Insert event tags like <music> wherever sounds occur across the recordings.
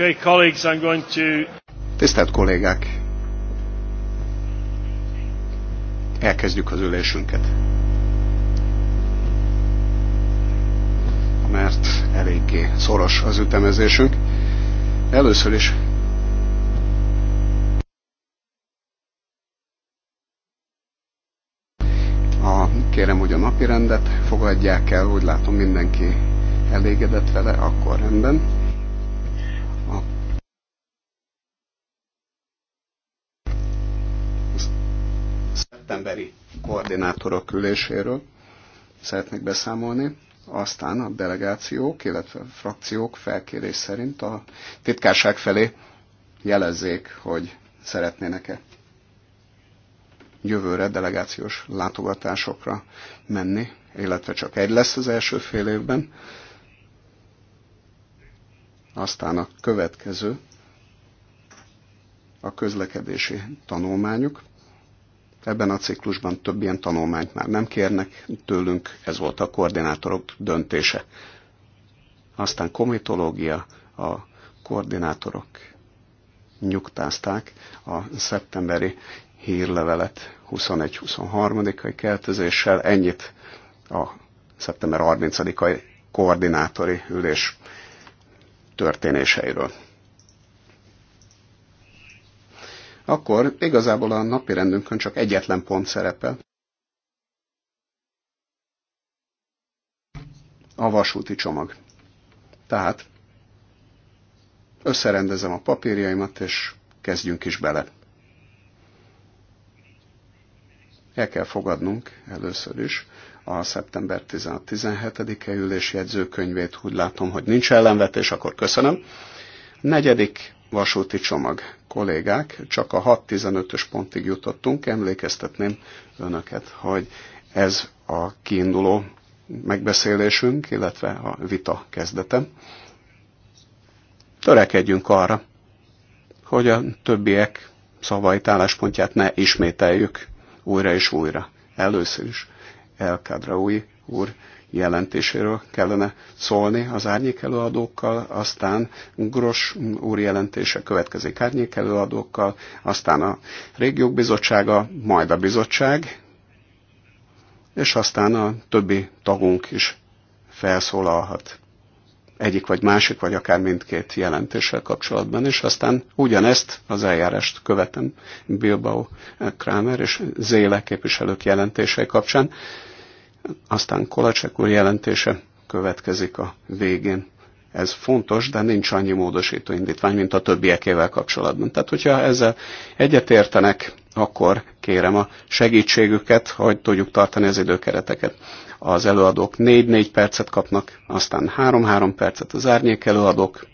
Okay, colleagues, I'm going to... Tisztelt kollégák! Elkezdjük az ülésünket. Mert eléggé szoros az ütemezésünk. Először is a, kérem, hogy a napi rendet fogadják el, úgy látom mindenki elégedett vele, akkor rendben szeptemberi koordinátorok üléséről szeretnék beszámolni. Aztán a delegációk, illetve a frakciók felkérés szerint a titkárság felé jelezzék, hogy szeretnének-e jövőre delegációs látogatásokra menni, illetve csak egy lesz az első fél évben. Aztán a következő a közlekedési tanulmányuk, Ebben a ciklusban több ilyen tanulmányt már nem kérnek tőlünk, ez volt a koordinátorok döntése. Aztán komitológia, a koordinátorok nyugtázták a szeptemberi hírlevelet 21-23-ai keltezéssel. Ennyit a szeptember 30-ai koordinátori ülés történéseiről. akkor igazából a napi rendünkön csak egyetlen pont szerepel. A vasúti csomag. Tehát összerendezem a papírjaimat, és kezdjünk is bele. El kell fogadnunk először is a szeptember 16-17-e ülés jegyzőkönyvét. Úgy látom, hogy nincs ellenvetés, akkor köszönöm. negyedik vasúti csomag. Kollégák, csak a 615 ös pontig jutottunk, emlékeztetném önöket, hogy ez a kiinduló megbeszélésünk, illetve a vita kezdete. Törekedjünk arra, hogy a többiek szavait, álláspontját ne ismételjük újra és újra. Először is El Kadraui úr jelentéséről kellene szólni az árnyékelőadókkal, aztán Gros úr jelentése következik árnyékelőadókkal, aztán a régiók bizottsága, majd a bizottság, és aztán a többi tagunk is felszólalhat egyik vagy másik, vagy akár mindkét jelentéssel kapcsolatban, és aztán ugyanezt az eljárást követem Bilbao Kramer és Zéle képviselők jelentései kapcsán, aztán Kolacsek úr jelentése következik a végén. Ez fontos, de nincs annyi módosító indítvány, mint a többiekével kapcsolatban. Tehát, hogyha ezzel egyetértenek, akkor kérem a segítségüket, hogy tudjuk tartani az időkereteket. Az előadók 4-4 percet kapnak, aztán 3-3 percet az árnyék előadók,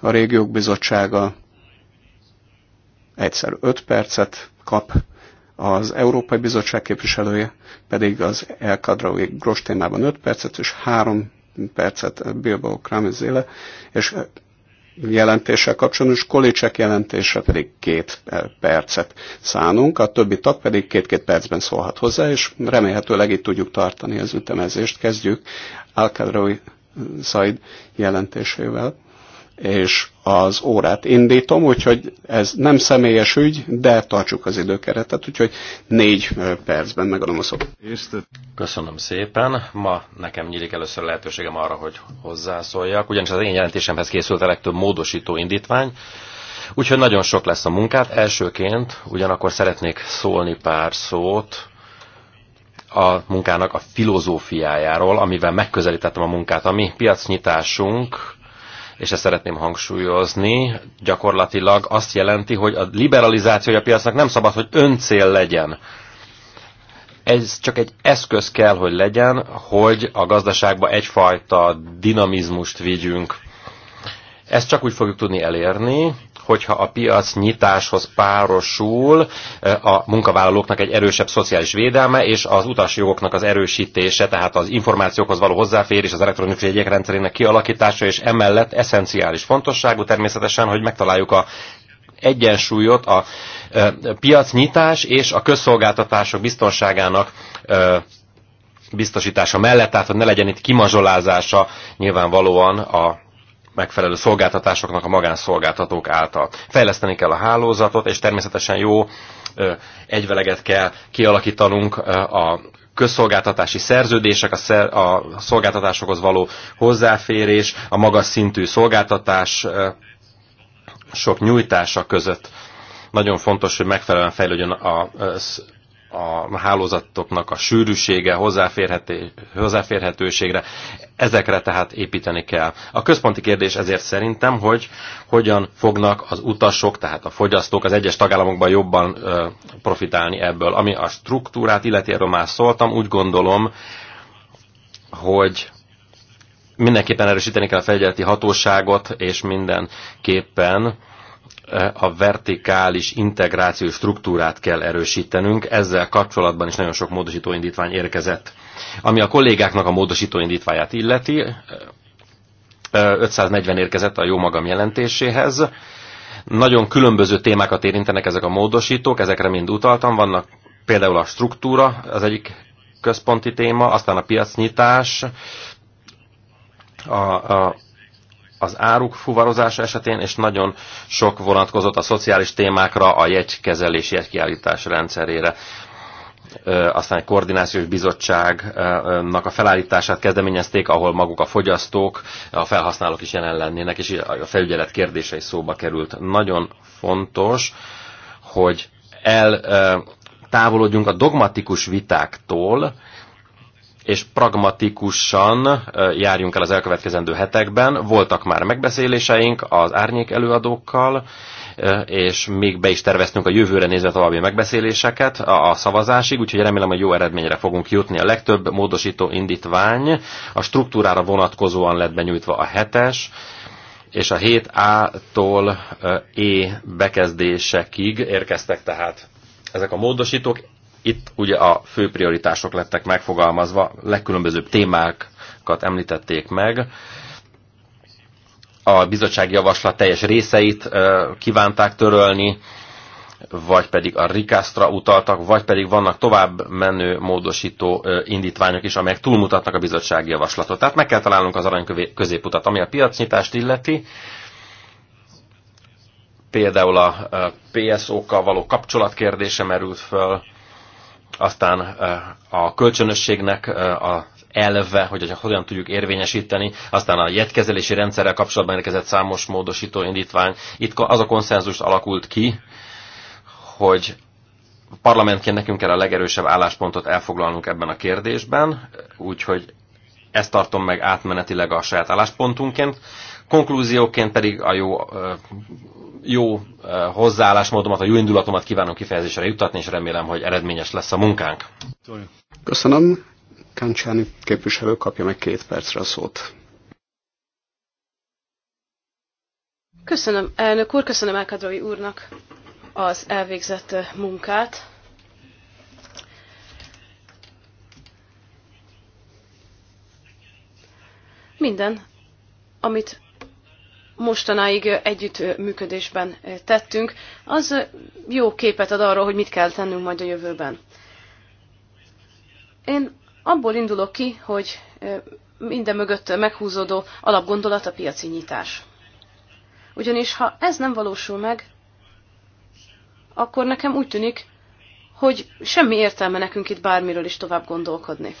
a régiók bizottsága egyszer 5 percet kap, az Európai Bizottság képviselője pedig az El Kadraui Gros témában 5 percet és 3 percet Bilbao Kramizéle, és jelentéssel kapcsolatos Kolicek jelentése pedig két percet szánunk, a többi tag pedig két-két percben szólhat hozzá, és remélhetőleg itt tudjuk tartani az ütemezést. Kezdjük Alcadrói Said jelentésével, és az órát indítom, úgyhogy ez nem személyes ügy, de tartsuk az időkeretet, úgyhogy négy percben megadom a szót. Köszönöm szépen. Ma nekem nyílik először lehetőségem arra, hogy hozzászóljak, ugyanis az én jelentésemhez készült a legtöbb módosító indítvány, úgyhogy nagyon sok lesz a munkát. Elsőként ugyanakkor szeretnék szólni pár szót a munkának a filozófiájáról, amivel megközelítettem a munkát. A mi piacnyitásunk és ezt szeretném hangsúlyozni, gyakorlatilag azt jelenti, hogy a liberalizációja a piacnak nem szabad, hogy öncél legyen. Ez csak egy eszköz kell, hogy legyen, hogy a gazdaságba egyfajta dinamizmust vigyünk. Ezt csak úgy fogjuk tudni elérni, hogyha a piac nyitáshoz párosul eh, a munkavállalóknak egy erősebb szociális védelme és az utasjogoknak az erősítése, tehát az információkhoz való hozzáférés, az elektronikus jegyek rendszerének kialakítása, és emellett eszenciális fontosságú természetesen, hogy megtaláljuk a egyensúlyot a eh, piacnyitás és a közszolgáltatások biztonságának eh, biztosítása mellett, tehát hogy ne legyen itt kimazsolázása nyilvánvalóan a megfelelő szolgáltatásoknak a magánszolgáltatók által. Fejleszteni kell a hálózatot, és természetesen jó egyveleget kell kialakítanunk a közszolgáltatási szerződések, a, szer, a szolgáltatásokhoz való hozzáférés, a magas szintű szolgáltatás sok nyújtása között. Nagyon fontos, hogy megfelelően fejlődjön a a hálózatoknak a sűrűsége, hozzáférhetőségre, ezekre tehát építeni kell. A központi kérdés ezért szerintem, hogy hogyan fognak az utasok, tehát a fogyasztók az egyes tagállamokban jobban ö, profitálni ebből. Ami a struktúrát illeti, erről már szóltam, úgy gondolom, hogy mindenképpen erősíteni kell a fegyeleti hatóságot, és mindenképpen a vertikális integrációs struktúrát kell erősítenünk. Ezzel kapcsolatban is nagyon sok módosítóindítvány érkezett. Ami a kollégáknak a módosítóindítványát illeti, 540 érkezett a jó magam jelentéséhez. Nagyon különböző témákat érintenek ezek a módosítók, ezekre mind utaltam. Vannak például a struktúra, az egyik központi téma, aztán a piacnyitás, a, a az áruk fuvarozása esetén, és nagyon sok vonatkozott a szociális témákra, a jegykezelés, jegykiállítás rendszerére. Aztán egy koordinációs bizottságnak a felállítását kezdeményezték, ahol maguk a fogyasztók, a felhasználók is jelen lennének, és a felügyelet kérdése is szóba került. Nagyon fontos, hogy el távolodjunk a dogmatikus vitáktól, és pragmatikusan járjunk el az elkövetkezendő hetekben. Voltak már megbeszéléseink az árnyék előadókkal, és még be is terveztünk a jövőre nézve további megbeszéléseket a szavazásig, úgyhogy remélem, hogy jó eredményre fogunk jutni. A legtöbb módosító indítvány a struktúrára vonatkozóan lett benyújtva a hetes, és a 7A-tól E bekezdésekig érkeztek tehát ezek a módosítók. Itt ugye a fő prioritások lettek megfogalmazva, legkülönbözőbb témákat említették meg. A bizottsági javaslat teljes részeit kívánták törölni, vagy pedig a rikásztra utaltak, vagy pedig vannak tovább menő módosító indítványok is, amelyek túlmutatnak a bizottsági javaslatot. Tehát meg kell találnunk az arany középutat, ami a piacnyitást illeti. Például a PSO-kkal való kapcsolat kérdése merült föl, aztán eh, a kölcsönösségnek eh, a elve, hogy hogyan tudjuk érvényesíteni, aztán a jegykezelési rendszerrel kapcsolatban érkezett számos módosító indítvány. Itt az a konszenzus alakult ki, hogy parlamentként nekünk kell a legerősebb álláspontot elfoglalnunk ebben a kérdésben, úgyhogy ezt tartom meg átmenetileg a saját álláspontunként. Konklúzióként pedig a jó eh, jó eh, hozzáállásmódomat, a jó indulatomat kívánom kifejezésre juttatni, és remélem, hogy eredményes lesz a munkánk. Köszönöm. Kancsáni képviselő kapja meg két percre a szót. Köszönöm, elnök úr, köszönöm Elkadrói úrnak az elvégzett eh, munkát. Minden, amit mostanáig együttműködésben tettünk, az jó képet ad arról, hogy mit kell tennünk majd a jövőben. Én abból indulok ki, hogy minden mögött meghúzódó alapgondolat a piaci nyitás. Ugyanis ha ez nem valósul meg, akkor nekem úgy tűnik, hogy semmi értelme nekünk itt bármiről is tovább gondolkodni.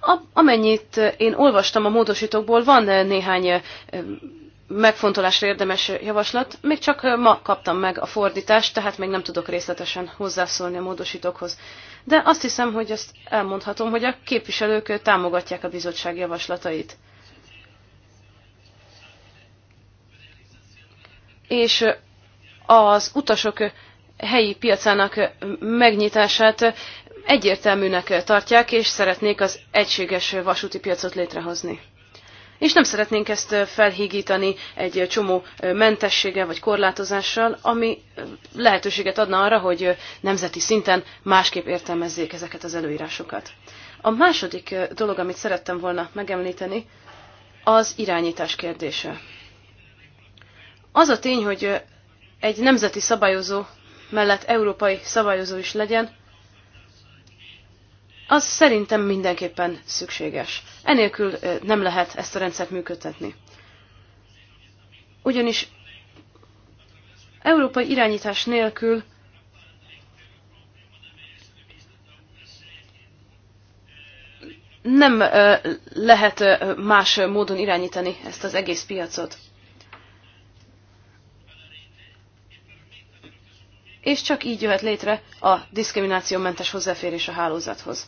A, amennyit én olvastam a módosítókból, van néhány megfontolásra érdemes javaslat. Még csak ma kaptam meg a fordítást, tehát még nem tudok részletesen hozzászólni a módosítókhoz. De azt hiszem, hogy ezt elmondhatom, hogy a képviselők támogatják a bizottság javaslatait. És az utasok helyi piacának megnyitását egyértelműnek tartják, és szeretnék az egységes vasúti piacot létrehozni és nem szeretnénk ezt felhígítani egy csomó mentességgel vagy korlátozással, ami lehetőséget adna arra, hogy nemzeti szinten másképp értelmezzék ezeket az előírásokat. A második dolog, amit szerettem volna megemlíteni, az irányítás kérdése. Az a tény, hogy egy nemzeti szabályozó mellett európai szabályozó is legyen, az szerintem mindenképpen szükséges. Enélkül nem lehet ezt a rendszert működtetni. Ugyanis európai irányítás nélkül nem lehet más módon irányítani ezt az egész piacot. és csak így jöhet létre a diszkriminációmentes hozzáférés a hálózathoz.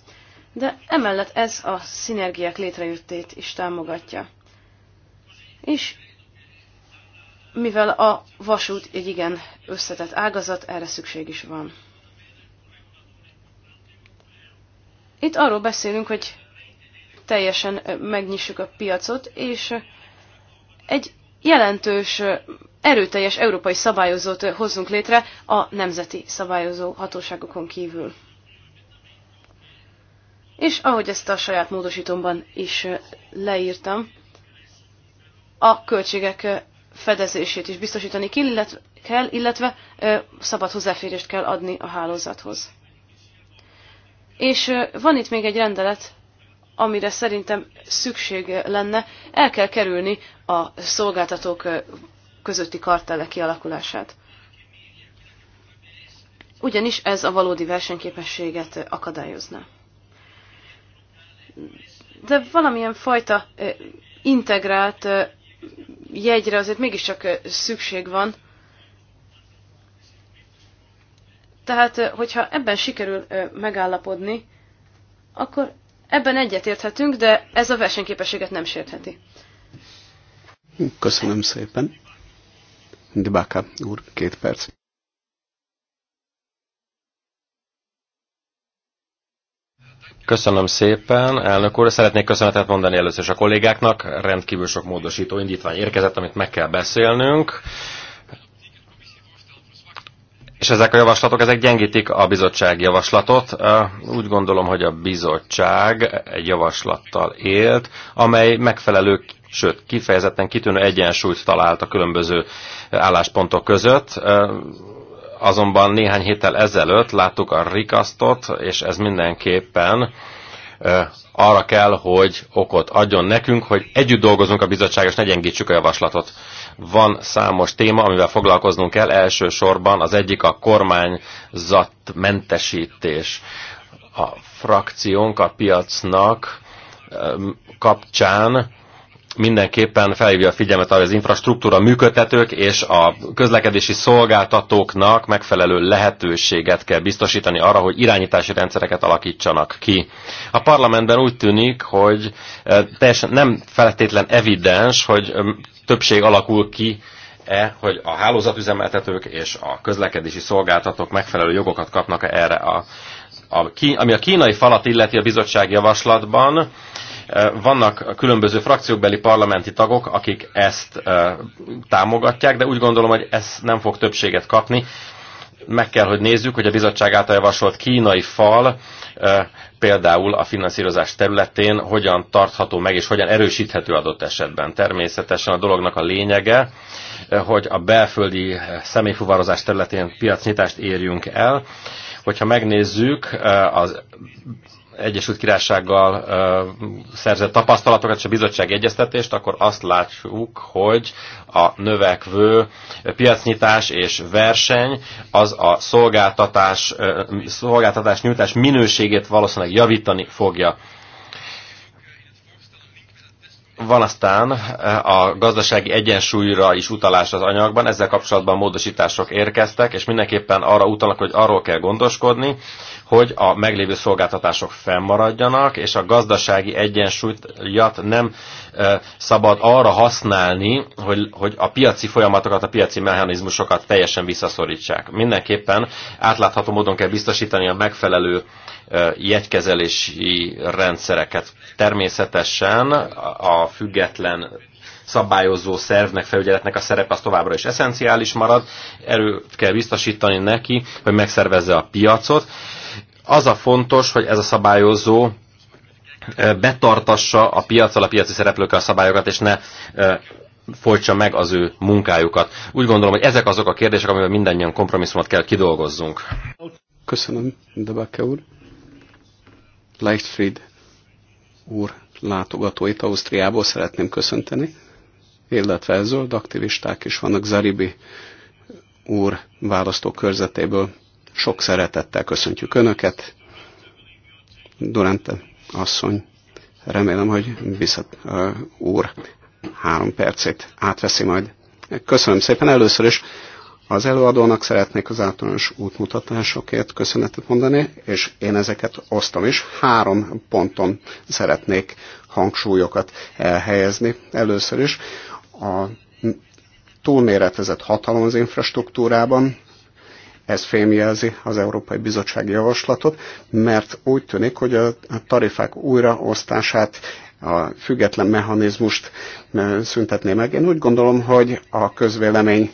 De emellett ez a szinergiák létrejöttét is támogatja. És mivel a vasút egy igen összetett ágazat, erre szükség is van. Itt arról beszélünk, hogy teljesen megnyissuk a piacot, és egy jelentős erőteljes európai szabályozót hozzunk létre a nemzeti szabályozó hatóságokon kívül. És ahogy ezt a saját módosítomban is leírtam, a költségek fedezését is biztosítani kell, illetve szabad hozzáférést kell adni a hálózathoz. És van itt még egy rendelet, amire szerintem szükség lenne, el kell kerülni a szolgáltatók közötti kartellek kialakulását. Ugyanis ez a valódi versenyképességet akadályozna. De valamilyen fajta integrált jegyre azért mégiscsak szükség van. Tehát, hogyha ebben sikerül megállapodni, akkor ebben egyetérthetünk, de ez a versenyképességet nem sértheti. Köszönöm szépen. Dbaka úr, két perc. Köszönöm szépen, elnök úr. Szeretnék köszönetet mondani először is a kollégáknak. Rendkívül sok módosító indítvány érkezett, amit meg kell beszélnünk és ezek a javaslatok, ezek gyengítik a bizottság javaslatot. Úgy gondolom, hogy a bizottság egy javaslattal élt, amely megfelelő, sőt, kifejezetten kitűnő egyensúlyt talált a különböző álláspontok között. Azonban néhány héttel ezelőtt láttuk a rikasztot, és ez mindenképpen arra kell, hogy okot adjon nekünk, hogy együtt dolgozunk a bizottság, és ne gyengítsük a javaslatot. Van számos téma, amivel foglalkoznunk kell. Elsősorban az egyik a kormányzatmentesítés. A frakciónk a piacnak kapcsán mindenképpen felhívja a figyelmet arra, hogy az infrastruktúra működtetők és a közlekedési szolgáltatóknak megfelelő lehetőséget kell biztosítani arra, hogy irányítási rendszereket alakítsanak ki. A parlamentben úgy tűnik, hogy eh, teljesen nem feltétlen evidens, hogy többség alakul ki, E, hogy a hálózatüzemeltetők és a közlekedési szolgáltatók megfelelő jogokat kapnak -e erre a, a ki, ami a kínai falat illeti a bizottság javaslatban, e, vannak különböző frakciókbeli parlamenti tagok, akik ezt e, támogatják, de úgy gondolom, hogy ez nem fog többséget kapni, meg kell, hogy nézzük, hogy a bizottság által javasolt kínai fal például a finanszírozás területén hogyan tartható meg, és hogyan erősíthető adott esetben. Természetesen a dolognak a lényege, hogy a belföldi személyfuvarozás területén piacnyitást érjünk el. Hogyha megnézzük az Egyesült Királysággal szerzett tapasztalatokat és a bizottság egyeztetést, akkor azt látjuk, hogy a növekvő piacnyitás és verseny az a szolgáltatás, szolgáltatás nyújtás minőségét valószínűleg javítani fogja. Van aztán a gazdasági egyensúlyra is utalás az anyagban, ezzel kapcsolatban módosítások érkeztek, és mindenképpen arra utalnak, hogy arról kell gondoskodni, hogy a meglévő szolgáltatások fennmaradjanak, és a gazdasági egyensúlyat nem szabad arra használni, hogy, hogy a piaci folyamatokat, a piaci mechanizmusokat teljesen visszaszorítsák. Mindenképpen átlátható módon kell biztosítani a megfelelő jegykezelési rendszereket. Természetesen a független szabályozó szervnek, felügyeletnek a szerep az továbbra is eszenciális marad, erőt kell biztosítani neki, hogy megszervezze a piacot, az a fontos, hogy ez a szabályozó betartassa a piacsal, a piaci szereplőkkel a szabályokat, és ne folytsa meg az ő munkájukat. Úgy gondolom, hogy ezek azok a kérdések, amivel mindannyian kompromisszumot kell kidolgozzunk. Köszönöm, Debeke úr. Leichtfried úr látogatóit Ausztriából szeretném köszönteni, illetve zöld aktivisták is vannak Zaribi úr választókörzetéből sok szeretettel köszöntjük Önöket. Durante asszony, remélem, hogy viszont uh, úr három percét átveszi majd. Köszönöm szépen először is. Az előadónak szeretnék az általános útmutatásokért köszönetet mondani, és én ezeket osztom is. Három ponton szeretnék hangsúlyokat helyezni. Először is a túlméretezett hatalom az infrastruktúrában, ez fémjelzi az Európai Bizottság javaslatot, mert úgy tűnik, hogy a tarifák újraosztását a független mechanizmust e, szüntetné meg. Én úgy gondolom, hogy a közvélemény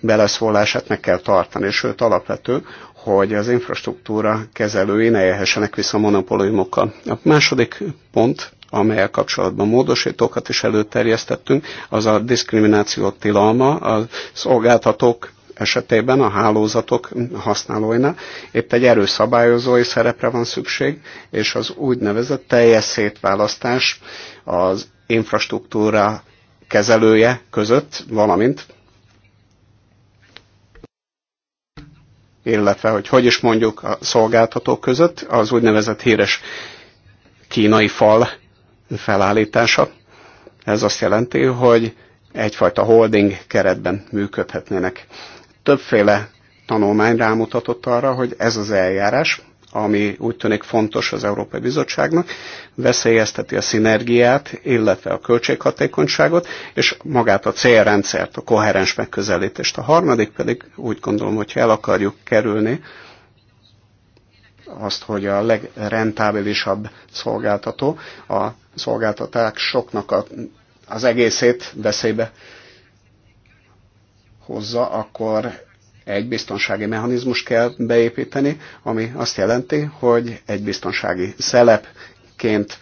beleszólását meg kell tartani, sőt alapvető, hogy az infrastruktúra kezelői ne élhessenek vissza monopóliumokkal. A második pont, amelyel kapcsolatban módosítókat is előterjesztettünk, az a diszkrimináció tilalma, a szolgáltatók esetében a hálózatok használóinál épp egy erőszabályozói szabályozói szerepre van szükség, és az úgynevezett teljes szétválasztás az infrastruktúra kezelője között, valamint illetve hogy hogy is mondjuk a szolgáltatók között, az úgynevezett híres kínai fal felállítása. Ez azt jelenti, hogy egyfajta holding keretben működhetnének Többféle tanulmány rámutatott arra, hogy ez az eljárás, ami úgy tűnik fontos az Európai Bizottságnak, veszélyezteti a szinergiát, illetve a költséghatékonyságot, és magát a célrendszert, a koherens megközelítést. A harmadik pedig úgy gondolom, hogy el akarjuk kerülni, azt, hogy a legrentábilisabb szolgáltató a szolgáltatás soknak a, az egészét veszélybe hozza, akkor egy biztonsági mechanizmus kell beépíteni, ami azt jelenti, hogy egy biztonsági szelepként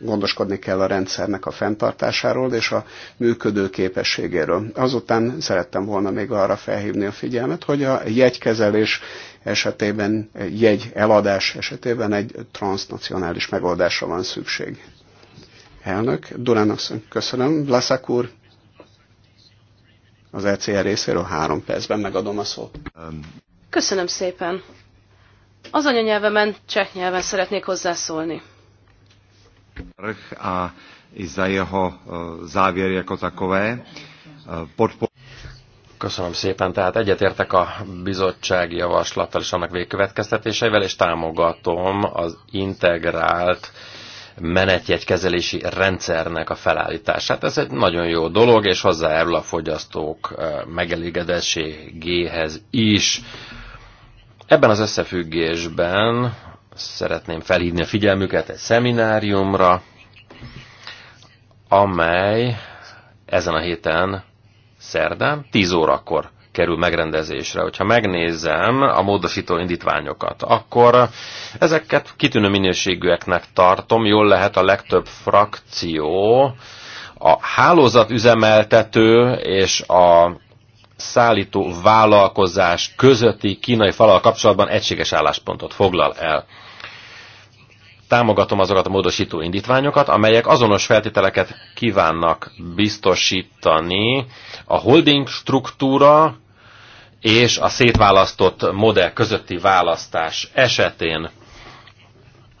gondoskodni kell a rendszernek a fenntartásáról és a működő képességéről. Azután szerettem volna még arra felhívni a figyelmet, hogy a jegykezelés esetében, jegy eladás esetében egy transnacionális megoldásra van szükség. Elnök, Duránok, köszönöm. Vlaszak úr, az ECR e részéről három percben megadom a szót. Um, Köszönöm szépen. Az anyanyelvemen, cseh nyelven szeretnék hozzászólni. A jeho e, závěr jako takové. E, Podpor... Köszönöm szépen, tehát egyetértek a bizottsági javaslattal és annak végkövetkeztetéseivel, és támogatom az integrált uh, menetjegykezelési rendszernek a felállítását. Ez egy nagyon jó dolog, és hozzájárul a fogyasztók megelégedettségéhez is. Ebben az összefüggésben szeretném felhívni a figyelmüket egy szemináriumra, amely ezen a héten szerdán 10 órakor kerül megrendezésre. Hogyha megnézem a módosító indítványokat, akkor ezeket kitűnő minőségűeknek tartom. Jól lehet a legtöbb frakció, a hálózat üzemeltető és a szállító vállalkozás közötti kínai falal kapcsolatban egységes álláspontot foglal el támogatom azokat a módosító indítványokat, amelyek azonos feltételeket kívánnak biztosítani a holding struktúra és a szétválasztott modell közötti választás esetén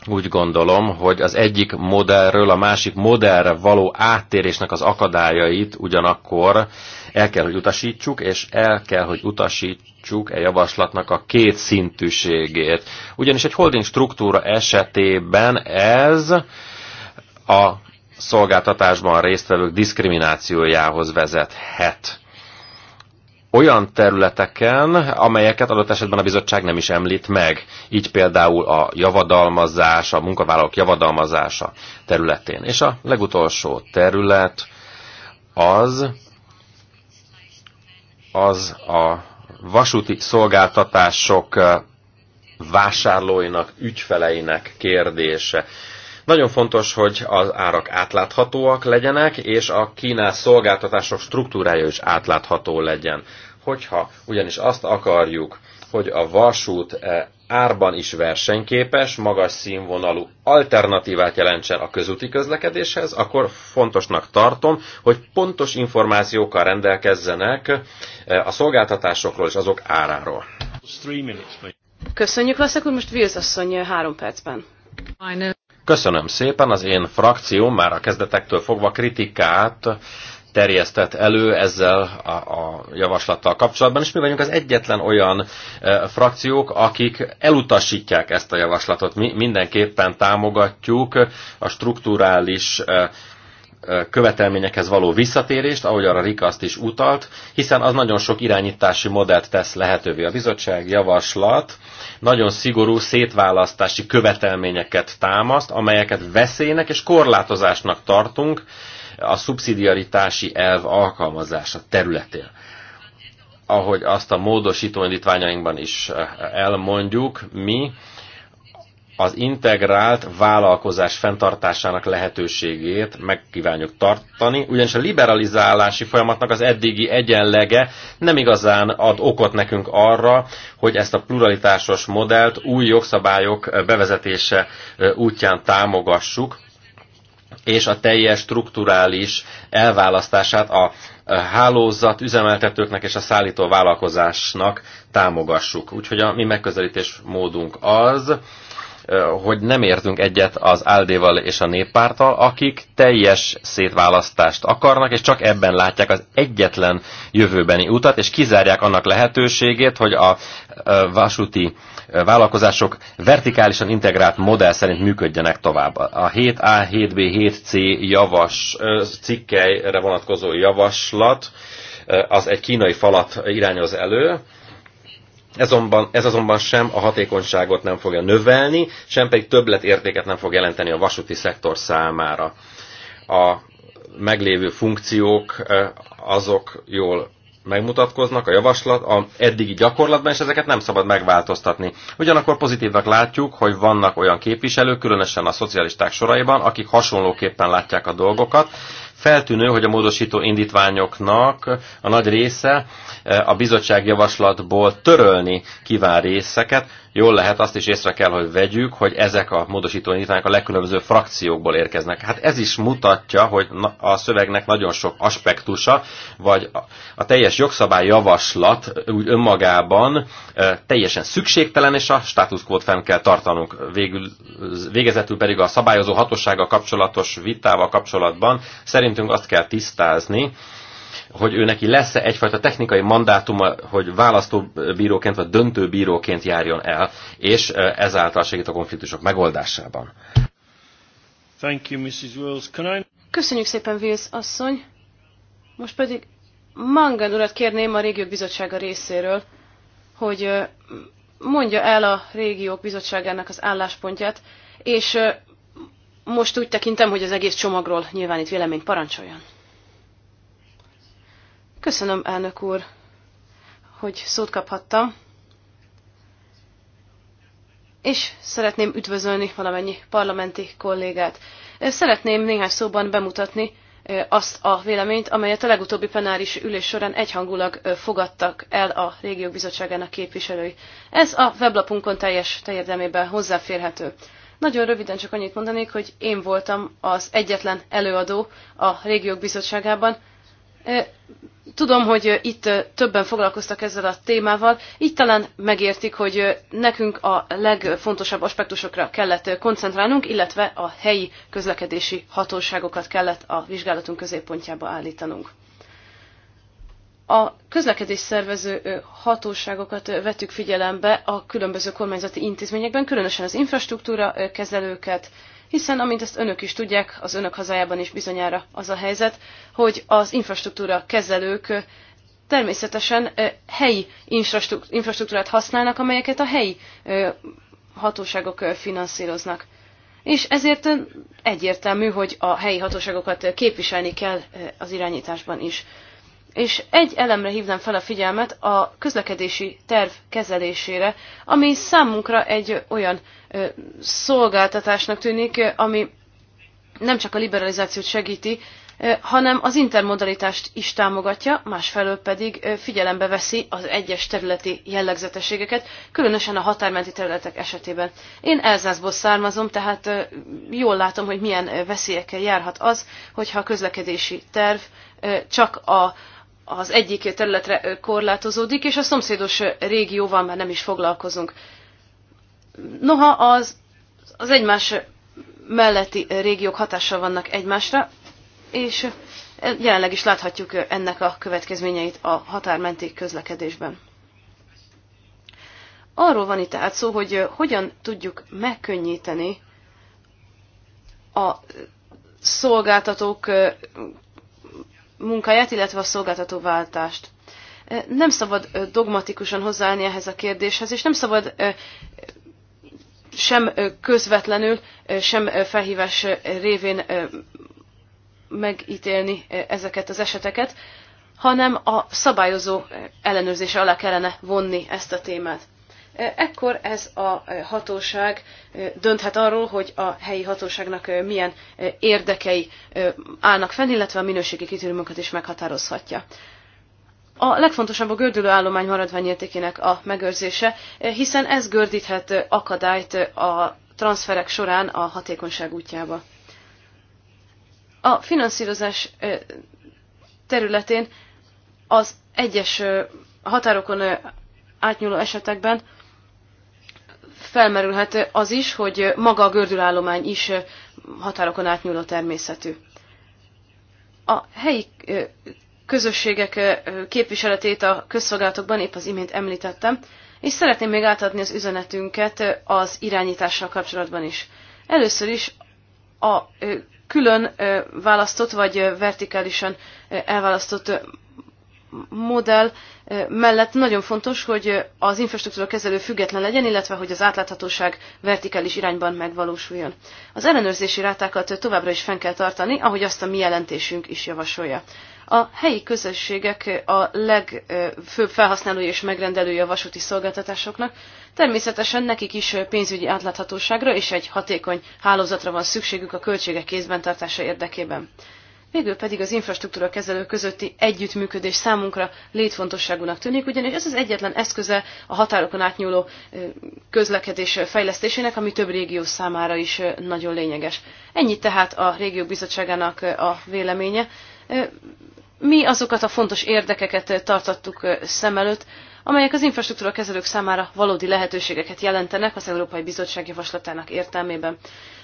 úgy gondolom, hogy az egyik modellről a másik modellre való áttérésnek az akadályait ugyanakkor el kell, hogy utasítsuk, és el kell, hogy utasítsuk e javaslatnak a két szintűségét. Ugyanis egy holding struktúra esetében ez a szolgáltatásban résztvevők diszkriminációjához vezethet olyan területeken, amelyeket adott esetben a bizottság nem is említ meg. Így például a javadalmazás, a munkavállalók javadalmazása területén. És a legutolsó terület az, az a vasúti szolgáltatások vásárlóinak, ügyfeleinek kérdése. Nagyon fontos, hogy az árak átláthatóak legyenek, és a kínál szolgáltatások struktúrája is átlátható legyen. Hogyha ugyanis azt akarjuk, hogy a vasút eh, árban is versenyképes, magas színvonalú alternatívát jelentsen a közúti közlekedéshez, akkor fontosnak tartom, hogy pontos információkkal rendelkezzenek eh, a szolgáltatásokról és azok áráról. Köszönjük, Vaszek úr, most Vilz asszony három percben. Köszönöm szépen, az én frakcióm már a kezdetektől fogva kritikát terjesztett elő ezzel a, a javaslattal kapcsolatban, és mi vagyunk az egyetlen olyan e, frakciók, akik elutasítják ezt a javaslatot. Mi mindenképpen támogatjuk a strukturális e, e követelményekhez való visszatérést, ahogy arra Rika azt is utalt, hiszen az nagyon sok irányítási modellt tesz lehetővé. A bizottság javaslat nagyon szigorú szétválasztási követelményeket támaszt, amelyeket veszélynek és korlátozásnak tartunk a szubszidiaritási elv alkalmazása területén ahogy azt a módosító indítványainkban is eh, elmondjuk, mi az integrált vállalkozás fenntartásának lehetőségét meg kívánjuk tartani, ugyanis a liberalizálási folyamatnak az eddigi egyenlege nem igazán ad okot nekünk arra, hogy ezt a pluralitásos modellt új jogszabályok bevezetése útján támogassuk, és a teljes strukturális elválasztását a hálózat üzemeltetőknek és a szállító vállalkozásnak támogassuk. Úgyhogy a mi megközelítés módunk az, hogy nem értünk egyet az Áldéval és a néppártal, akik teljes szétválasztást akarnak, és csak ebben látják az egyetlen jövőbeni utat, és kizárják annak lehetőségét, hogy a vasúti vállalkozások vertikálisan integrált modell szerint működjenek tovább. A 7A, 7B, 7C javas, cikkelyre vonatkozó javaslat, az egy kínai falat irányoz elő, Ezonban, ez azonban sem a hatékonyságot nem fogja növelni, sem pedig többletértéket nem fog jelenteni a vasúti szektor számára. A meglévő funkciók azok jól megmutatkoznak, a javaslat, a eddigi gyakorlatban, és ezeket nem szabad megváltoztatni. Ugyanakkor pozitívnak látjuk, hogy vannak olyan képviselők, különösen a szocialisták soraiban, akik hasonlóképpen látják a dolgokat, Feltűnő, hogy a módosító indítványoknak a nagy része eh, a bizottság javaslatból törölni kíván részeket, jól lehet azt is észre kell, hogy vegyük, hogy ezek a módosító indítványok a legkülönböző frakciókból érkeznek. Hát ez is mutatja, hogy a szövegnek nagyon sok aspektusa, vagy a teljes jogszabály javaslat úgy önmagában teljesen szükségtelen, és a status quo fenn kell tartanunk. Végül, végezetül pedig a szabályozó hatósága kapcsolatos vitával kapcsolatban szerintünk azt kell tisztázni, hogy ő neki lesz-e egyfajta technikai mandátuma, hogy választóbíróként vagy döntőbíróként járjon el, és ezáltal segít a konfliktusok megoldásában. Thank you, Mrs. Wills. Can I... Köszönjük szépen, Wills asszony. Most pedig Mangan urat kérném a Régiók Bizottsága részéről, hogy mondja el a Régiók Bizottságának az álláspontját, és most úgy tekintem, hogy az egész csomagról nyilván itt véleményt parancsoljon. Köszönöm, elnök úr, hogy szót kaphattam. És szeretném üdvözölni valamennyi parlamenti kollégát. Szeretném néhány szóban bemutatni azt a véleményt, amelyet a legutóbbi plenáris ülés során egyhangulag fogadtak el a régiók bizottságának képviselői. Ez a weblapunkon teljes terjedelmében hozzáférhető. Nagyon röviden csak annyit mondanék, hogy én voltam az egyetlen előadó a régiók bizottságában, Tudom, hogy itt többen foglalkoztak ezzel a témával, Itt talán megértik, hogy nekünk a legfontosabb aspektusokra kellett koncentrálnunk, illetve a helyi közlekedési hatóságokat kellett a vizsgálatunk középpontjába állítanunk. A közlekedés szervező hatóságokat vettük figyelembe a különböző kormányzati intézményekben, különösen az infrastruktúra kezelőket, hiszen, amint ezt önök is tudják, az önök hazájában is bizonyára az a helyzet, hogy az infrastruktúra kezelők természetesen helyi infrastruktúrát használnak, amelyeket a helyi hatóságok finanszíroznak. És ezért egyértelmű, hogy a helyi hatóságokat képviselni kell az irányításban is és egy elemre hívnám fel a figyelmet a közlekedési terv kezelésére, ami számunkra egy olyan ö, szolgáltatásnak tűnik, ami nem csak a liberalizációt segíti, ö, hanem az intermodalitást is támogatja, másfelől pedig ö, figyelembe veszi az egyes területi jellegzetességeket, különösen a határmenti területek esetében. Én Elzászból származom, tehát ö, jól látom, hogy milyen veszélyekkel járhat az, hogyha a közlekedési terv ö, csak a az egyik területre korlátozódik, és a szomszédos régióval már nem is foglalkozunk. Noha az, az egymás melletti régiók hatással vannak egymásra, és jelenleg is láthatjuk ennek a következményeit a határmenti közlekedésben. Arról van itt tehát szó, hogy hogyan tudjuk megkönnyíteni a szolgáltatók munkáját, illetve a szolgáltatóváltást. Nem szabad dogmatikusan hozzáállni ehhez a kérdéshez, és nem szabad sem közvetlenül, sem felhívás révén megítélni ezeket az eseteket, hanem a szabályozó ellenőrzése alá kellene vonni ezt a témát ekkor ez a hatóság dönthet arról, hogy a helyi hatóságnak milyen érdekei állnak fenn, illetve a minőségi kritériumokat is meghatározhatja. A legfontosabb a gördülő állomány maradványértékének a megőrzése, hiszen ez gördíthet akadályt a transferek során a hatékonyság útjába. A finanszírozás területén az egyes határokon átnyúló esetekben felmerülhet az is, hogy maga a gördülállomány is határokon átnyúló természetű. A helyi közösségek képviseletét a közszolgálatokban épp az imént említettem, és szeretném még átadni az üzenetünket az irányítással kapcsolatban is. Először is a külön választott vagy vertikálisan elválasztott modell mellett nagyon fontos, hogy az infrastruktúra kezelő független legyen, illetve hogy az átláthatóság vertikális irányban megvalósuljon. Az ellenőrzési rátákat továbbra is fenn kell tartani, ahogy azt a mi jelentésünk is javasolja. A helyi közösségek a legfőbb felhasználói és megrendelői a vasúti szolgáltatásoknak. Természetesen nekik is pénzügyi átláthatóságra és egy hatékony hálózatra van szükségük a költségek kézben tartása érdekében. Végül pedig az infrastruktúra kezelő közötti együttműködés számunkra létfontosságúnak tűnik, ugyanis ez az egyetlen eszköze a határokon átnyúló közlekedés fejlesztésének, ami több régió számára is nagyon lényeges. Ennyi tehát a régió bizottságának a véleménye. Mi azokat a fontos érdekeket tartottuk szem előtt, amelyek az infrastruktúra kezelők számára valódi lehetőségeket jelentenek az Európai Bizottság javaslatának értelmében.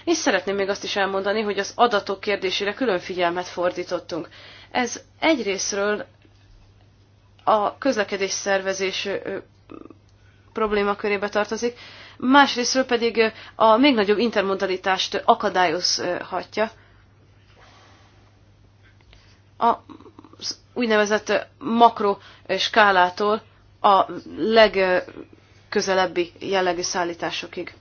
És szeretném még azt is elmondani, hogy az adatok kérdésére külön figyelmet fordítottunk. Ez egyrésztről a közlekedés szervezés problémakörébe tartozik, másrésztről pedig a még nagyobb intermodalitást akadályozhatja. A úgynevezett makroskálától a legközelebbi jellegű szállításokig.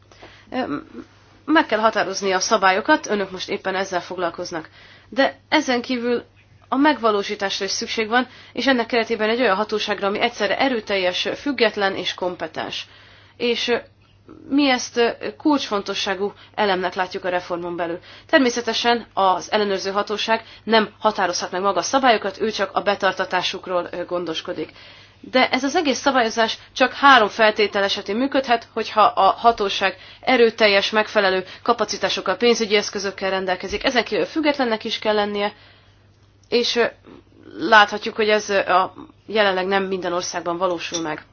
Meg kell határozni a szabályokat, önök most éppen ezzel foglalkoznak. De ezen kívül a megvalósításra is szükség van, és ennek keretében egy olyan hatóságra, ami egyszerre erőteljes, független és kompetens. És mi ezt kulcsfontosságú elemnek látjuk a reformon belül. Természetesen az ellenőrző hatóság nem határozhat meg maga a szabályokat, ő csak a betartatásukról gondoskodik de ez az egész szabályozás csak három feltétel esetén működhet, hogyha a hatóság erőteljes, megfelelő kapacitásokkal, pénzügyi eszközökkel rendelkezik. Ezen kívül függetlennek is kell lennie, és láthatjuk, hogy ez a jelenleg nem minden országban valósul meg.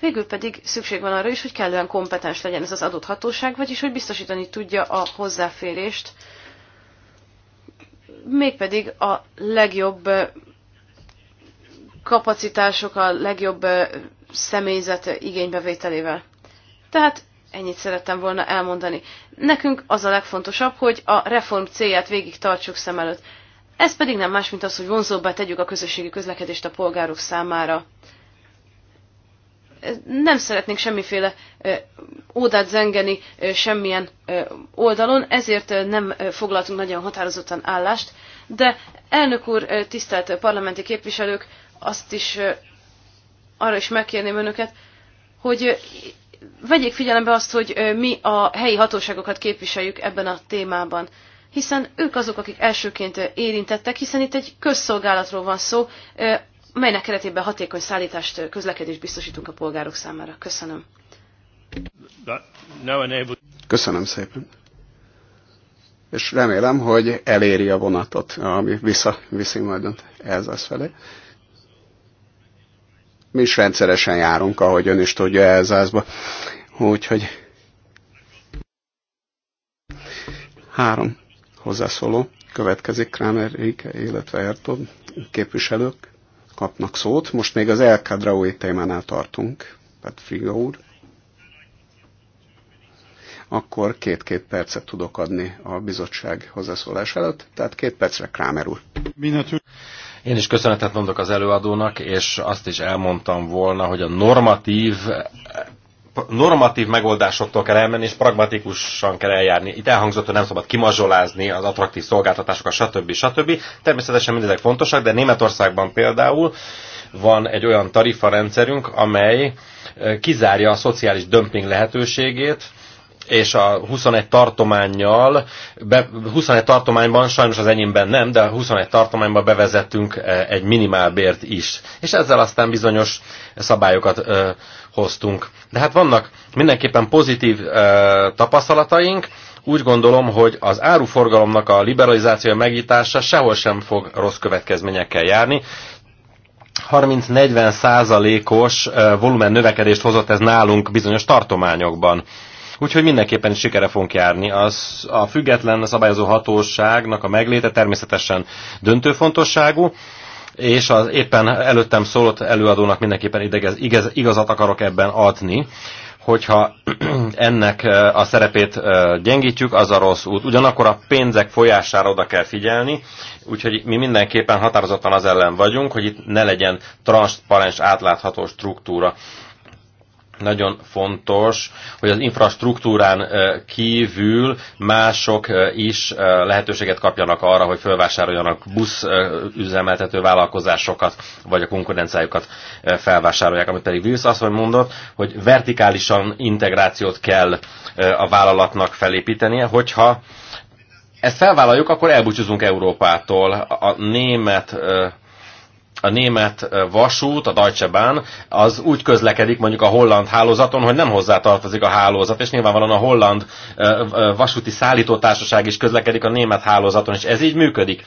Végül pedig szükség van arra is, hogy kellően kompetens legyen ez az adott hatóság, vagyis hogy biztosítani tudja a hozzáférést, mégpedig a legjobb kapacitások a legjobb személyzet igénybevételével. Tehát ennyit szerettem volna elmondani. Nekünk az a legfontosabb, hogy a reform célját végig tartsuk szem előtt. Ez pedig nem más, mint az, hogy vonzóbbá tegyük a közösségi közlekedést a polgárok számára. Nem szeretnénk semmiféle ódát zengeni semmilyen oldalon, ezért nem foglaltunk nagyon határozottan állást, de elnök úr, tisztelt parlamenti képviselők, azt is arra is megkérném önöket, hogy vegyék figyelembe azt, hogy mi a helyi hatóságokat képviseljük ebben a témában. Hiszen ők azok, akik elsőként érintettek, hiszen itt egy közszolgálatról van szó, melynek keretében hatékony szállítást, közlekedést biztosítunk a polgárok számára. Köszönöm. Köszönöm szépen. És remélem, hogy eléri a vonatot, ami visszaviszi majd ehhez az felé. Mi is rendszeresen járunk, ahogy ön is tudja, Elzászba. Úgyhogy három hozzászóló következik, Kramer, Rike, illetve Ertog képviselők kapnak szót. Most még az El Kadraui témánál tartunk, tehát Friga úr. Akkor két-két percet tudok adni a bizottság hozzászólás előtt, tehát két percre Kramer úr. Én is köszönetet mondok az előadónak, és azt is elmondtam volna, hogy a normatív normatív megoldásoktól kell elmenni, és pragmatikusan kell eljárni. Itt elhangzott, hogy nem szabad kimazsolázni az attraktív szolgáltatásokat, stb. stb. Természetesen mindezek fontosak, de Németországban például van egy olyan tarifarendszerünk, amely eh, kizárja a szociális dömping lehetőségét, és a 21 tartományjal, be, 21 tartományban, sajnos az enyémben nem, de 21 tartományban bevezettünk e, egy minimálbért is. És ezzel aztán bizonyos szabályokat ö, e, hoztunk. De hát vannak mindenképpen pozitív ö, e, tapasztalataink, úgy gondolom, hogy az áruforgalomnak a liberalizációja megítása sehol sem fog rossz következményekkel járni. 30-40 százalékos volumen növekedést hozott ez nálunk bizonyos tartományokban. Úgyhogy mindenképpen sikere fogunk járni. Az, a független a szabályozó hatóságnak a megléte természetesen döntő fontosságú, és az éppen előttem szólott előadónak mindenképpen idegez, igaz, igazat akarok ebben adni hogyha <clears throat> ennek a szerepét gyengítjük, az a rossz út. Ugyanakkor a pénzek folyására oda kell figyelni, úgyhogy mi mindenképpen határozottan az ellen vagyunk, hogy itt ne legyen transzparens átlátható struktúra nagyon fontos, hogy az infrastruktúrán kívül mások is lehetőséget kapjanak arra, hogy felvásároljanak busz üzemeltető vállalkozásokat, vagy a konkurenciájukat felvásárolják, amit pedig Vilsz azt mondott, hogy vertikálisan integrációt kell a vállalatnak felépítenie, hogyha ezt felvállaljuk, akkor elbúcsúzunk Európától. A német a német vasút, a Deutsche Bahn, az úgy közlekedik mondjuk a holland hálózaton, hogy nem hozzátartozik a hálózat, és nyilvánvalóan a holland vasúti szállítótársaság is közlekedik a német hálózaton, és ez így működik.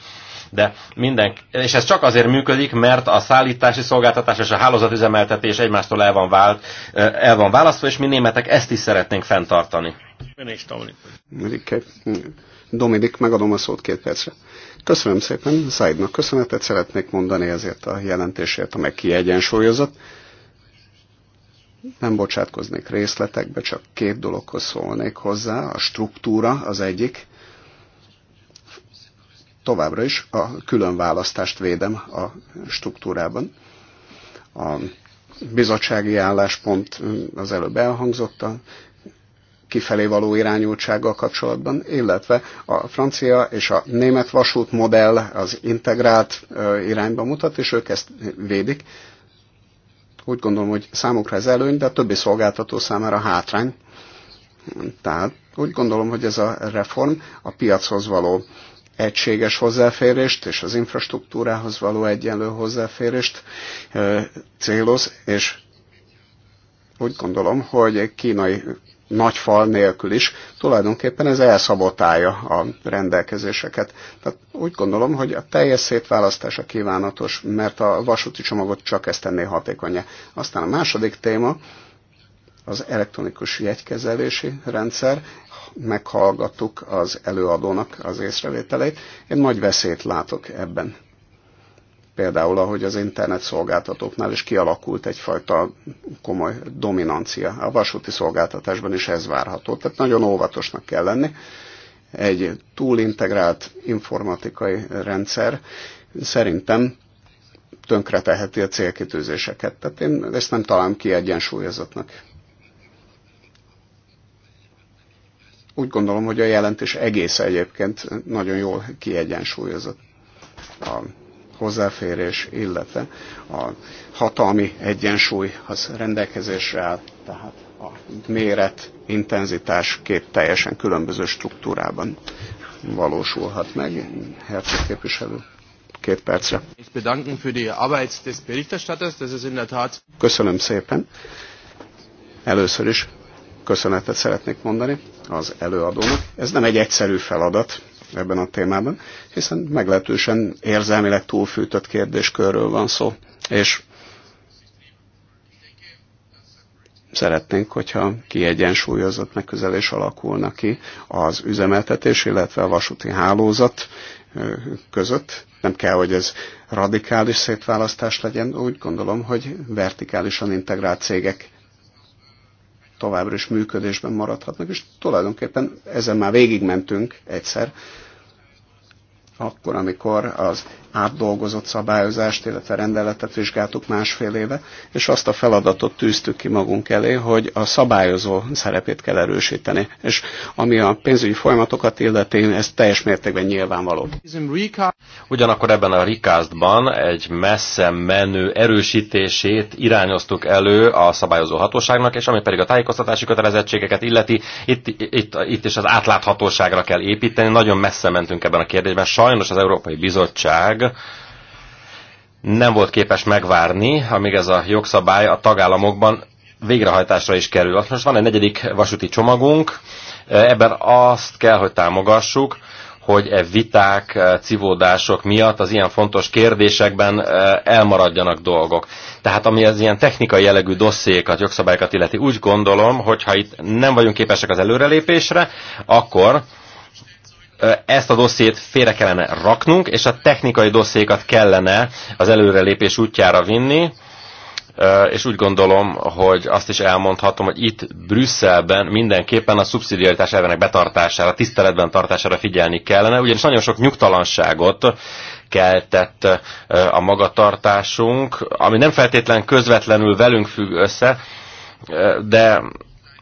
De minden, és ez csak azért működik, mert a szállítási szolgáltatás és a hálózatüzemeltetés egymástól el van, vált, el van választva, és mi németek ezt is szeretnénk fenntartani. Dominik, megadom a szót két percre. Köszönöm szépen, Szájdnak köszönetet szeretnék mondani ezért a jelentésért, amely kiegyensúlyozott. Nem bocsátkoznék részletekbe, csak két dologhoz szólnék hozzá. A struktúra az egyik. Továbbra is a különválasztást védem a struktúrában. A bizottsági álláspont az előbb elhangzott, a kifelé való irányultsággal kapcsolatban, illetve a francia és a német vasút modell az integrált irányba mutat, és ők ezt védik. Úgy gondolom, hogy számukra ez előny, de a többi szolgáltató számára hátrány. Tehát úgy gondolom, hogy ez a reform a piachoz való egységes hozzáférést és az infrastruktúrához való egyenlő hozzáférést céloz, és úgy gondolom, hogy kínai nagy fal nélkül is, tulajdonképpen ez elszabotálja a rendelkezéseket. Tehát úgy gondolom, hogy a teljes szétválasztása kívánatos, mert a vasúti csomagot csak ezt tenné hatékonyá. Aztán a második téma, az elektronikus jegykezelési rendszer, meghallgattuk az előadónak az észrevételeit. Én nagy veszélyt látok ebben. Például, ahogy az internet szolgáltatóknál is kialakult egyfajta komoly dominancia. A vasúti szolgáltatásban is ez várható, tehát nagyon óvatosnak kell lenni. Egy túlintegrált informatikai rendszer szerintem tönkreteheti a célkitűzéseket. Tehát én ezt nem találom egyensúlyozatnak. Úgy gondolom, hogy a jelentés egész egyébként nagyon jól kiegyensúlyozott a hozzáférés, illetve a hatalmi egyensúly az rendelkezésre áll, tehát a méret, intenzitás két teljesen különböző struktúrában valósulhat meg. Herceg képviselő két percre. Köszönöm szépen. Először is köszönetet szeretnék mondani az előadónak. Ez nem egy egyszerű feladat, ebben a témában, hiszen meglehetősen érzelmileg túlfűtött kérdéskörről van szó, és szeretnénk, hogyha kiegyensúlyozott megközelés alakulna ki az üzemeltetés, illetve a vasúti hálózat között. Nem kell, hogy ez radikális szétválasztás legyen, úgy gondolom, hogy vertikálisan integrált cégek továbbra is működésben maradhatnak, és tulajdonképpen ezen már végigmentünk egyszer akkor, amikor az átdolgozott szabályozást, illetve rendeletet vizsgáltuk másfél éve, és azt a feladatot tűztük ki magunk elé, hogy a szabályozó szerepét kell erősíteni. És ami a pénzügyi folyamatokat illeti, ez teljes mértékben nyilvánvaló. Ugyanakkor ebben a rikázdban egy messze menő erősítését irányoztuk elő a szabályozó hatóságnak, és ami pedig a tájékoztatási kötelezettségeket illeti, itt, itt, itt is az átláthatóságra kell építeni. Nagyon messze mentünk ebben a kérdésben. Sajnos sajnos az Európai Bizottság nem volt képes megvárni, amíg ez a jogszabály a tagállamokban végrehajtásra is kerül. Most van egy negyedik vasúti csomagunk, ebben azt kell, hogy támogassuk, hogy e viták, e civódások miatt az ilyen fontos kérdésekben e elmaradjanak dolgok. Tehát ami az ilyen technikai jellegű dosszékat, jogszabályokat illeti, úgy gondolom, hogy ha itt nem vagyunk képesek az előrelépésre, akkor ezt a dossziét félre kellene raknunk, és a technikai dossziékat kellene az előrelépés útjára vinni, és úgy gondolom, hogy azt is elmondhatom, hogy itt Brüsszelben mindenképpen a szubszidiaritás elvenek betartására, tiszteletben tartására figyelni kellene, ugyanis nagyon sok nyugtalanságot keltett a magatartásunk, ami nem feltétlen közvetlenül velünk függ össze, de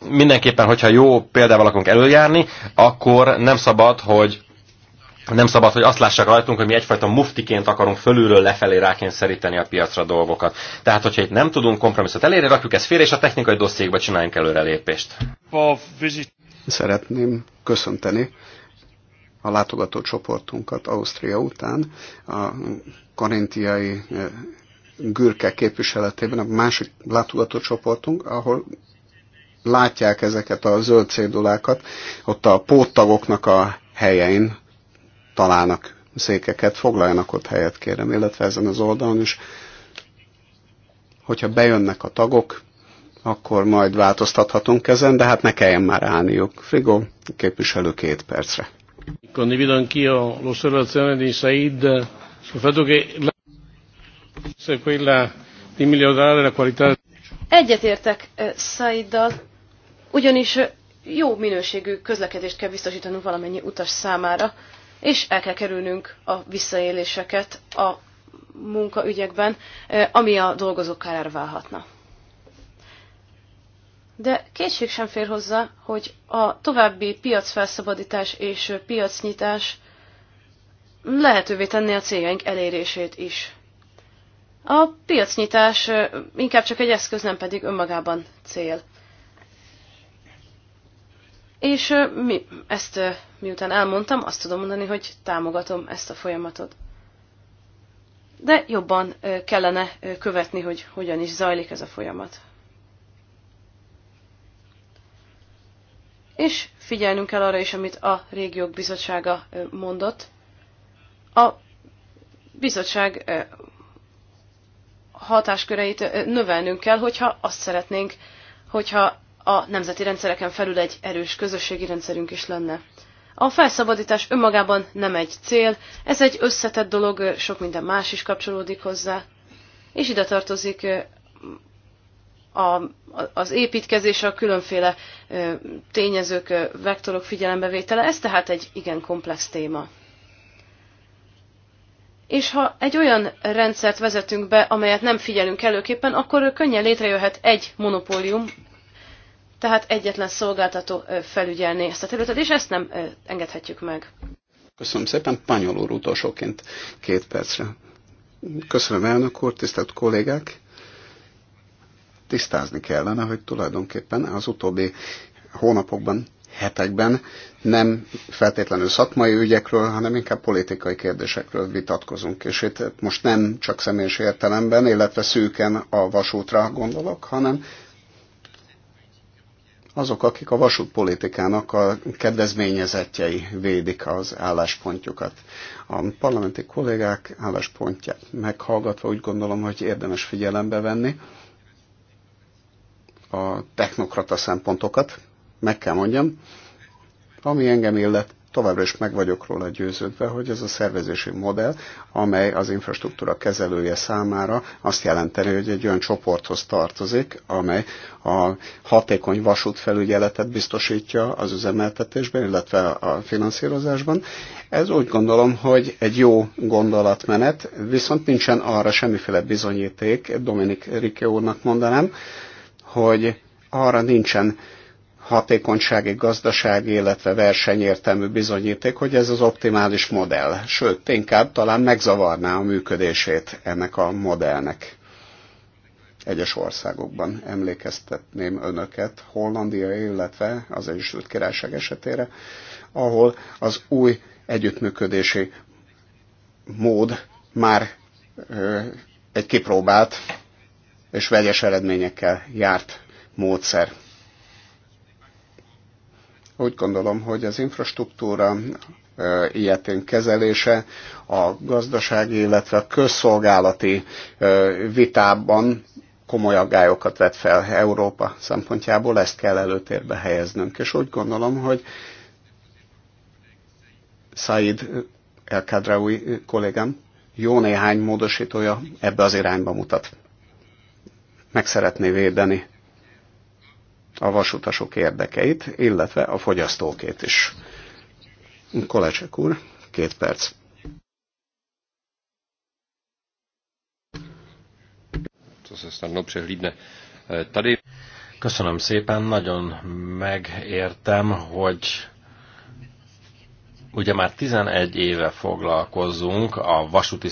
mindenképpen, hogyha jó példával akarunk előjárni, akkor nem szabad, hogy nem szabad, hogy azt lássák rajtunk, hogy mi egyfajta muftiként akarunk fölülről lefelé rákényszeríteni a piacra dolgokat. Tehát, hogyha itt nem tudunk kompromisszot elérni, rakjuk ezt félre, és a technikai dossziékba csináljunk előrelépést. Szeretném köszönteni a látogató csoportunkat Ausztria után a karintiai eh, gürke képviseletében a másik látogató csoportunk, ahol látják ezeket a zöld cédulákat, ott a póttagoknak a helyein találnak székeket, foglaljanak ott helyet, kérem, illetve ezen az oldalon is. Hogyha bejönnek a tagok, akkor majd változtathatunk ezen, de hát ne kelljen már állniuk. Frigo, képviselő két percre. Condivido anch'io l'osservazione di Said sul fatto che quella di migliorare la qualità Egyetértek Saiddal, ugyanis jó minőségű közlekedést kell biztosítanunk valamennyi utas számára, és el kell kerülnünk a visszaéléseket a munkaügyekben, ami a dolgozók kárára válhatna. De kétség sem fér hozzá, hogy a további piacfelszabadítás és piacnyitás lehetővé tenni a céljaink elérését is. A piacnyitás inkább csak egy eszköz, nem pedig önmagában cél. És mi, ezt miután elmondtam, azt tudom mondani, hogy támogatom ezt a folyamatot. De jobban kellene követni, hogy hogyan is zajlik ez a folyamat. És figyelnünk kell arra is, amit a régiók bizottsága mondott. A bizottság hatásköreit növelnünk kell, hogyha azt szeretnénk, hogyha a nemzeti rendszereken felül egy erős közösségi rendszerünk is lenne. A felszabadítás önmagában nem egy cél, ez egy összetett dolog, sok minden más is kapcsolódik hozzá, és ide tartozik a, az építkezés, a különféle tényezők, vektorok figyelembevétele, ez tehát egy igen komplex téma. És ha egy olyan rendszert vezetünk be, amelyet nem figyelünk előképpen, akkor könnyen létrejöhet egy monopólium, tehát egyetlen szolgáltató felügyelni ezt a területet, és ezt nem engedhetjük meg. Köszönöm szépen, Pányol úr utolsóként két percre. Köszönöm elnök úr, tisztelt kollégák! Tisztázni kellene, hogy tulajdonképpen az utóbbi hónapokban hetekben nem feltétlenül szakmai ügyekről, hanem inkább politikai kérdésekről vitatkozunk. És itt most nem csak személyes értelemben, illetve szűken a vasútra gondolok, hanem azok, akik a vasútpolitikának a kedvezményezetjei védik az álláspontjukat. A parlamenti kollégák álláspontját meghallgatva úgy gondolom, hogy érdemes figyelembe venni a technokrata szempontokat, meg kell mondjam, ami engem illet, továbbra is meg vagyok róla győződve, hogy ez a szervezési modell, amely az infrastruktúra kezelője számára azt jelenteni, hogy egy olyan csoporthoz tartozik, amely a hatékony vasútfelügyeletet biztosítja az üzemeltetésben, illetve a finanszírozásban. Ez úgy gondolom, hogy egy jó gondolatmenet, viszont nincsen arra semmiféle bizonyíték, Dominik Rike úrnak mondanám, hogy arra nincsen hatékonysági, gazdasági, illetve versenyértelmű bizonyíték, hogy ez az optimális modell. Sőt, inkább talán megzavarná a működését ennek a modellnek. Egyes országokban emlékeztetném önöket, Hollandia, illetve az Egyesült Királyság esetére, ahol az új együttműködési mód már ö, egy kipróbált és vegyes eredményekkel járt módszer úgy gondolom, hogy az infrastruktúra e, ilyetén kezelése a gazdasági, illetve a közszolgálati e, vitában komoly aggályokat vet fel Európa szempontjából, ezt kell előtérbe helyeznünk. És úgy gondolom, hogy Said El Kadraoui kollégám jó néhány módosítója ebbe az irányba mutat. Meg szeretné védeni a vasutasok érdekeit, illetve a fogyasztókét is. Kolecsek úr, két perc. E, Köszönöm szépen, nagyon megértem, hogy Ugye már 11 éve foglalkozunk a vasúti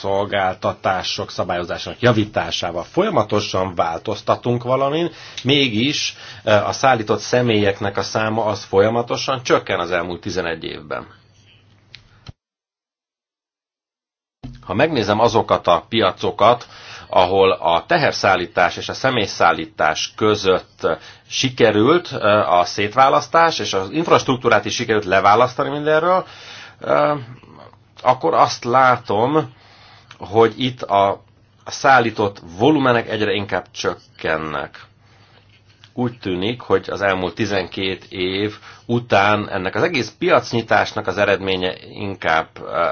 szolgáltatások szabályozásának javításával. Folyamatosan változtatunk valamin, mégis e, a szállított személyeknek a száma az folyamatosan csökken az elmúlt 11 évben. Ha megnézem azokat a piacokat, ahol a teherszállítás és a személyszállítás között sikerült eh, a szétválasztás, és az infrastruktúrát is sikerült leválasztani mindenről, eh, akkor azt látom, hogy itt a szállított volumenek egyre inkább csökkennek. Úgy tűnik, hogy az elmúlt 12 év után ennek az egész piacnyitásnak az eredménye inkább eh,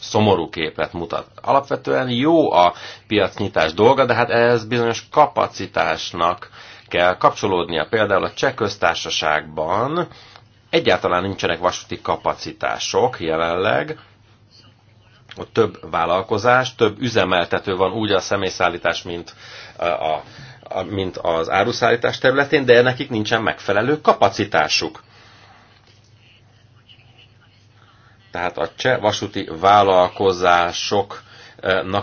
szomorú képet mutat. Alapvetően jó a piacnyitás dolga, de hát ez bizonyos kapacitásnak kell kapcsolódnia. Például a cseh köztársaságban egyáltalán nincsenek vasúti kapacitások jelenleg, ott több vállalkozás, több üzemeltető van úgy a személyszállítás, mint a mint az áruszállítás területén, de nekik nincsen megfelelő kapacitásuk. Tehát a cseh vasúti vállalkozások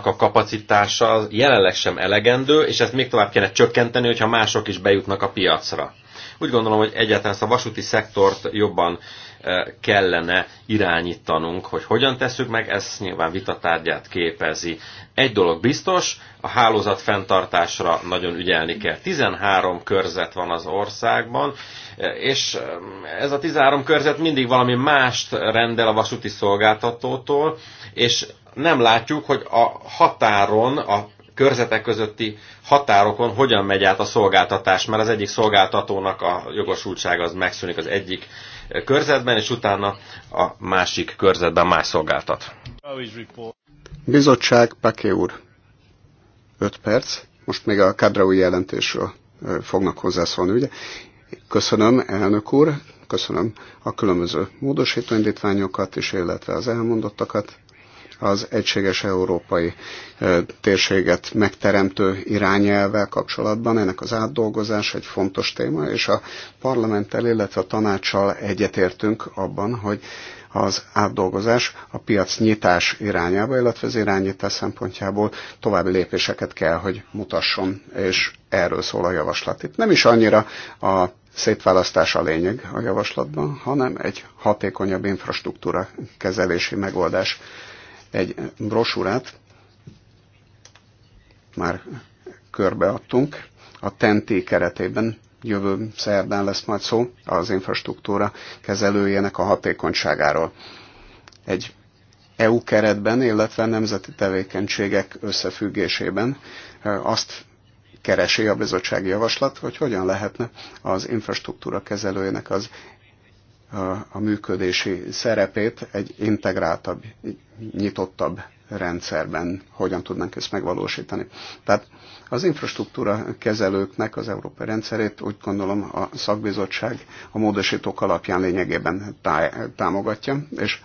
a kapacitása jelenleg sem elegendő, és ezt még tovább kellene csökkenteni, hogyha mások is bejutnak a piacra. Úgy gondolom, hogy egyáltalán ezt a vasúti szektort jobban kellene irányítanunk, hogy hogyan tesszük meg, ez nyilván vitatárgyát képezi. Egy dolog biztos, a hálózat fenntartásra nagyon ügyelni kell. 13 körzet van az országban, és ez a 13 körzet mindig valami mást rendel a vasúti szolgáltatótól, és nem látjuk, hogy a határon, a körzetek közötti határokon hogyan megy át a szolgáltatás, mert az egyik szolgáltatónak a jogosultsága az megszűnik az egyik körzetben, és utána a másik körzetben más szolgáltat. Bizottság, Paké úr, 5 perc. Most még a Kadraui jelentésről fognak hozzászólni, ugye? Köszönöm, elnök úr, köszönöm a különböző módosítóindítványokat is, illetve az elmondottakat az egységes európai térséget megteremtő irányelvvel kapcsolatban. Ennek az átdolgozás egy fontos téma, és a parlamenttel, illetve a tanácssal egyetértünk abban, hogy az átdolgozás a piac nyitás irányába, illetve az irányítás szempontjából további lépéseket kell, hogy mutasson, és erről szól a javaslat. Itt nem is annyira a szétválasztás a lényeg a javaslatban, hanem egy hatékonyabb infrastruktúra kezelési megoldás egy brosúrát már körbeadtunk. A TENTI keretében jövő szerdán lesz majd szó az infrastruktúra kezelőjének a hatékonyságáról. Egy EU keretben, illetve nemzeti tevékenységek összefüggésében azt keresi a bizottsági javaslat, hogy hogyan lehetne az infrastruktúra kezelőjének az a működési szerepét egy integráltabb, nyitottabb rendszerben hogyan tudnánk ezt megvalósítani. Tehát az infrastruktúra kezelőknek az európai rendszerét úgy gondolom a szakbizottság a módosítók alapján lényegében támogatja, és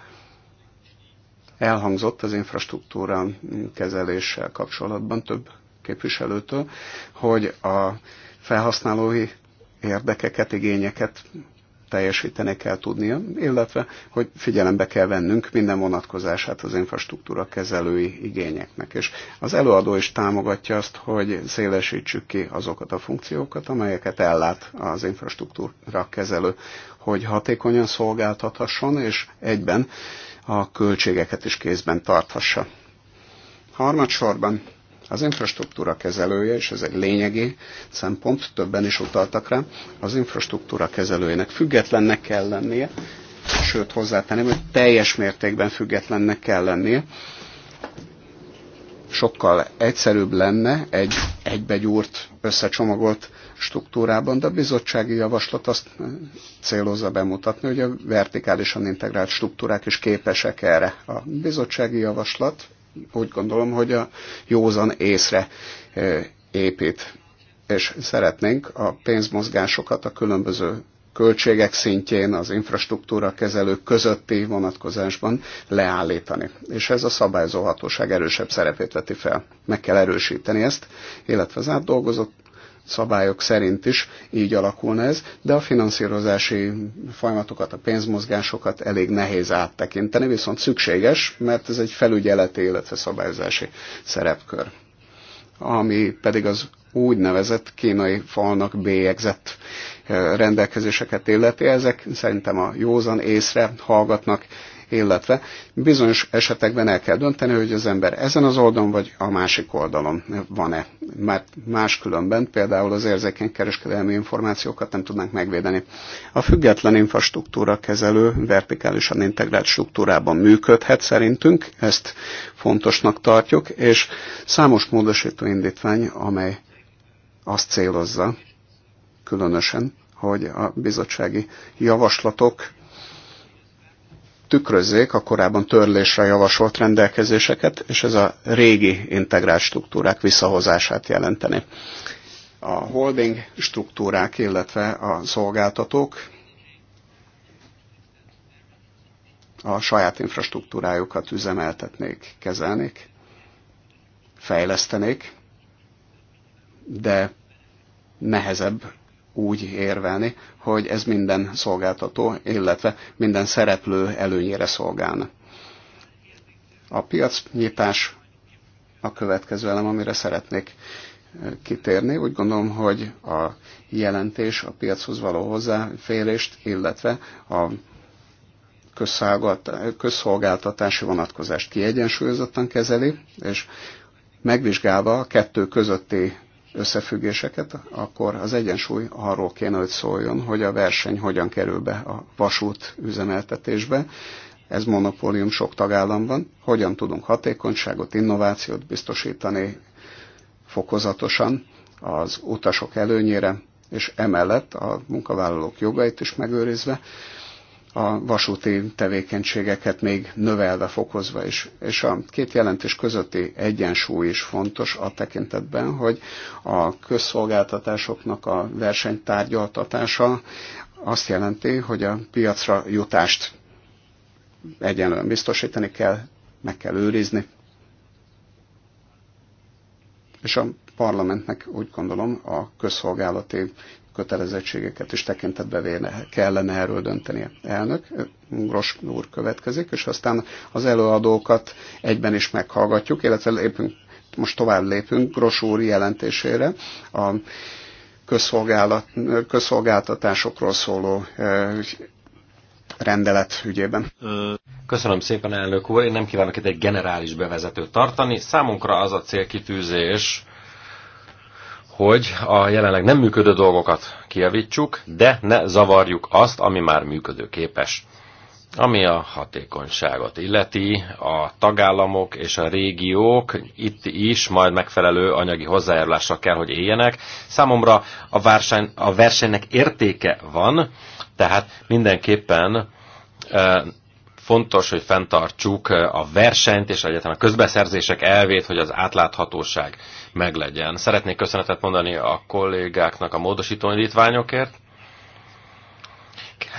elhangzott az infrastruktúra kezeléssel kapcsolatban több képviselőtől, hogy a felhasználói érdekeket, igényeket teljesíteni kell tudnia, illetve hogy figyelembe kell vennünk minden vonatkozását az infrastruktúra kezelői igényeknek. És az előadó is támogatja azt, hogy szélesítsük ki azokat a funkciókat, amelyeket ellát az infrastruktúra kezelő, hogy hatékonyan szolgáltathasson, és egyben a költségeket is kézben tarthassa. Harmadsorban az infrastruktúra kezelője, és ez egy lényegi szempont, többen is utaltak rá, az infrastruktúra kezelőjének függetlennek kell lennie, sőt hozzátenem, hogy teljes mértékben függetlennek kell lennie. Sokkal egyszerűbb lenne egy egybegyúrt, összecsomagolt struktúrában, de a bizottsági javaslat azt célozza bemutatni, hogy a vertikálisan integrált struktúrák is képesek erre. A bizottsági javaslat úgy gondolom, hogy a józan észre eh, épít. És szeretnénk a pénzmozgásokat a különböző költségek szintjén, az infrastruktúra kezelők közötti vonatkozásban leállítani. És ez a szabályozó hatóság erősebb szerepét veti fel. Meg kell erősíteni ezt, illetve az átdolgozott szabályok szerint is így alakulna ez, de a finanszírozási folyamatokat, a pénzmozgásokat elég nehéz áttekinteni, viszont szükséges, mert ez egy felügyeleti, illetve szabályozási szerepkör. Ami pedig az úgynevezett kínai falnak bélyegzett rendelkezéseket illeti, ezek szerintem a józan észre hallgatnak, illetve bizonyos esetekben el kell dönteni, hogy az ember ezen az oldalon vagy a másik oldalon van-e. Mert máskülönben például az érzékeny kereskedelmi információkat nem tudnánk megvédeni. A független infrastruktúra kezelő vertikálisan integrált struktúrában működhet szerintünk, ezt fontosnak tartjuk, és számos módosító indítvány, amely azt célozza, különösen, hogy a bizottsági javaslatok tükrözzék a korábban törlésre javasolt rendelkezéseket, és ez a régi integrált struktúrák visszahozását jelenteni. A holding struktúrák, illetve a szolgáltatók a saját infrastruktúrájukat üzemeltetnék, kezelnék, fejlesztenék, de nehezebb úgy érvelni, hogy ez minden szolgáltató, illetve minden szereplő előnyére szolgálna. A piacnyitás a következő elem, amire szeretnék kitérni. Úgy gondolom, hogy a jelentés a piachoz való hozzáférést, illetve a közszolgáltatási vonatkozást kiegyensúlyozottan kezeli, és megvizsgálva a kettő közötti összefüggéseket, akkor az egyensúly arról kéne, hogy szóljon, hogy a verseny hogyan kerül be a vasút üzemeltetésbe. Ez monopólium sok tagállamban. Hogyan tudunk hatékonyságot, innovációt biztosítani fokozatosan az utasok előnyére, és emellett a munkavállalók jogait is megőrizve a vasúti tevékenységeket még növelve, fokozva is. És a két jelentés közötti egyensúly is fontos a tekintetben, hogy a közszolgáltatásoknak a versenytárgyaltatása azt jelenti, hogy a piacra jutást egyenlően biztosítani kell, meg kell őrizni. És a parlamentnek úgy gondolom a közszolgálati kötelezettségeket is tekintetbe véne, kellene erről döntenie. Elnök, Gros úr következik, és aztán az előadókat egyben is meghallgatjuk, illetve lépünk, most tovább lépünk Gros úr jelentésére. A közszolgálat, közszolgáltatásokról szóló rendelet ügyében. Köszönöm szépen, elnök úr. Én nem kívánok itt egy generális bevezetőt tartani. Számunkra az a célkitűzés, hogy a jelenleg nem működő dolgokat kijavítsuk, de ne zavarjuk azt, ami már működőképes. Ami a hatékonyságot illeti, a tagállamok és a régiók itt is majd megfelelő anyagi hozzájárulással kell, hogy éljenek. Számomra a, verseny, a versenynek értéke van, tehát mindenképpen fontos, hogy fenntartsuk a versenyt és egyetlen a közbeszerzések elvét, hogy az átláthatóság meglegyen. Szeretnék köszönetet mondani a kollégáknak a módosító indítványokért.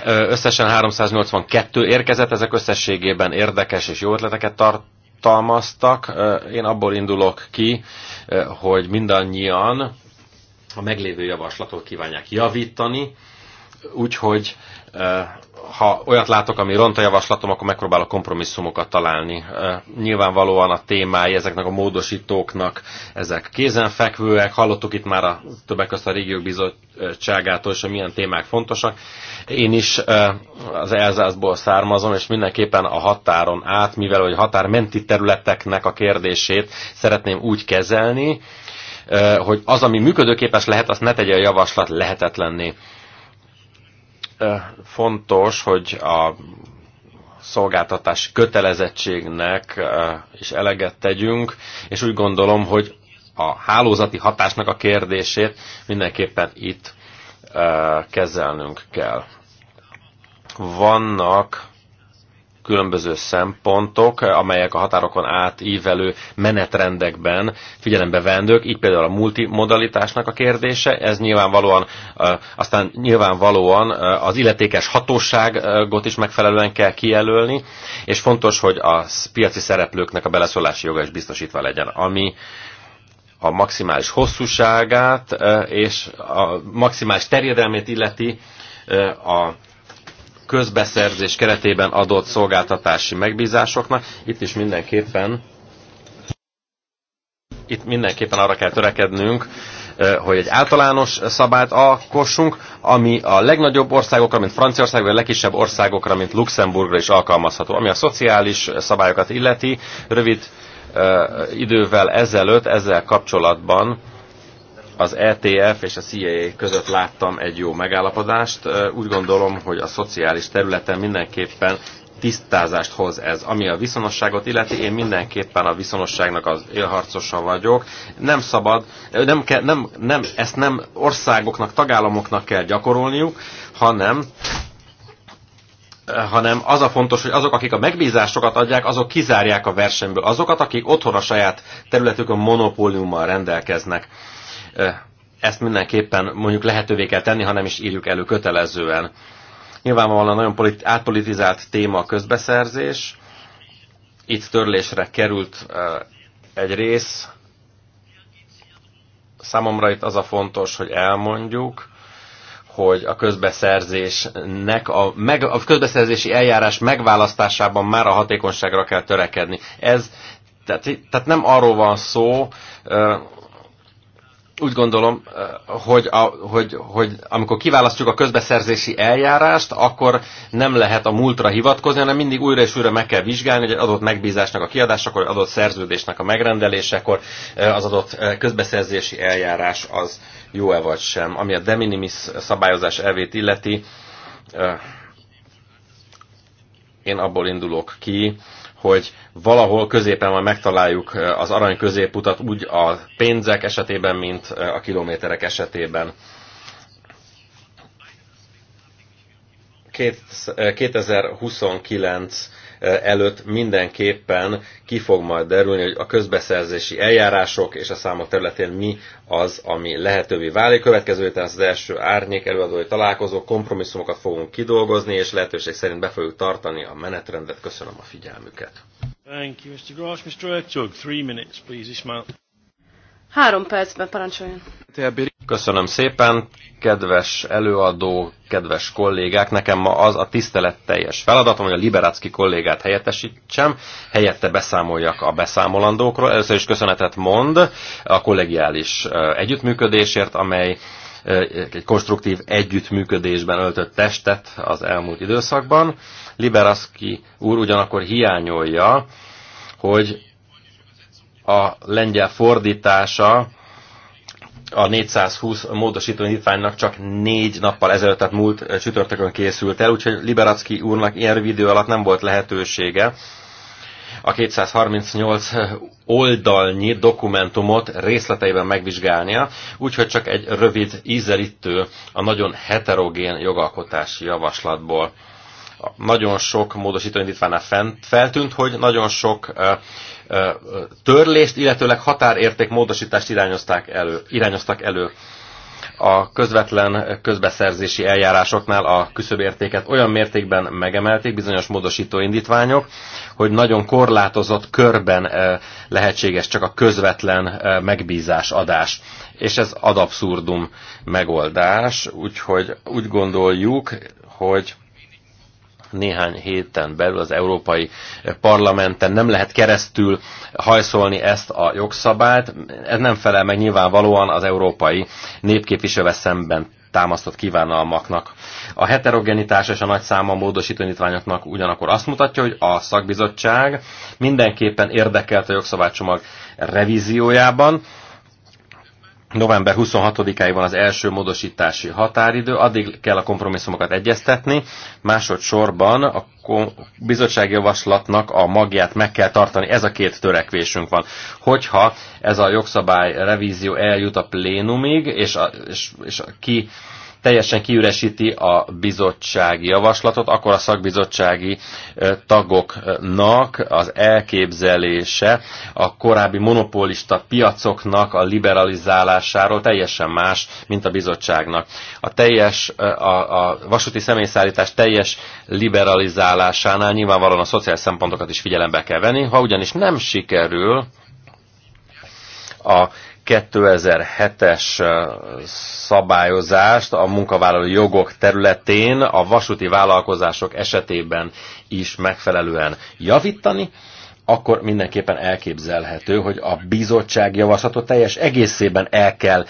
Összesen 382 érkezett, ezek összességében érdekes és jó ötleteket tartalmaztak. Én abból indulok ki, hogy mindannyian a meglévő javaslatot kívánják javítani, úgyhogy Eh, ha olyat látok, ami ront a javaslatom, akkor megpróbálok kompromisszumokat találni. Eh, nyilvánvalóan a témái ezeknek a módosítóknak, ezek kézenfekvőek, hallottuk itt már a többek között a régiók bizottságától, hogy milyen témák fontosak. Én is eh, az Elzászból származom, és mindenképpen a határon át, mivel hogy határmenti területeknek a kérdését szeretném úgy kezelni, hogy az, ami működőképes lehet, azt ne tegye a javaslat lehetetlenné fontos, hogy a szolgáltatási kötelezettségnek is eleget tegyünk, és úgy gondolom, hogy a hálózati hatásnak a kérdését mindenképpen itt kezelnünk kell. Vannak különböző szempontok, amelyek a határokon átívelő menetrendekben figyelembe vendők, így például a multimodalitásnak a kérdése, ez nyilvánvalóan, aztán nyilvánvalóan az illetékes hatóságot is megfelelően kell kijelölni, és fontos, hogy a piaci szereplőknek a beleszólási joga is biztosítva legyen, ami a maximális hosszúságát és a maximális terjedelmét illeti a közbeszerzés keretében adott szolgáltatási megbízásoknak. Itt is mindenképpen itt mindenképpen arra kell törekednünk, hogy egy általános szabályt alkossunk, ami a legnagyobb országokra, mint Franciaországra, vagy a legkisebb országokra, mint Luxemburgra is alkalmazható. Ami a szociális szabályokat illeti, rövid idővel ezelőtt ezzel kapcsolatban az ETF és a CIA között láttam egy jó megállapodást. Úgy gondolom, hogy a szociális területen mindenképpen tisztázást hoz ez. Ami a viszonosságot illeti, én mindenképpen a viszonosságnak az élharcosa vagyok. Nem szabad, nem, ke, nem, nem, ezt nem országoknak, tagállamoknak kell gyakorolniuk, hanem hanem az a fontos, hogy azok, akik a megbízásokat adják, azok kizárják a versenyből azokat, akik otthon a saját területükön monopóliummal rendelkeznek ezt mindenképpen mondjuk lehetővé kell tenni, hanem is írjuk elő kötelezően. Nyilvánvalóan nagyon politi- átpolitizált téma a közbeszerzés. Itt törlésre került egy rész. Számomra itt az a fontos, hogy elmondjuk, hogy a közbeszerzésnek a, meg, a közbeszerzési eljárás megválasztásában már a hatékonyságra kell törekedni. Ez tehát, tehát nem arról van szó, úgy gondolom, eh, hogy, a, hogy, hogy amikor kiválasztjuk a közbeszerzési eljárást, akkor nem lehet a múltra hivatkozni, hanem mindig újra és újra meg kell vizsgálni, hogy egy adott megbízásnak a kiadásakor, egy adott szerződésnek a megrendelésekor eh, az adott eh, közbeszerzési eljárás az jó-e vagy sem. Ami a de minimis szabályozás elvét illeti, én abból indulok ki, hogy valahol középen majd megtaláljuk az arany középutat úgy a pénzek esetében, mint a kilométerek esetében. 2029 előtt mindenképpen ki fog majd derülni, hogy a közbeszerzési eljárások és a számok területén mi az, ami lehetővé válik. Következő héten az első árnyék előadói találkozó, kompromisszumokat fogunk kidolgozni, és lehetőség szerint be fogjuk tartani a menetrendet. Köszönöm a figyelmüket. Thank you, Mr. Gross. Mr. Ertug, three minutes, please, Ismail. Három percben parancsoljon. Köszönöm szépen, kedves előadó, kedves kollégák, nekem ma az a tiszteletteljes feladatom, hogy a Liberácki kollégát helyettesítsem, helyette beszámoljak a beszámolandókról. Először is köszönetet mond a kollegiális együttműködésért, amely egy konstruktív együttműködésben öltött testet az elmúlt időszakban. Liberaszki úr ugyanakkor hiányolja, hogy a lengyel fordítása a 420 módosító indítványnak csak négy nappal ezelőtt, tehát múlt csütörtökön készült el, úgyhogy Liberacki úrnak ilyen rövid idő alatt nem volt lehetősége a 238 oldalnyi dokumentumot részleteiben megvizsgálnia, úgyhogy csak egy rövid ízelítő a nagyon heterogén jogalkotási javaslatból. Nagyon sok módosító indítványnál feltűnt, hogy nagyon sok eh, törlést, illetőleg határérték módosítást irányozták elő. Irányoztak elő a közvetlen közbeszerzési eljárásoknál a küszöbértéket olyan mértékben megemelték bizonyos módosító indítványok, hogy nagyon korlátozott körben lehetséges csak a közvetlen megbízás adás. És ez ad abszurdum megoldás, úgyhogy úgy gondoljuk, hogy néhány héten belül az Európai Parlamenten nem lehet keresztül hajszolni ezt a jogszabályt. Ez nem felel meg nyilvánvalóan az európai népképviselővel szemben támasztott kívánalmaknak. A heterogenitás és a nagy száma módosítanítványoknak ugyanakkor azt mutatja, hogy a szakbizottság mindenképpen érdekelt a jogszabálycsomag revíziójában, november 26-áig van az első módosítási határidő, addig kell a kompromisszumokat egyeztetni, másodszorban a bizottsági javaslatnak a magját meg kell tartani, ez a két törekvésünk van. Hogyha ez a jogszabály revízió eljut a plénumig, és, a, és, és a, ki teljesen kiüresíti a bizottsági javaslatot, akkor a szakbizottsági tagoknak az elképzelése a korábbi monopolista piacoknak a liberalizálásáról teljesen más, mint a bizottságnak. A teljes, a, a vasúti személyszállítás teljes liberalizálásánál nyilvánvalóan a szociális szempontokat is figyelembe kell venni, ha ugyanis nem sikerül a 2007-es szabályozást a munkavállaló jogok területén a vasúti vállalkozások esetében is megfelelően javítani, akkor mindenképpen elképzelhető, hogy a bizottság javaslatot teljes egészében el kell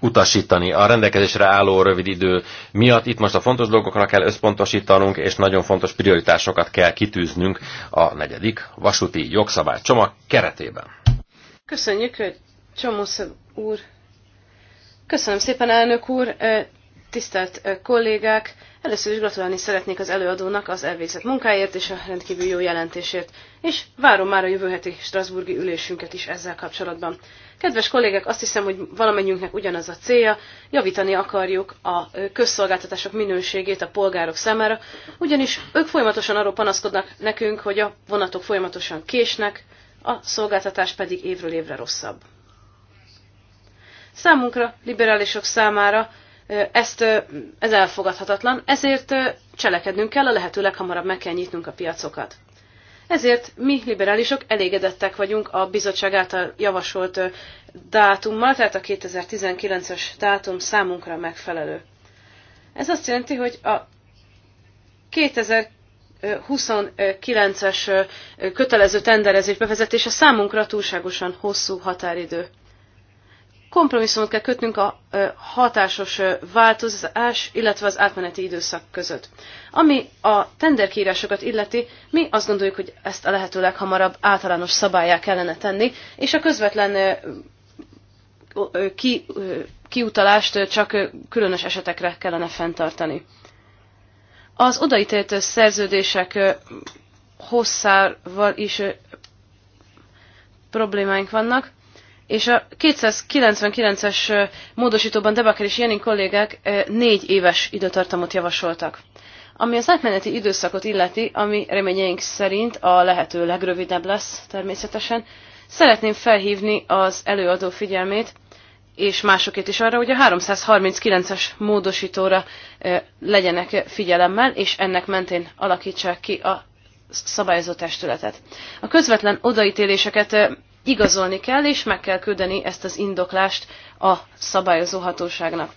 utasítani. A rendelkezésre álló rövid idő miatt itt most a fontos dolgokra kell összpontosítanunk, és nagyon fontos prioritásokat kell kitűznünk a negyedik vasúti jogszabálycsomag keretében. Köszönjük, hogy Csomusz úr. Köszönöm szépen, elnök úr. Tisztelt kollégák! Először is gratulálni szeretnék az előadónak az elvégzett munkáért és a rendkívül jó jelentésért, és várom már a jövő heti Strasburgi ülésünket is ezzel kapcsolatban. Kedves kollégák, azt hiszem, hogy valamennyünknek ugyanaz a célja, javítani akarjuk a közszolgáltatások minőségét a polgárok számára, ugyanis ők folyamatosan arról panaszkodnak nekünk, hogy a vonatok folyamatosan késnek, a szolgáltatás pedig évről évre rosszabb. Számunkra, liberálisok számára ezt, ez elfogadhatatlan, ezért cselekednünk kell, a lehető leghamarabb meg kell nyitnunk a piacokat. Ezért mi liberálisok elégedettek vagyunk a bizottság által javasolt dátummal, tehát a 2019-es dátum számunkra megfelelő. Ez azt jelenti, hogy a 2029-es kötelező tenderezés bevezetése számunkra túlságosan hosszú határidő kompromisszumot kell kötnünk a hatásos változás, illetve az átmeneti időszak között. Ami a tenderkírásokat illeti, mi azt gondoljuk, hogy ezt a lehető leghamarabb általános szabályá kellene tenni, és a közvetlen ki, kiutalást csak különös esetekre kellene fenntartani. Az odaítélt szerződések hosszával is problémáink vannak és a 299-es módosítóban Debaker és Jenin kollégák négy éves időtartamot javasoltak. Ami az átmeneti időszakot illeti, ami reményeink szerint a lehető legrövidebb lesz természetesen, szeretném felhívni az előadó figyelmét, és másokét is arra, hogy a 339-es módosítóra legyenek figyelemmel, és ennek mentén alakítsák ki a szabályozó testületet. A közvetlen odaítéléseket igazolni kell, és meg kell küldeni ezt az indoklást a szabályozó hatóságnak.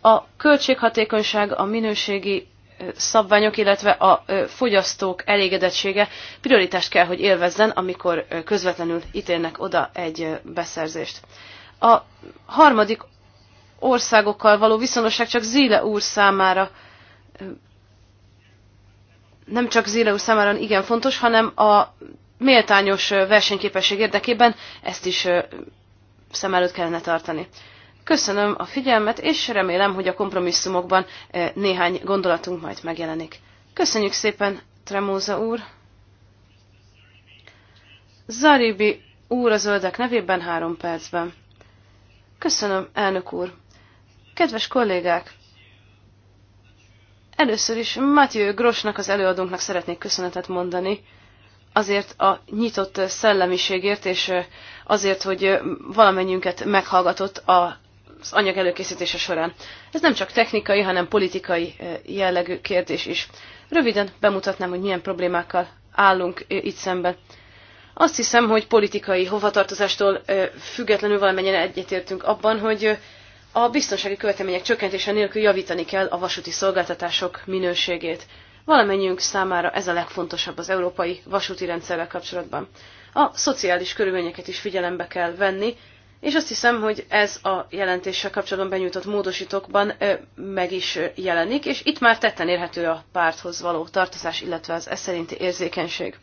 A költséghatékonyság, a minőségi szabványok, illetve a fogyasztók elégedettsége prioritást kell, hogy élvezzen, amikor közvetlenül ítélnek oda egy beszerzést. A harmadik országokkal való viszonosság csak Zile úr számára nem csak Zile úr számára igen fontos, hanem a méltányos versenyképesség érdekében ezt is szem előtt kellene tartani. Köszönöm a figyelmet, és remélem, hogy a kompromisszumokban néhány gondolatunk majd megjelenik. Köszönjük szépen, Tremóza úr! Zaribi úr a zöldek nevében három percben. Köszönöm, elnök úr! Kedves kollégák! Először is Mathieu Grosnak, az előadónknak szeretnék köszönetet mondani, azért a nyitott szellemiségért, és azért, hogy valamennyünket meghallgatott az anyag előkészítése során. Ez nem csak technikai, hanem politikai jellegű kérdés is. Röviden bemutatnám, hogy milyen problémákkal állunk itt szemben. Azt hiszem, hogy politikai hovatartozástól függetlenül valamennyien egyetértünk abban, hogy a biztonsági követelmények csökkentése nélkül javítani kell a vasúti szolgáltatások minőségét. Valamennyiünk számára ez a legfontosabb az európai vasúti rendszerrel kapcsolatban. A szociális körülményeket is figyelembe kell venni, és azt hiszem, hogy ez a jelentéssel kapcsolatban benyújtott módosítókban ö, meg is jelenik, és itt már tetten érhető a párthoz való tartozás, illetve az ez szerinti érzékenység.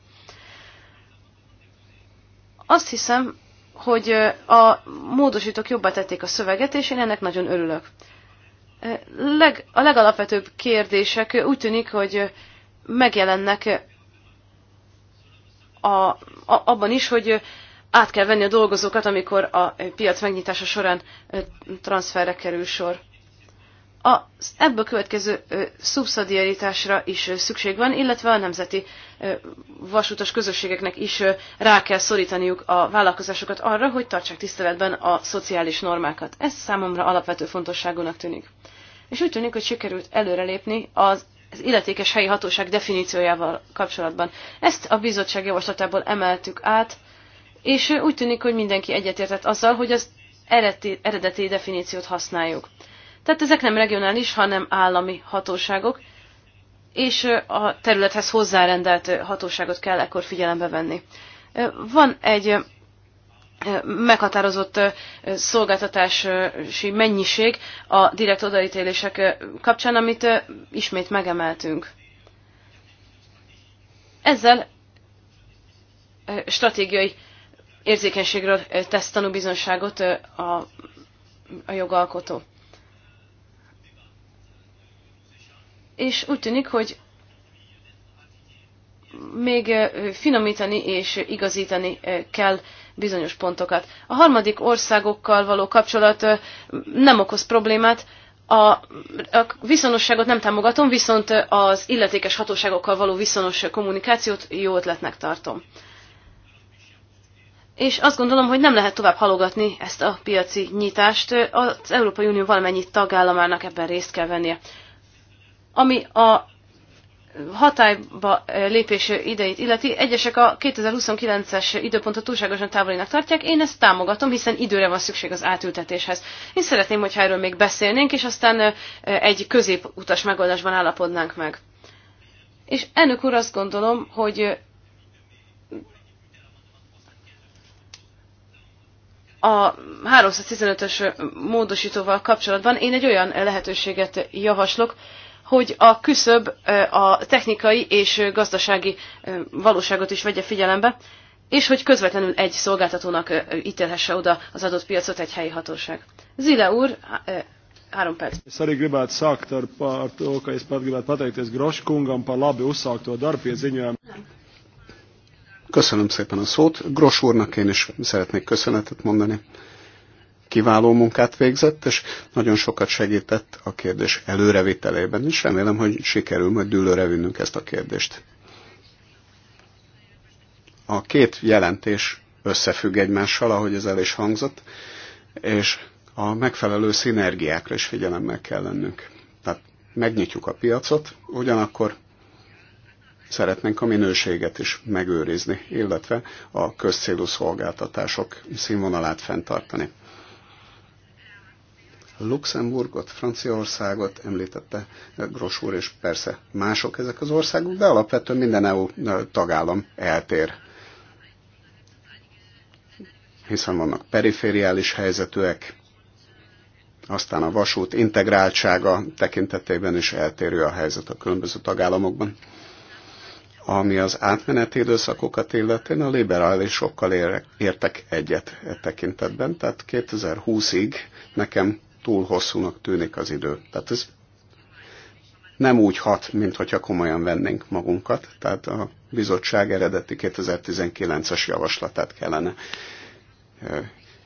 Azt hiszem, hogy a módosítók jobbá tették a szöveget, és én ennek nagyon örülök leg, a legalapvetőbb kérdések úgy tűnik, hogy megjelennek a, a, abban is, hogy át kell venni a dolgozókat, amikor a piac megnyitása során transferre kerül sor. A ebből következő szubszidiaritásra is szükség van, illetve a nemzeti vasútos közösségeknek is rá kell szorítaniuk a vállalkozásokat arra, hogy tartsák tiszteletben a szociális normákat. Ez számomra alapvető fontosságúnak tűnik és úgy tűnik, hogy sikerült előrelépni az az illetékes helyi hatóság definíciójával kapcsolatban. Ezt a bizottság javaslatából emeltük át, és úgy tűnik, hogy mindenki egyetértett azzal, hogy az eredeti, eredeti definíciót használjuk. Tehát ezek nem regionális, hanem állami hatóságok, és a területhez hozzárendelt hatóságot kell ekkor figyelembe venni. Van egy meghatározott szolgáltatási mennyiség a direkt odaítélések kapcsán, amit ismét megemeltünk. Ezzel stratégiai érzékenységről tesz tanúbizonságot a, a jogalkotó. És úgy tűnik, hogy még finomítani és igazítani kell bizonyos pontokat. A harmadik országokkal való kapcsolat nem okoz problémát, a, a viszonosságot nem támogatom, viszont az illetékes hatóságokkal való viszonos kommunikációt jó ötletnek tartom. És azt gondolom, hogy nem lehet tovább halogatni ezt a piaci nyitást, az Európai Unió valamennyi tagállamának ebben részt kell vennie. Ami a hatályba lépés idejét illeti, egyesek a 2029-es időpontot túlságosan távolinak tartják, én ezt támogatom, hiszen időre van szükség az átültetéshez. Én szeretném, hogyha erről még beszélnénk, és aztán egy középutas megoldásban állapodnánk meg. És ennök úr azt gondolom, hogy a 315-ös módosítóval kapcsolatban én egy olyan lehetőséget javaslok, hogy a küszöb a technikai és gazdasági valóságot is vegye figyelembe, és hogy közvetlenül egy szolgáltatónak ítélhesse oda az adott piacot egy helyi hatóság. Zile úr, három perc. Es arī gribētu sākt ar, par to, ka es pat gribētu pateikties Grošu kungam pa labi uzsākto darbu pie Köszönöm szépen a szót. Gros úrnak én is szeretnék köszönetet mondani kiváló munkát végzett, és nagyon sokat segített a kérdés előrevitelében, és remélem, hogy sikerül majd dűlőre vinnünk ezt a kérdést. A két jelentés összefügg egymással, ahogy ez el is hangzott, és a megfelelő szinergiákra is figyelemmel kell lennünk. Tehát megnyitjuk a piacot, ugyanakkor szeretnénk a minőséget is megőrizni, illetve a közcélú szolgáltatások színvonalát fenntartani. Luxemburgot, Franciaországot említette Gros úr, és persze mások ezek az országok, de alapvetően minden EU tagállam eltér. Hiszen vannak perifériális helyzetűek, aztán a vasút integráltsága tekintetében is eltérő a helyzet a különböző tagállamokban. Ami az átmeneti időszakokat illetően a liberálisokkal értek egyet e tekintetben, tehát 2020-ig nekem túl hosszúnak tűnik az idő. Tehát ez nem úgy hat, mint hogyha komolyan vennénk magunkat. Tehát a bizottság eredeti 2019-es javaslatát kellene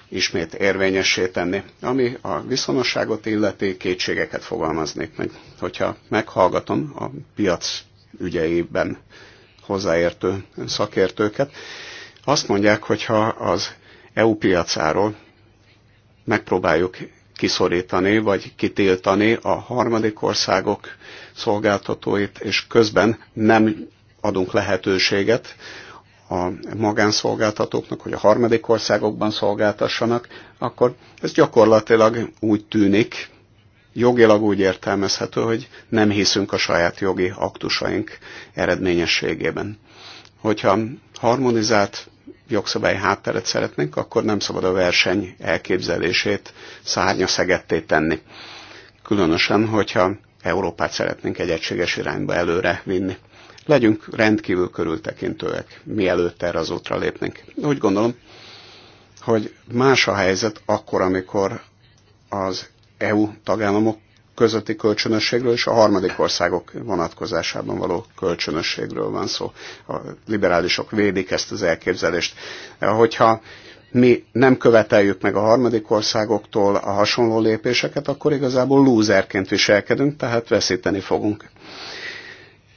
ismét érvényessé tenni. Ami a viszonosságot illeti, kétségeket fogalmaznék meg. Hogyha meghallgatom a piac ügyeiben hozzáértő szakértőket, azt mondják, hogyha az EU piacáról megpróbáljuk kiszorítani vagy kitiltani a harmadik országok szolgáltatóit, és közben nem adunk lehetőséget a magánszolgáltatóknak, hogy a harmadik országokban szolgáltassanak, akkor ez gyakorlatilag úgy tűnik, jogilag úgy értelmezhető, hogy nem hiszünk a saját jogi aktusaink eredményességében. Hogyha harmonizált jogszabályi hátteret szeretnénk, akkor nem szabad a verseny elképzelését szárnya szegetté tenni. Különösen, hogyha Európát szeretnénk egy egységes irányba előre vinni. Legyünk rendkívül körültekintőek, mielőtt erre az útra lépnénk. Úgy gondolom, hogy más a helyzet akkor, amikor az EU tagállamok közötti kölcsönösségről és a harmadik országok vonatkozásában való kölcsönösségről van szó. A liberálisok védik ezt az elképzelést. Hogyha mi nem követeljük meg a harmadik országoktól a hasonló lépéseket, akkor igazából lúzerként viselkedünk, tehát veszíteni fogunk.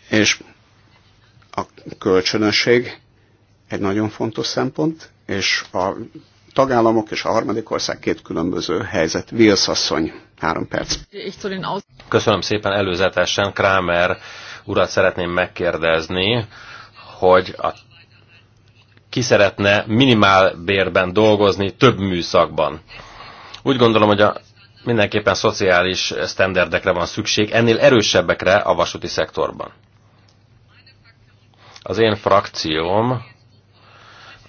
És a kölcsönösség egy nagyon fontos szempont, és a tagállamok és a harmadik ország két különböző helyzet. Vilsz asszony. Három perc. Köszönöm szépen előzetesen. Kramer urat szeretném megkérdezni, hogy a, ki szeretne bérben dolgozni több műszakban. Úgy gondolom, hogy a, mindenképpen szociális sztenderdekre van szükség, ennél erősebbekre a vasúti szektorban. Az én frakcióm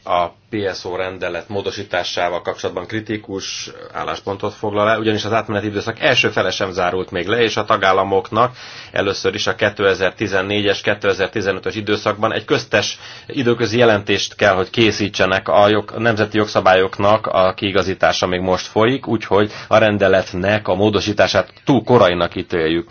a PSO rendelet módosításával kapcsolatban kritikus álláspontot foglal el, ugyanis az átmeneti időszak első fele sem zárult még le, és a tagállamoknak először is a 2014-es, 2015-ös időszakban egy köztes időközi jelentést kell, hogy készítsenek a, jog, a nemzeti jogszabályoknak a kiigazítása még most folyik, úgyhogy a rendeletnek a módosítását túl korainak ítéljük.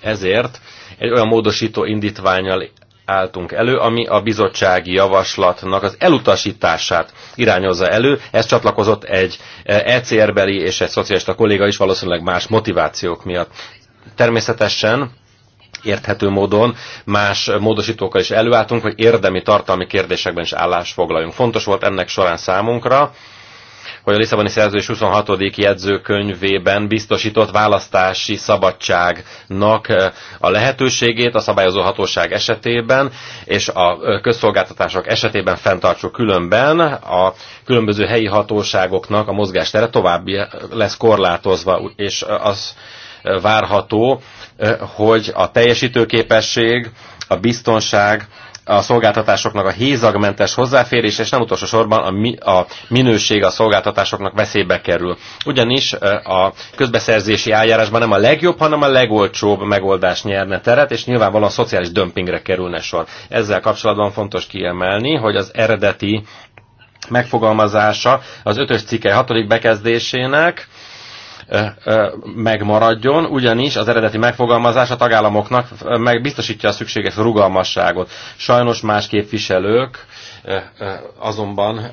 Ezért egy olyan módosító indítványal álltunk elő, ami a bizottsági javaslatnak az elutasítását irányozza elő. Ez csatlakozott egy ECR-beli e és egy szocialista kolléga is valószínűleg más motivációk miatt. Természetesen érthető módon más módosítókkal is előálltunk, hogy érdemi tartalmi kérdésekben is állás foglaljunk. Fontos volt ennek során számunkra, hogy a Lisszaboni szerződés 26. jegyzőkönyvében biztosított választási szabadságnak a lehetőségét a szabályozó hatóság esetében és a közszolgáltatások esetében fenntartsó különben a különböző helyi hatóságoknak a mozgástere további lesz korlátozva, és az várható, hogy a teljesítőképesség, a biztonság, a szolgáltatásoknak a hézagmentes hozzáférés, és nem utolsó sorban a, mi, a minőség a szolgáltatásoknak veszélybe kerül. Ugyanis a közbeszerzési eljárásban nem a legjobb, hanem a legolcsóbb megoldás nyerne teret, és nyilvánvalóan a szociális dömpingre kerülne sor. Ezzel kapcsolatban fontos kiemelni, hogy az eredeti megfogalmazása az ötös cikke hatodik bekezdésének megmaradjon, ugyanis az eredeti megfogalmazás a tagállamoknak biztosítja a szükséges rugalmasságot. Sajnos más képviselők azonban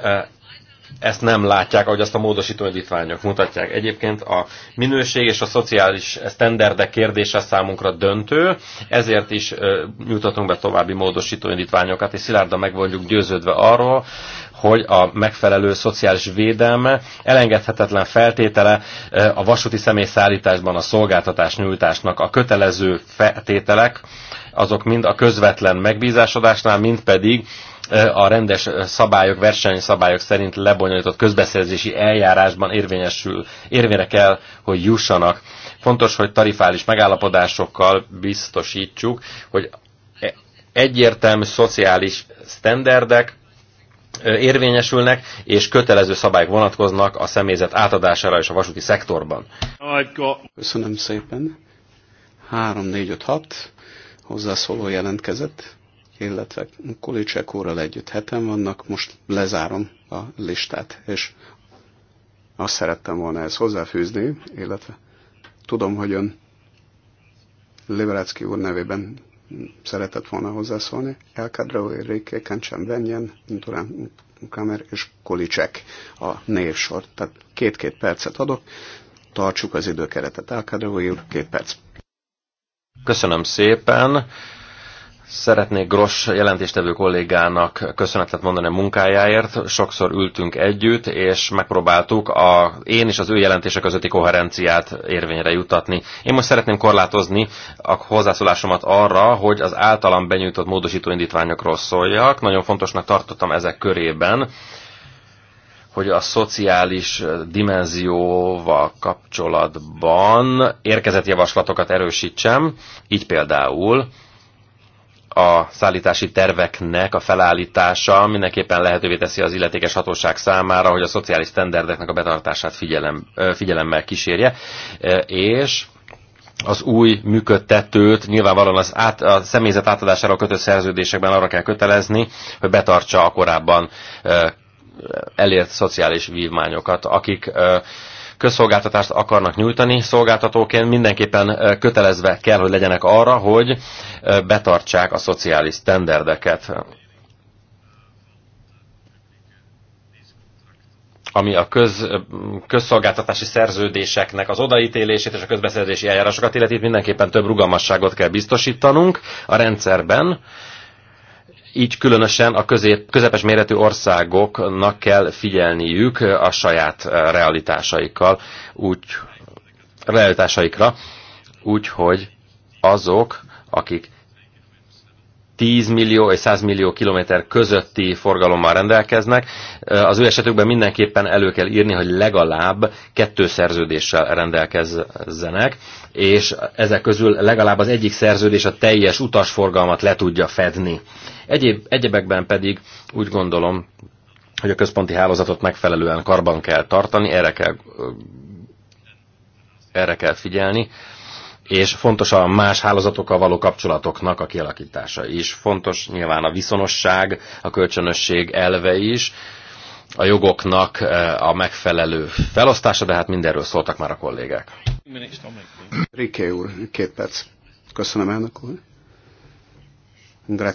ezt nem látják, ahogy azt a módosító indítványok mutatják. Egyébként a minőség és a szociális sztenderdek kérdése számunkra döntő, ezért is nyújtatunk be további módosító indítványokat, és szilárdan meg vagyunk győződve arról, hogy a megfelelő szociális védelme elengedhetetlen feltétele eh, a vasúti személyszállításban a szolgáltatás nyújtásnak a kötelező feltételek, azok mind a közvetlen megbízásodásnál, mind pedig eh, a rendes szabályok, versenyszabályok szerint lebonyolított közbeszerzési eljárásban érvényesül, érvényre kell, hogy jussanak. Fontos, hogy tarifális megállapodásokkal biztosítsuk, hogy e- egyértelmű szociális sztenderdek, érvényesülnek, és kötelező szabályok vonatkoznak a személyzet átadására és a vasúti szektorban. Köszönöm szépen. 3, 4, 5, 6 hozzászóló jelentkezett, illetve Kulicsek úrral együtt heten vannak, most lezárom a listát, és azt szerettem volna ezt hozzáfűzni, illetve tudom, hogy ön Liberecki úr nevében szeretett volna hozzászólni. El Kadraui, Riké, Kencsen Benyen, Durán Kamer és Kolicek a névsor. Tehát két-két percet adok, tartsuk az időkeretet. El Kadraui két perc. Köszönöm szépen. Szeretnék Gross jelentéstevő kollégának köszönetet mondani a munkájáért. Sokszor ültünk együtt, és megpróbáltuk a én és az ő jelentése közötti koherenciát érvényre jutatni. Én most szeretném korlátozni a hozzászólásomat arra, hogy az általam benyújtott módosító indítványokról szóljak. Nagyon fontosnak tartottam ezek körében hogy a szociális dimenzióval kapcsolatban érkezett javaslatokat erősítsem, így például a szállítási terveknek a felállítása mindenképpen lehetővé teszi az illetékes hatóság számára, hogy a szociális standardeknek a betartását figyelem, figyelemmel kísérje, és az új működtetőt nyilvánvalóan az át, a személyzet átadására kötött szerződésekben arra kell kötelezni, hogy betartsa a korábban elért szociális vívmányokat, akik közszolgáltatást akarnak nyújtani, szolgáltatóként mindenképpen kötelezve kell, hogy legyenek arra, hogy betartsák a szociális standardeket. ami a köz, közszolgáltatási szerződéseknek az odaítélését és a közbeszerzési eljárásokat illeti, mindenképpen több rugalmasságot kell biztosítanunk a rendszerben, így különösen a közép, közepes méretű országoknak kell figyelniük a saját eh, realitásaikkal, úgy, realitásaikra, úgyhogy azok, akik 10 millió és 100 millió kilométer közötti forgalommal rendelkeznek. Az ő esetükben mindenképpen elő kell írni, hogy legalább kettő szerződéssel rendelkezzenek, és ezek közül legalább az egyik szerződés a teljes utasforgalmat le tudja fedni. Egyéb, egyebekben pedig úgy gondolom, hogy a központi hálózatot megfelelően karban kell tartani, erre kell, erre kell figyelni és fontos a más hálózatokkal való kapcsolatoknak a kialakítása is. Fontos nyilván a viszonosság, a kölcsönösség elve is, a jogoknak eh, a megfelelő felosztása, de hát mindenről szóltak már a kollégák. Riké úr, két perc. Köszönöm elnök úr. André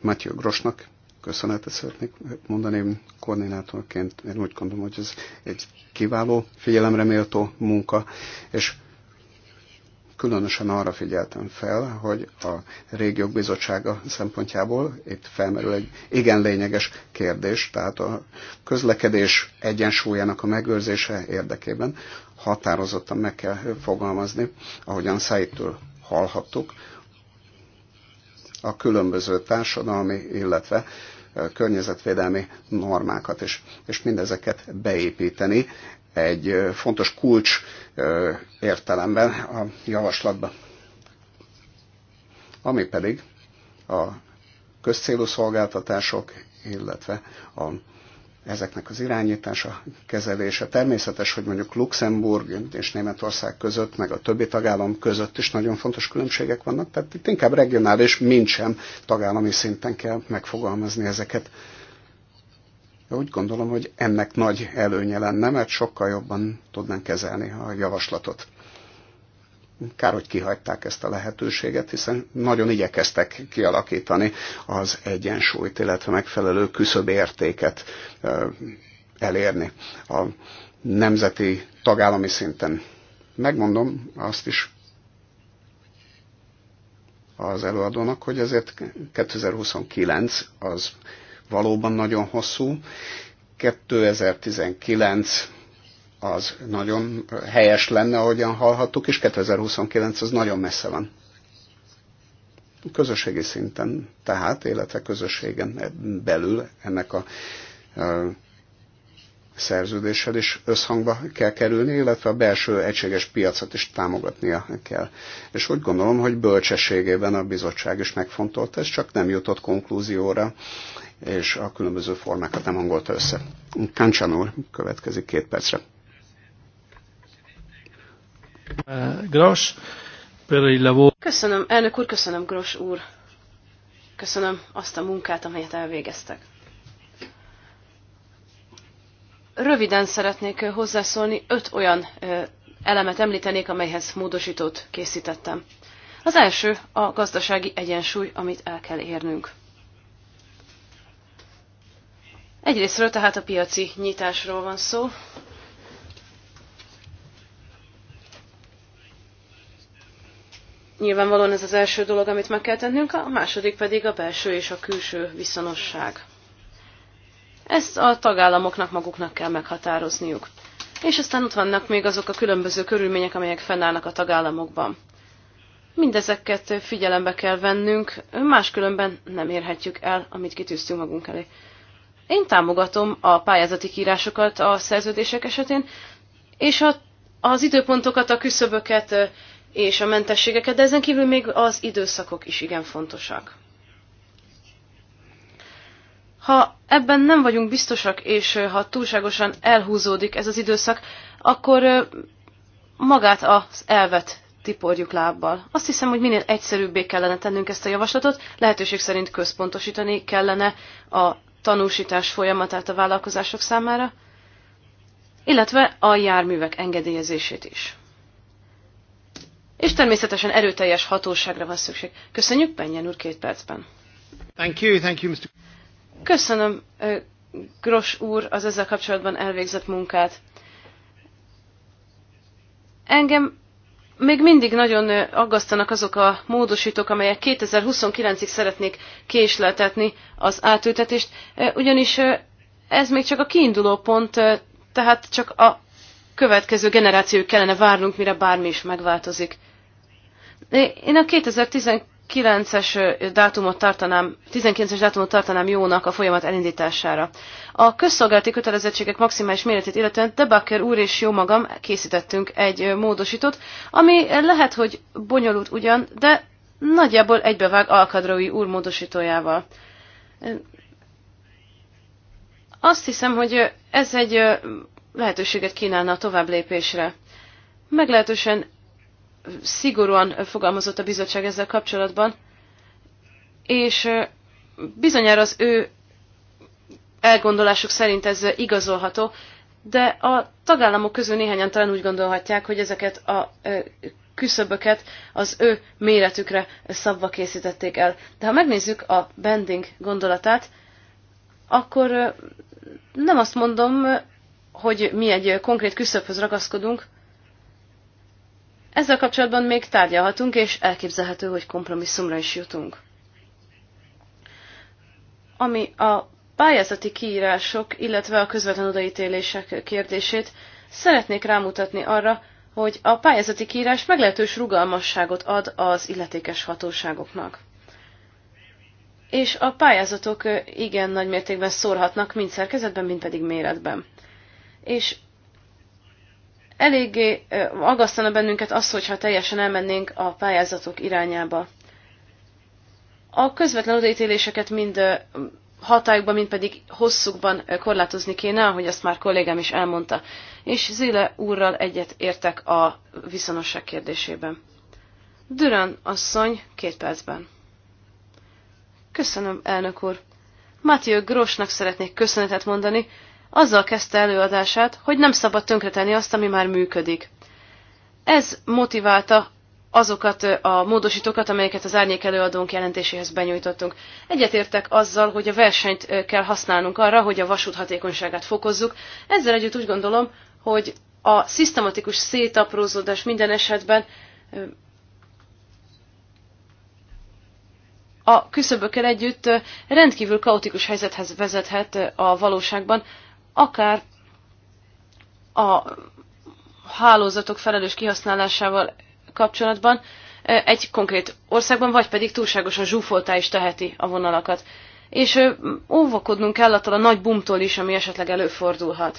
Matyő Grosnak köszönetet szeretnék mondani koordinátorként. Én úgy gondolom, hogy ez egy kiváló, figyelemre méltó munka, és Különösen arra figyeltem fel, hogy a régiók bizottsága szempontjából itt felmerül egy igen lényeges kérdés, tehát a közlekedés egyensúlyának a megőrzése érdekében határozottan meg kell fogalmazni, ahogyan Szájtől hallhattuk, a különböző társadalmi, illetve környezetvédelmi normákat is, és mindezeket beépíteni egy fontos kulcs értelemben a javaslatban, Ami pedig a közcélú szolgáltatások, illetve a, ezeknek az irányítása, kezelése. Természetes, hogy mondjuk Luxemburg és Németország között, meg a többi tagállam között is nagyon fontos különbségek vannak, tehát itt inkább regionális, mint sem tagállami szinten kell megfogalmazni ezeket. Úgy gondolom, hogy ennek nagy előnye lenne, mert sokkal jobban tudnánk kezelni a javaslatot. Kár, hogy kihagyták ezt a lehetőséget, hiszen nagyon igyekeztek kialakítani az egyensúlyt, illetve megfelelő küszöbértéket elérni a nemzeti, tagállami szinten. Megmondom azt is az előadónak, hogy ezért 2029 az valóban nagyon hosszú. 2019 az nagyon helyes lenne, ahogyan hallhattuk, és 2029 az nagyon messze van. Közösségi szinten, tehát, illetve közösségen belül ennek a szerződéssel is összhangba kell kerülni, illetve a belső egységes piacot is támogatnia kell. És úgy gondolom, hogy bölcsességében a bizottság is megfontolta, ez csak nem jutott konklúzióra és a különböző formákat nem hangolta össze. Kancsán úr, következik két percre. Uh, Gros, Köszönöm, elnök úr, köszönöm, Gros úr. Köszönöm azt a munkát, amelyet elvégeztek. Röviden szeretnék hozzászólni, öt olyan elemet említenék, amelyhez módosítót készítettem. Az első a gazdasági egyensúly, amit el kell érnünk. Egyrésztről tehát a piaci nyitásról van szó. Nyilvánvalóan ez az első dolog, amit meg kell tennünk, a második pedig a belső és a külső viszonosság. Ezt a tagállamoknak maguknak kell meghatározniuk. És aztán ott vannak még azok a különböző körülmények, amelyek fennállnak a tagállamokban. Mindezeket figyelembe kell vennünk, máskülönben nem érhetjük el, amit kitűztünk magunk elé. Én támogatom a pályázati kírásokat a szerződések esetén, és a, az időpontokat, a küszöböket és a mentességeket, de ezen kívül még az időszakok is igen fontosak. Ha ebben nem vagyunk biztosak, és ha túlságosan elhúzódik ez az időszak, akkor magát az elvet tiporjuk lábbal. Azt hiszem, hogy minél egyszerűbbé kellene tennünk ezt a javaslatot, lehetőség szerint központosítani kellene a tanúsítás folyamatát a vállalkozások számára, illetve a járművek engedélyezését is. És természetesen erőteljes hatóságra van szükség. Köszönjük, Benyen úr, két percben. Thank you, thank you, Mr. Köszönöm, Gros úr, az ezzel kapcsolatban elvégzett munkát. Engem még mindig nagyon aggasztanak azok a módosítók, amelyek 2029-ig szeretnék késleltetni az átültetést, ugyanis ez még csak a kiinduló pont, tehát csak a következő generációk kellene várnunk, mire bármi is megváltozik. Én a 2019 19 es dátumot tartanám, 19-es dátumot tartanám jónak a folyamat elindítására. A közszolgálati kötelezettségek maximális méretét illetően Debaker úr és jó magam készítettünk egy módosítót, ami lehet, hogy bonyolult ugyan, de nagyjából egybevág Alkadrói úr módosítójával. Azt hiszem, hogy ez egy lehetőséget kínálna a tovább lépésre. Meglehetősen szigorúan fogalmazott a bizottság ezzel kapcsolatban, és bizonyára az ő elgondolásuk szerint ez igazolható, de a tagállamok közül néhányan talán úgy gondolhatják, hogy ezeket a küszöböket az ő méretükre szabva készítették el. De ha megnézzük a bending gondolatát, akkor nem azt mondom, hogy mi egy konkrét küszöbhöz ragaszkodunk, ezzel kapcsolatban még tárgyalhatunk, és elképzelhető, hogy kompromisszumra is jutunk. Ami a pályázati kiírások, illetve a közvetlen odaítélések kérdését, szeretnék rámutatni arra, hogy a pályázati kiírás meglehetős rugalmasságot ad az illetékes hatóságoknak. És a pályázatok igen nagy mértékben szórhatnak mind szerkezetben, mind pedig méretben. És Eléggé agasztana bennünket az, hogyha teljesen elmennénk a pályázatok irányába. A közvetlen odaítéléseket mind hatályukban, mind pedig hosszukban korlátozni kéne, ahogy azt már kollégám is elmondta. És Zile úrral egyet értek a viszonosság kérdésében. Dürán, asszony, két percben. Köszönöm, elnök úr. Matthew Grossnak szeretnék köszönetet mondani, azzal kezdte előadását, hogy nem szabad tönkretenni azt, ami már működik. Ez motiválta azokat a módosítókat, amelyeket az árnyék előadónk jelentéséhez benyújtottunk. Egyetértek azzal, hogy a versenyt kell használnunk arra, hogy a vasút hatékonyságát fokozzuk. Ezzel együtt úgy gondolom, hogy a szisztematikus szétaprózódás minden esetben a küszöbökkel együtt rendkívül kaotikus helyzethez vezethet a valóságban, akár a hálózatok felelős kihasználásával kapcsolatban egy konkrét országban, vagy pedig túlságosan zsúfoltá is teheti a vonalakat. És óvakodnunk kell attól a nagy bumtól is, ami esetleg előfordulhat.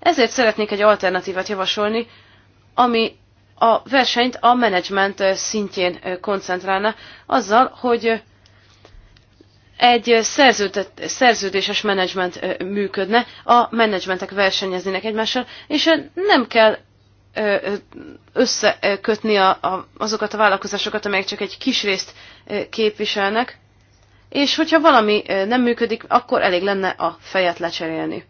Ezért szeretnék egy alternatívát javasolni, ami a versenyt a menedzsment szintjén koncentrálna, azzal, hogy egy szerződéses menedzsment működne, a menedzsmentek versenyeznének egymással, és nem kell összekötni a, a, azokat a vállalkozásokat, amelyek csak egy kis részt képviselnek, és hogyha valami nem működik, akkor elég lenne a fejet lecserélni.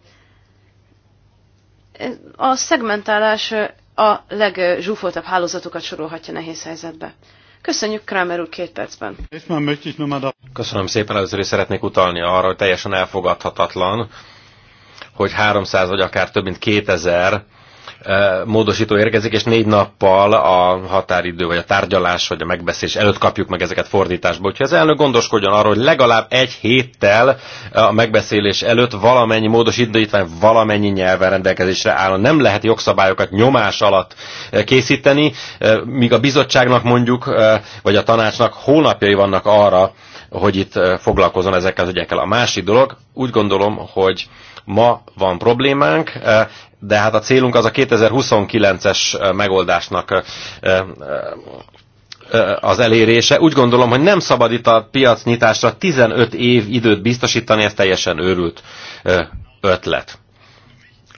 A szegmentálás a legzsúfoltabb hálózatokat sorolhatja nehéz helyzetbe. Köszönjük Kramer úr két percben. Köszönöm szépen, először is szeretnék utalni arra, hogy teljesen elfogadhatatlan, hogy 300 vagy akár több mint 2000 módosító érkezik, és négy nappal a határidő, vagy a tárgyalás, vagy a megbeszélés előtt kapjuk meg ezeket fordításba. Úgyhogy az elnök gondoskodjon arról, hogy legalább egy héttel a megbeszélés előtt valamennyi módosítvány valamennyi nyelven rendelkezésre állna. Nem lehet jogszabályokat nyomás alatt készíteni, míg a bizottságnak mondjuk, vagy a tanácsnak hónapjai vannak arra, hogy itt foglalkozon ezekkel az ügyekkel. A másik dolog, úgy gondolom, hogy ma van problémánk, de hát a célunk az a 2029-es megoldásnak az elérése. Úgy gondolom, hogy nem szabad itt a piac nyitásra 15 év időt biztosítani, ez teljesen őrült ötlet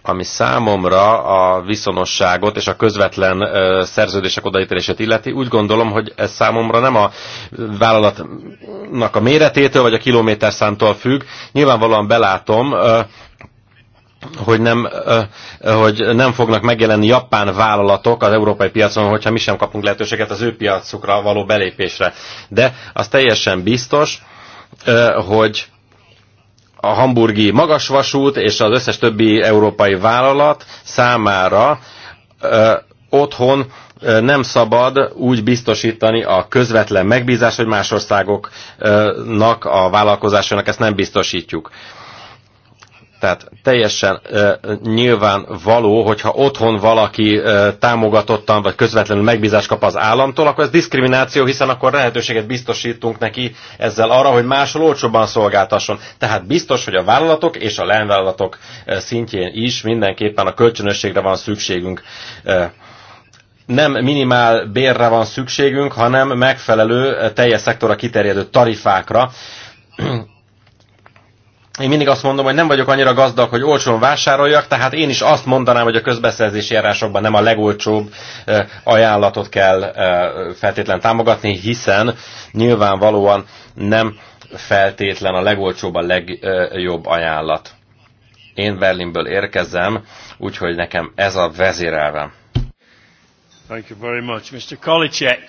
ami számomra a viszonosságot és a közvetlen szerződések odaítélését illeti, úgy gondolom, hogy ez számomra nem a vállalatnak a méretétől vagy a kilométerszámtól függ. Nyilvánvalóan belátom, hogy nem, hogy nem fognak megjelenni japán vállalatok az európai piacon, hogyha mi sem kapunk lehetőséget az ő piacukra való belépésre. De az teljesen biztos, hogy a hamburgi magasvasút és az összes többi európai vállalat számára otthon nem szabad úgy biztosítani a közvetlen megbízás, hogy más országoknak a vállalkozásának ezt nem biztosítjuk. Tehát teljesen e, nyilván való, hogyha otthon valaki e, támogatottan vagy közvetlenül megbízást kap az államtól, akkor ez diszkrimináció, hiszen akkor lehetőséget biztosítunk neki ezzel arra, hogy máshol olcsóban szolgáltasson. Tehát biztos, hogy a vállalatok és a leányvállalatok szintjén is mindenképpen a kölcsönösségre van szükségünk. E, nem minimál bérre van szükségünk, hanem megfelelő teljes szektora kiterjedő tarifákra én mindig azt mondom, hogy nem vagyok annyira gazdag, hogy olcsón vásároljak, tehát én is azt mondanám, hogy a közbeszerzési járásokban nem a legolcsóbb ajánlatot kell feltétlen támogatni, hiszen nyilvánvalóan nem feltétlen a legolcsóbb a legjobb ajánlat. Én Berlinből érkezem, úgyhogy nekem ez a vezérelvem. Thank you very much, Mr. Kolicek.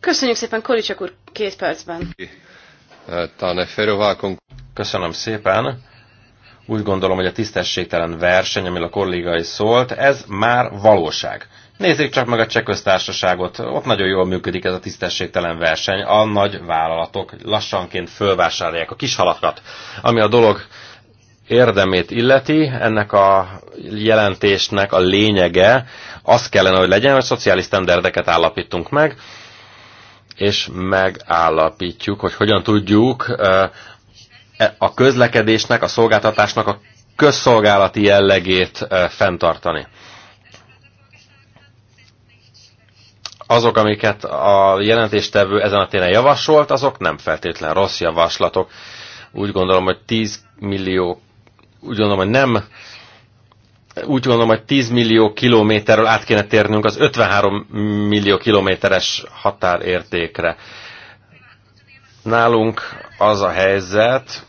Köszönjük szépen, Kolicek úr, két percben. Köszönöm szépen. Úgy gondolom, hogy a tisztességtelen verseny, amiről a kollégai szólt, ez már valóság. Nézzék csak meg a cseh köztársaságot, ott nagyon jól működik ez a tisztességtelen verseny. A nagy vállalatok lassanként fölvásárolják a kis halakat, ami a dolog érdemét illeti, ennek a jelentésnek a lényege az kellene, hogy legyen, hogy szociális standardeket állapítunk meg, és megállapítjuk, hogy hogyan tudjuk eh, a közlekedésnek, a szolgáltatásnak a közszolgálati jellegét fenntartani. Azok, amiket a jelentéstevő ezen a téren javasolt, azok nem feltétlen rossz javaslatok. Úgy gondolom, hogy 10 millió, úgy gondolom, hogy nem úgy gondolom, hogy 10 millió kilométerről át kéne térnünk az 53 millió kilométeres határértékre. Nálunk az a helyzet,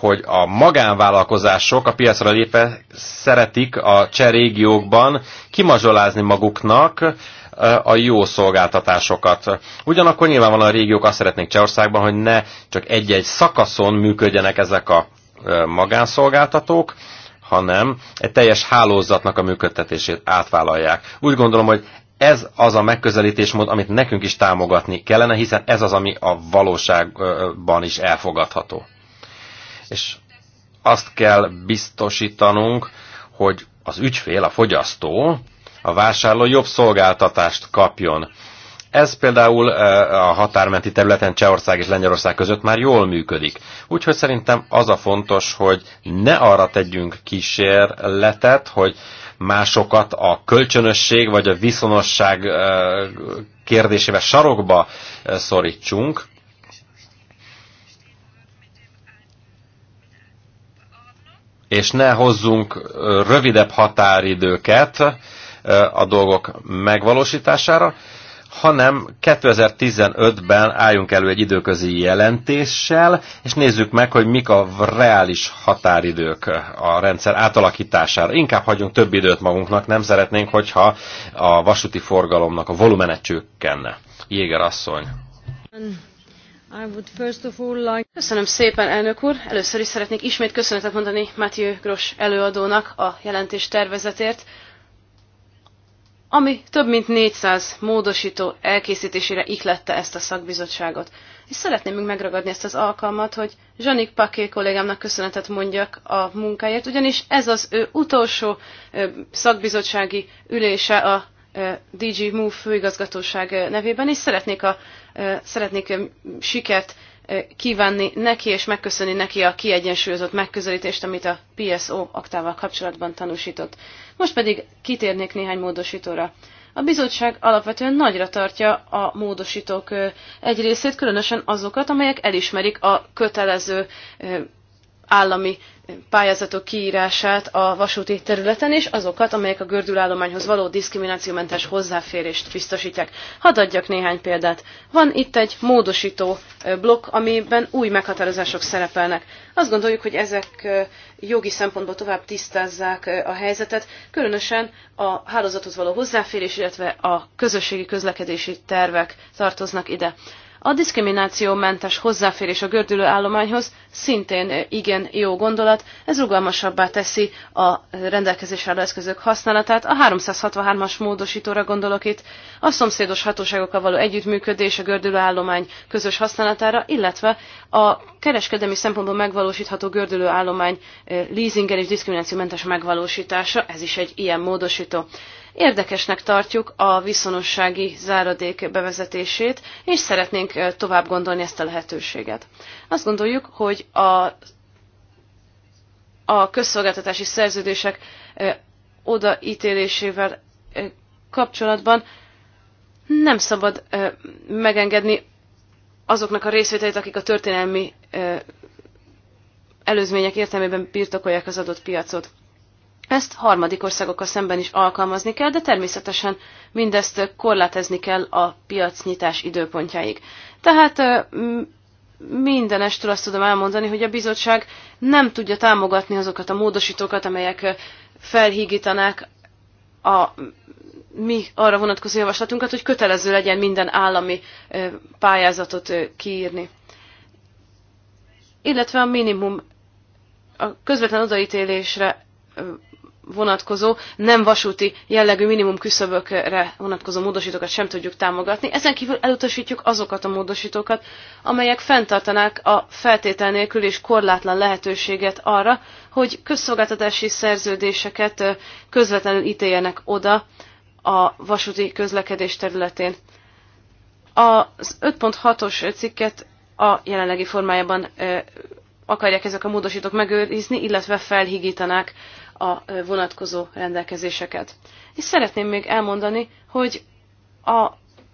hogy a magánvállalkozások a piacra lépve szeretik a cseh régiókban kimazsolázni maguknak eh, a jó szolgáltatásokat. Ugyanakkor nyilvánvalóan a régiók azt szeretnék Csehországban, hogy ne csak egy-egy szakaszon működjenek ezek a eh, magánszolgáltatók, hanem egy teljes hálózatnak a működtetését átvállalják. Úgy gondolom, hogy ez az a megközelítésmód, amit nekünk is támogatni kellene, hiszen ez az, ami a valóságban is elfogadható. És azt kell biztosítanunk, hogy az ügyfél, a fogyasztó, a vásárló jobb szolgáltatást kapjon. Ez például eh, a határmenti területen Csehország és Lengyelország között már jól működik. Úgyhogy szerintem az a fontos, hogy ne arra tegyünk kísérletet, hogy másokat a kölcsönösség vagy a viszonosság kérdésével sarokba szorítsunk. És ne hozzunk rövidebb határidőket a dolgok megvalósítására, hanem 2015-ben álljunk elő egy időközi jelentéssel, és nézzük meg, hogy mik a reális határidők a rendszer átalakítására. Inkább hagyjunk több időt magunknak, nem szeretnénk, hogyha a vasúti forgalomnak a volumene csökkenne. Jéger asszony. Like... Köszönöm szépen, elnök úr! Először is szeretnék ismét köszönetet mondani Mathieu Gros előadónak a jelentés tervezetért ami több mint 400 módosító elkészítésére iklette ezt a szakbizottságot. És szeretném még megragadni ezt az alkalmat, hogy Zsanik Paké kollégámnak köszönetet mondjak a munkáért, ugyanis ez az ő utolsó szakbizottsági ülése a DG Move főigazgatóság nevében, és szeretnék, a, szeretnék sikert kívánni neki és megköszönni neki a kiegyensúlyozott megközelítést, amit a PSO aktával kapcsolatban tanúsított. Most pedig kitérnék néhány módosítóra. A bizottság alapvetően nagyra tartja a módosítók egy részét, különösen azokat, amelyek elismerik a kötelező állami pályázatok kiírását a vasúti területen, és azokat, amelyek a gördülállományhoz való diszkriminációmentes hozzáférést biztosítják. Hadd adjak néhány példát. Van itt egy módosító blokk, amiben új meghatározások szerepelnek. Azt gondoljuk, hogy ezek jogi szempontból tovább tisztázzák a helyzetet, különösen a hálózathoz való hozzáférés, illetve a közösségi közlekedési tervek tartoznak ide. A diszkriminációmentes hozzáférés a gördülő állományhoz szintén igen jó gondolat, ez rugalmasabbá teszi a rendelkezésre álló eszközök használatát. A 363-as módosítóra gondolok itt, a szomszédos hatóságokkal való együttműködés a gördülő állomány közös használatára, illetve a kereskedelmi szempontból megvalósítható gördülő állomány eh, leasingen és diszkriminációmentes megvalósítása, ez is egy ilyen módosító. Érdekesnek tartjuk a viszonossági záradék bevezetését, és szeretnénk tovább gondolni ezt a lehetőséget. Azt gondoljuk, hogy a, a közszolgáltatási szerződések odaítélésével kapcsolatban nem szabad megengedni azoknak a részvételét, akik a történelmi előzmények értelmében birtokolják az adott piacot. Ezt harmadik országokkal szemben is alkalmazni kell, de természetesen mindezt korlátezni kell a piacnyitás időpontjáig. Tehát minden estől azt tudom elmondani, hogy a bizottság nem tudja támogatni azokat a módosítókat, amelyek felhígítanák a mi arra vonatkozó javaslatunkat, hogy kötelező legyen minden állami pályázatot kiírni. Illetve a minimum a közvetlen odaítélésre vonatkozó, nem vasúti jellegű minimum küszöbökre vonatkozó módosítókat sem tudjuk támogatni. Ezen kívül elutasítjuk azokat a módosítókat, amelyek fenntartanák a feltétel nélkül és korlátlan lehetőséget arra, hogy közszolgáltatási szerződéseket közvetlenül ítéljenek oda a vasúti közlekedés területén. Az 5.6-os cikket a jelenlegi formájában akarják ezek a módosítók megőrizni, illetve felhigítanák a vonatkozó rendelkezéseket. És szeretném még elmondani, hogy a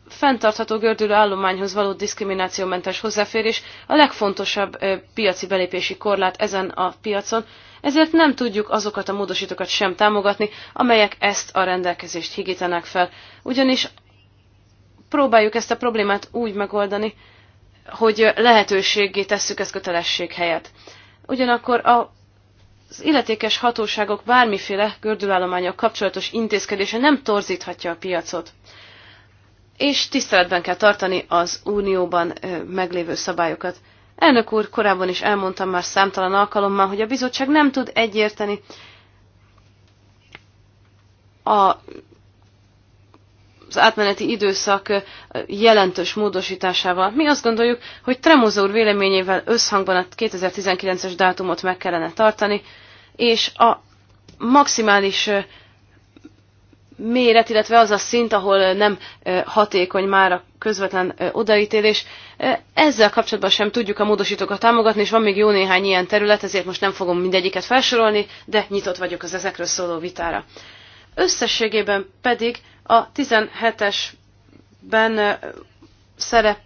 fenntartható gördülő állományhoz való diszkriminációmentes hozzáférés a legfontosabb piaci belépési korlát ezen a piacon, ezért nem tudjuk azokat a módosítókat sem támogatni, amelyek ezt a rendelkezést higítanak fel. Ugyanis próbáljuk ezt a problémát úgy megoldani, hogy lehetőségé tesszük ezt kötelesség helyett. Ugyanakkor a az illetékes hatóságok bármiféle gördülállományok kapcsolatos intézkedése nem torzíthatja a piacot. És tiszteletben kell tartani az unióban meglévő szabályokat. Elnök úr, korábban is elmondtam már számtalan alkalommal, hogy a bizottság nem tud egyérteni a az átmeneti időszak jelentős módosításával. Mi azt gondoljuk, hogy Tremóza úr véleményével összhangban a 2019-es dátumot meg kellene tartani, és a maximális méret, illetve az a szint, ahol nem hatékony már a közvetlen odaítélés. Ezzel kapcsolatban sem tudjuk a módosítókat támogatni, és van még jó néhány ilyen terület, ezért most nem fogom mindegyiket felsorolni, de nyitott vagyok az ezekről szóló vitára. Összességében pedig a 17-esben szerep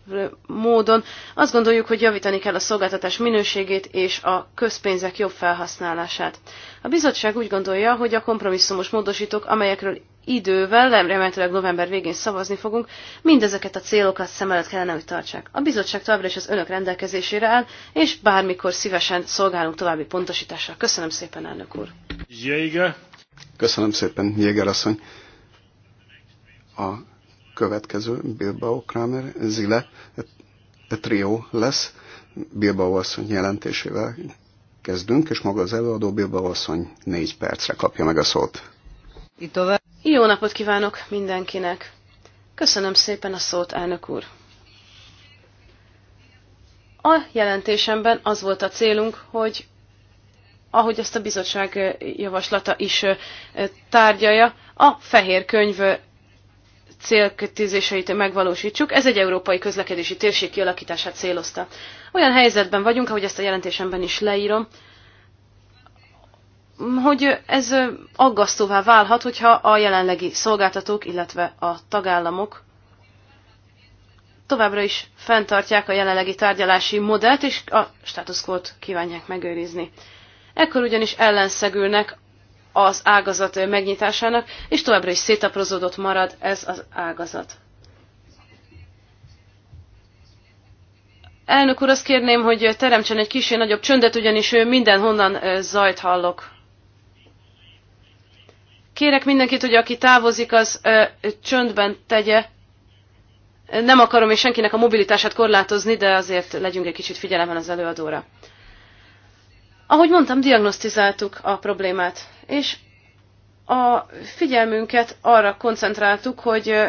módon azt gondoljuk, hogy javítani kell a szolgáltatás minőségét és a közpénzek jobb felhasználását. A bizottság úgy gondolja, hogy a kompromisszumos módosítók, amelyekről idővel, remélhetőleg november végén szavazni fogunk, mindezeket a célokat szem előtt kellene, hogy tartsák. A bizottság továbbra is az önök rendelkezésére áll, és bármikor szívesen szolgálunk további pontosítással. Köszönöm szépen, elnök úr! Jége. Köszönöm szépen, Jéger asszony. A következő Bilbao Kramer Zile e trió lesz. Bilbao asszony jelentésével kezdünk, és maga az előadó Bilbao asszony négy percre kapja meg a szót. Jó napot kívánok mindenkinek! Köszönöm szépen a szót, elnök úr! A jelentésemben az volt a célunk, hogy ahogy azt a bizottság javaslata is tárgyalja, a fehér könyv célkötézéseit megvalósítsuk. Ez egy európai közlekedési térség kialakítását célozta. Olyan helyzetben vagyunk, ahogy ezt a jelentésemben is leírom, hogy ez aggasztóvá válhat, hogyha a jelenlegi szolgáltatók, illetve a tagállamok továbbra is fenntartják a jelenlegi tárgyalási modellt, és a státuszkót kívánják megőrizni. Ekkor ugyanis ellenszegülnek az ágazat megnyitásának, és továbbra is szétaprozódott marad ez az ágazat. Elnök úr, azt kérném, hogy teremtsen egy kicsi nagyobb csöndet, ugyanis ő mindenhonnan zajt hallok. Kérek mindenkit, hogy aki távozik, az ö, csöndben tegye. Nem akarom és senkinek a mobilitását korlátozni, de azért legyünk egy kicsit figyelemmel az előadóra. Ahogy mondtam, diagnosztizáltuk a problémát, és a figyelmünket arra koncentráltuk, hogy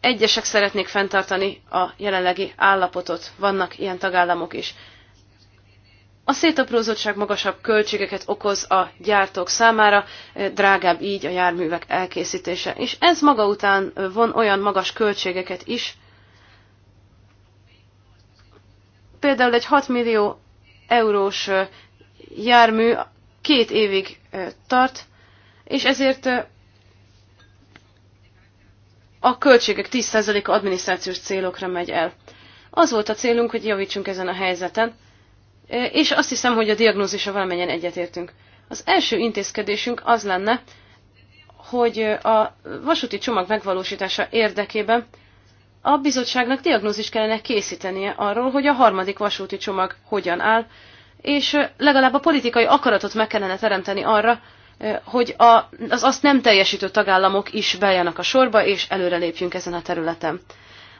egyesek szeretnék fenntartani a jelenlegi állapotot, vannak ilyen tagállamok is. A szétaprózottság magasabb költségeket okoz a gyártók számára, drágább így a járművek elkészítése, és ez maga után von olyan magas költségeket is, például egy 6 millió eurós jármű két évig tart, és ezért a költségek 10%-a adminisztrációs célokra megy el. Az volt a célunk, hogy javítsunk ezen a helyzeten, és azt hiszem, hogy a diagnózisa valamennyien egyetértünk. Az első intézkedésünk az lenne, hogy a vasúti csomag megvalósítása érdekében a bizottságnak diagnózis kellene készítenie arról, hogy a harmadik vasúti csomag hogyan áll, és legalább a politikai akaratot meg kellene teremteni arra, hogy a, az azt nem teljesítő tagállamok is beálljanak a sorba, és előrelépjünk ezen a területen.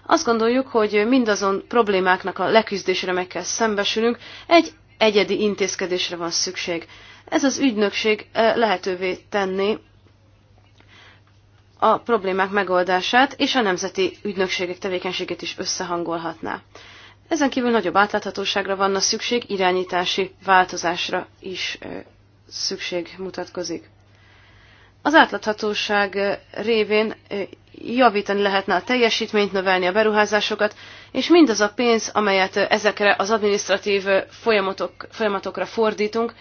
Azt gondoljuk, hogy mindazon problémáknak a leküzdésére, amelyekkel szembesülünk, egy egyedi intézkedésre van szükség. Ez az ügynökség lehetővé tenni a problémák megoldását és a nemzeti ügynökségek tevékenységét is összehangolhatná. Ezen kívül nagyobb átláthatóságra van a szükség, irányítási változásra is szükség mutatkozik. Az átláthatóság révén javítani lehetne a teljesítményt, növelni a beruházásokat, és mindaz a pénz, amelyet ezekre az administratív folyamatok, folyamatokra fordítunk,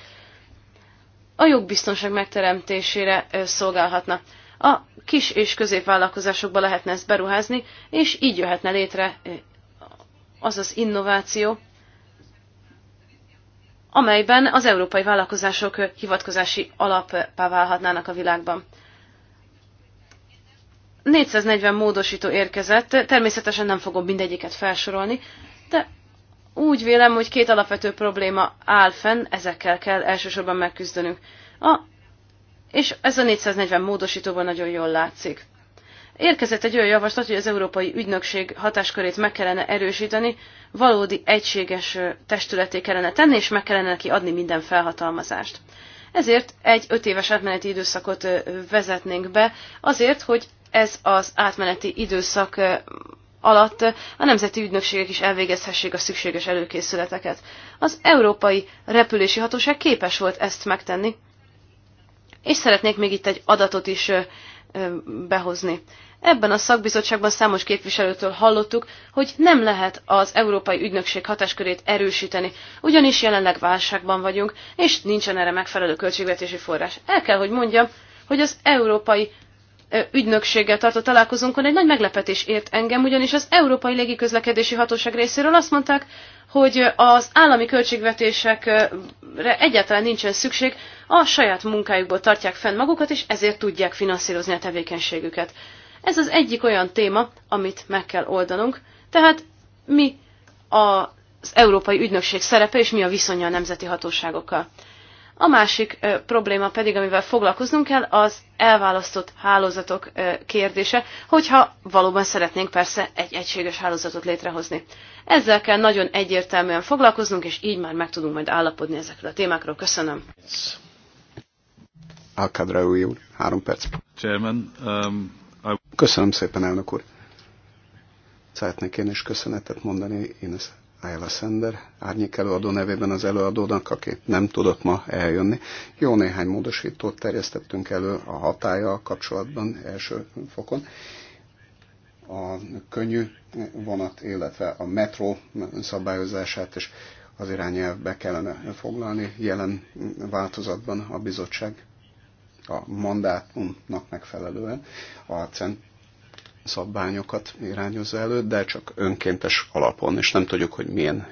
a jogbiztonság megteremtésére szolgálhatna. A kis és középvállalkozásokba lehetne ezt beruházni, és így jöhetne létre az az innováció, amelyben az európai vállalkozások hivatkozási alapá válhatnának a világban. 440 módosító érkezett, természetesen nem fogom mindegyiket felsorolni, de úgy vélem, hogy két alapvető probléma áll fenn, ezekkel kell elsősorban megküzdenünk. A és ez a 440 módosítóban nagyon jól látszik. Érkezett egy olyan javaslat, hogy az Európai Ügynökség hatáskörét meg kellene erősíteni, valódi egységes testületé kellene tenni, és meg kellene neki adni minden felhatalmazást. Ezért egy öt éves átmeneti időszakot vezetnénk be, azért, hogy ez az átmeneti időszak alatt a nemzeti ügynökségek is elvégezhessék a szükséges előkészületeket. Az Európai Repülési Hatóság képes volt ezt megtenni, és szeretnék még itt egy adatot is behozni. Ebben a szakbizottságban számos képviselőtől hallottuk, hogy nem lehet az Európai Ügynökség hatáskörét erősíteni, ugyanis jelenleg válságban vagyunk, és nincsen erre megfelelő költségvetési forrás. El kell, hogy mondjam, hogy az Európai ügynökséggel tartott találkozónkon egy nagy meglepetés ért engem, ugyanis az Európai Légiközlekedési Hatóság részéről azt mondták, hogy az állami költségvetésekre egyáltalán nincsen szükség, a saját munkájukból tartják fenn magukat, és ezért tudják finanszírozni a tevékenységüket. Ez az egyik olyan téma, amit meg kell oldanunk, tehát mi az Európai Ügynökség szerepe, és mi a viszonya a nemzeti hatóságokkal. A másik probléma pedig, amivel foglalkoznunk kell, az elválasztott hálózatok kérdése, hogyha valóban szeretnénk persze egy egységes hálózatot létrehozni. Ezzel kell nagyon egyértelműen foglalkoznunk, és így már meg tudunk majd állapodni ezekről a témákról. Köszönöm. Alkadraúj úr, három perc. Chairman, um, I... Köszönöm szépen, elnök úr. Szeretnék én is köszönetet mondani én ezt Ayala Sender árnyék előadó nevében az előadónak, aki nem tudott ma eljönni. Jó néhány módosítót terjesztettünk elő a hatája kapcsolatban első fokon. A könnyű vonat, illetve a metró szabályozását is az irányelvbe kellene foglalni. Jelen változatban a bizottság a mandátumnak megfelelően a szabványokat irányozza elő, de csak önkéntes alapon, és nem tudjuk, hogy milyen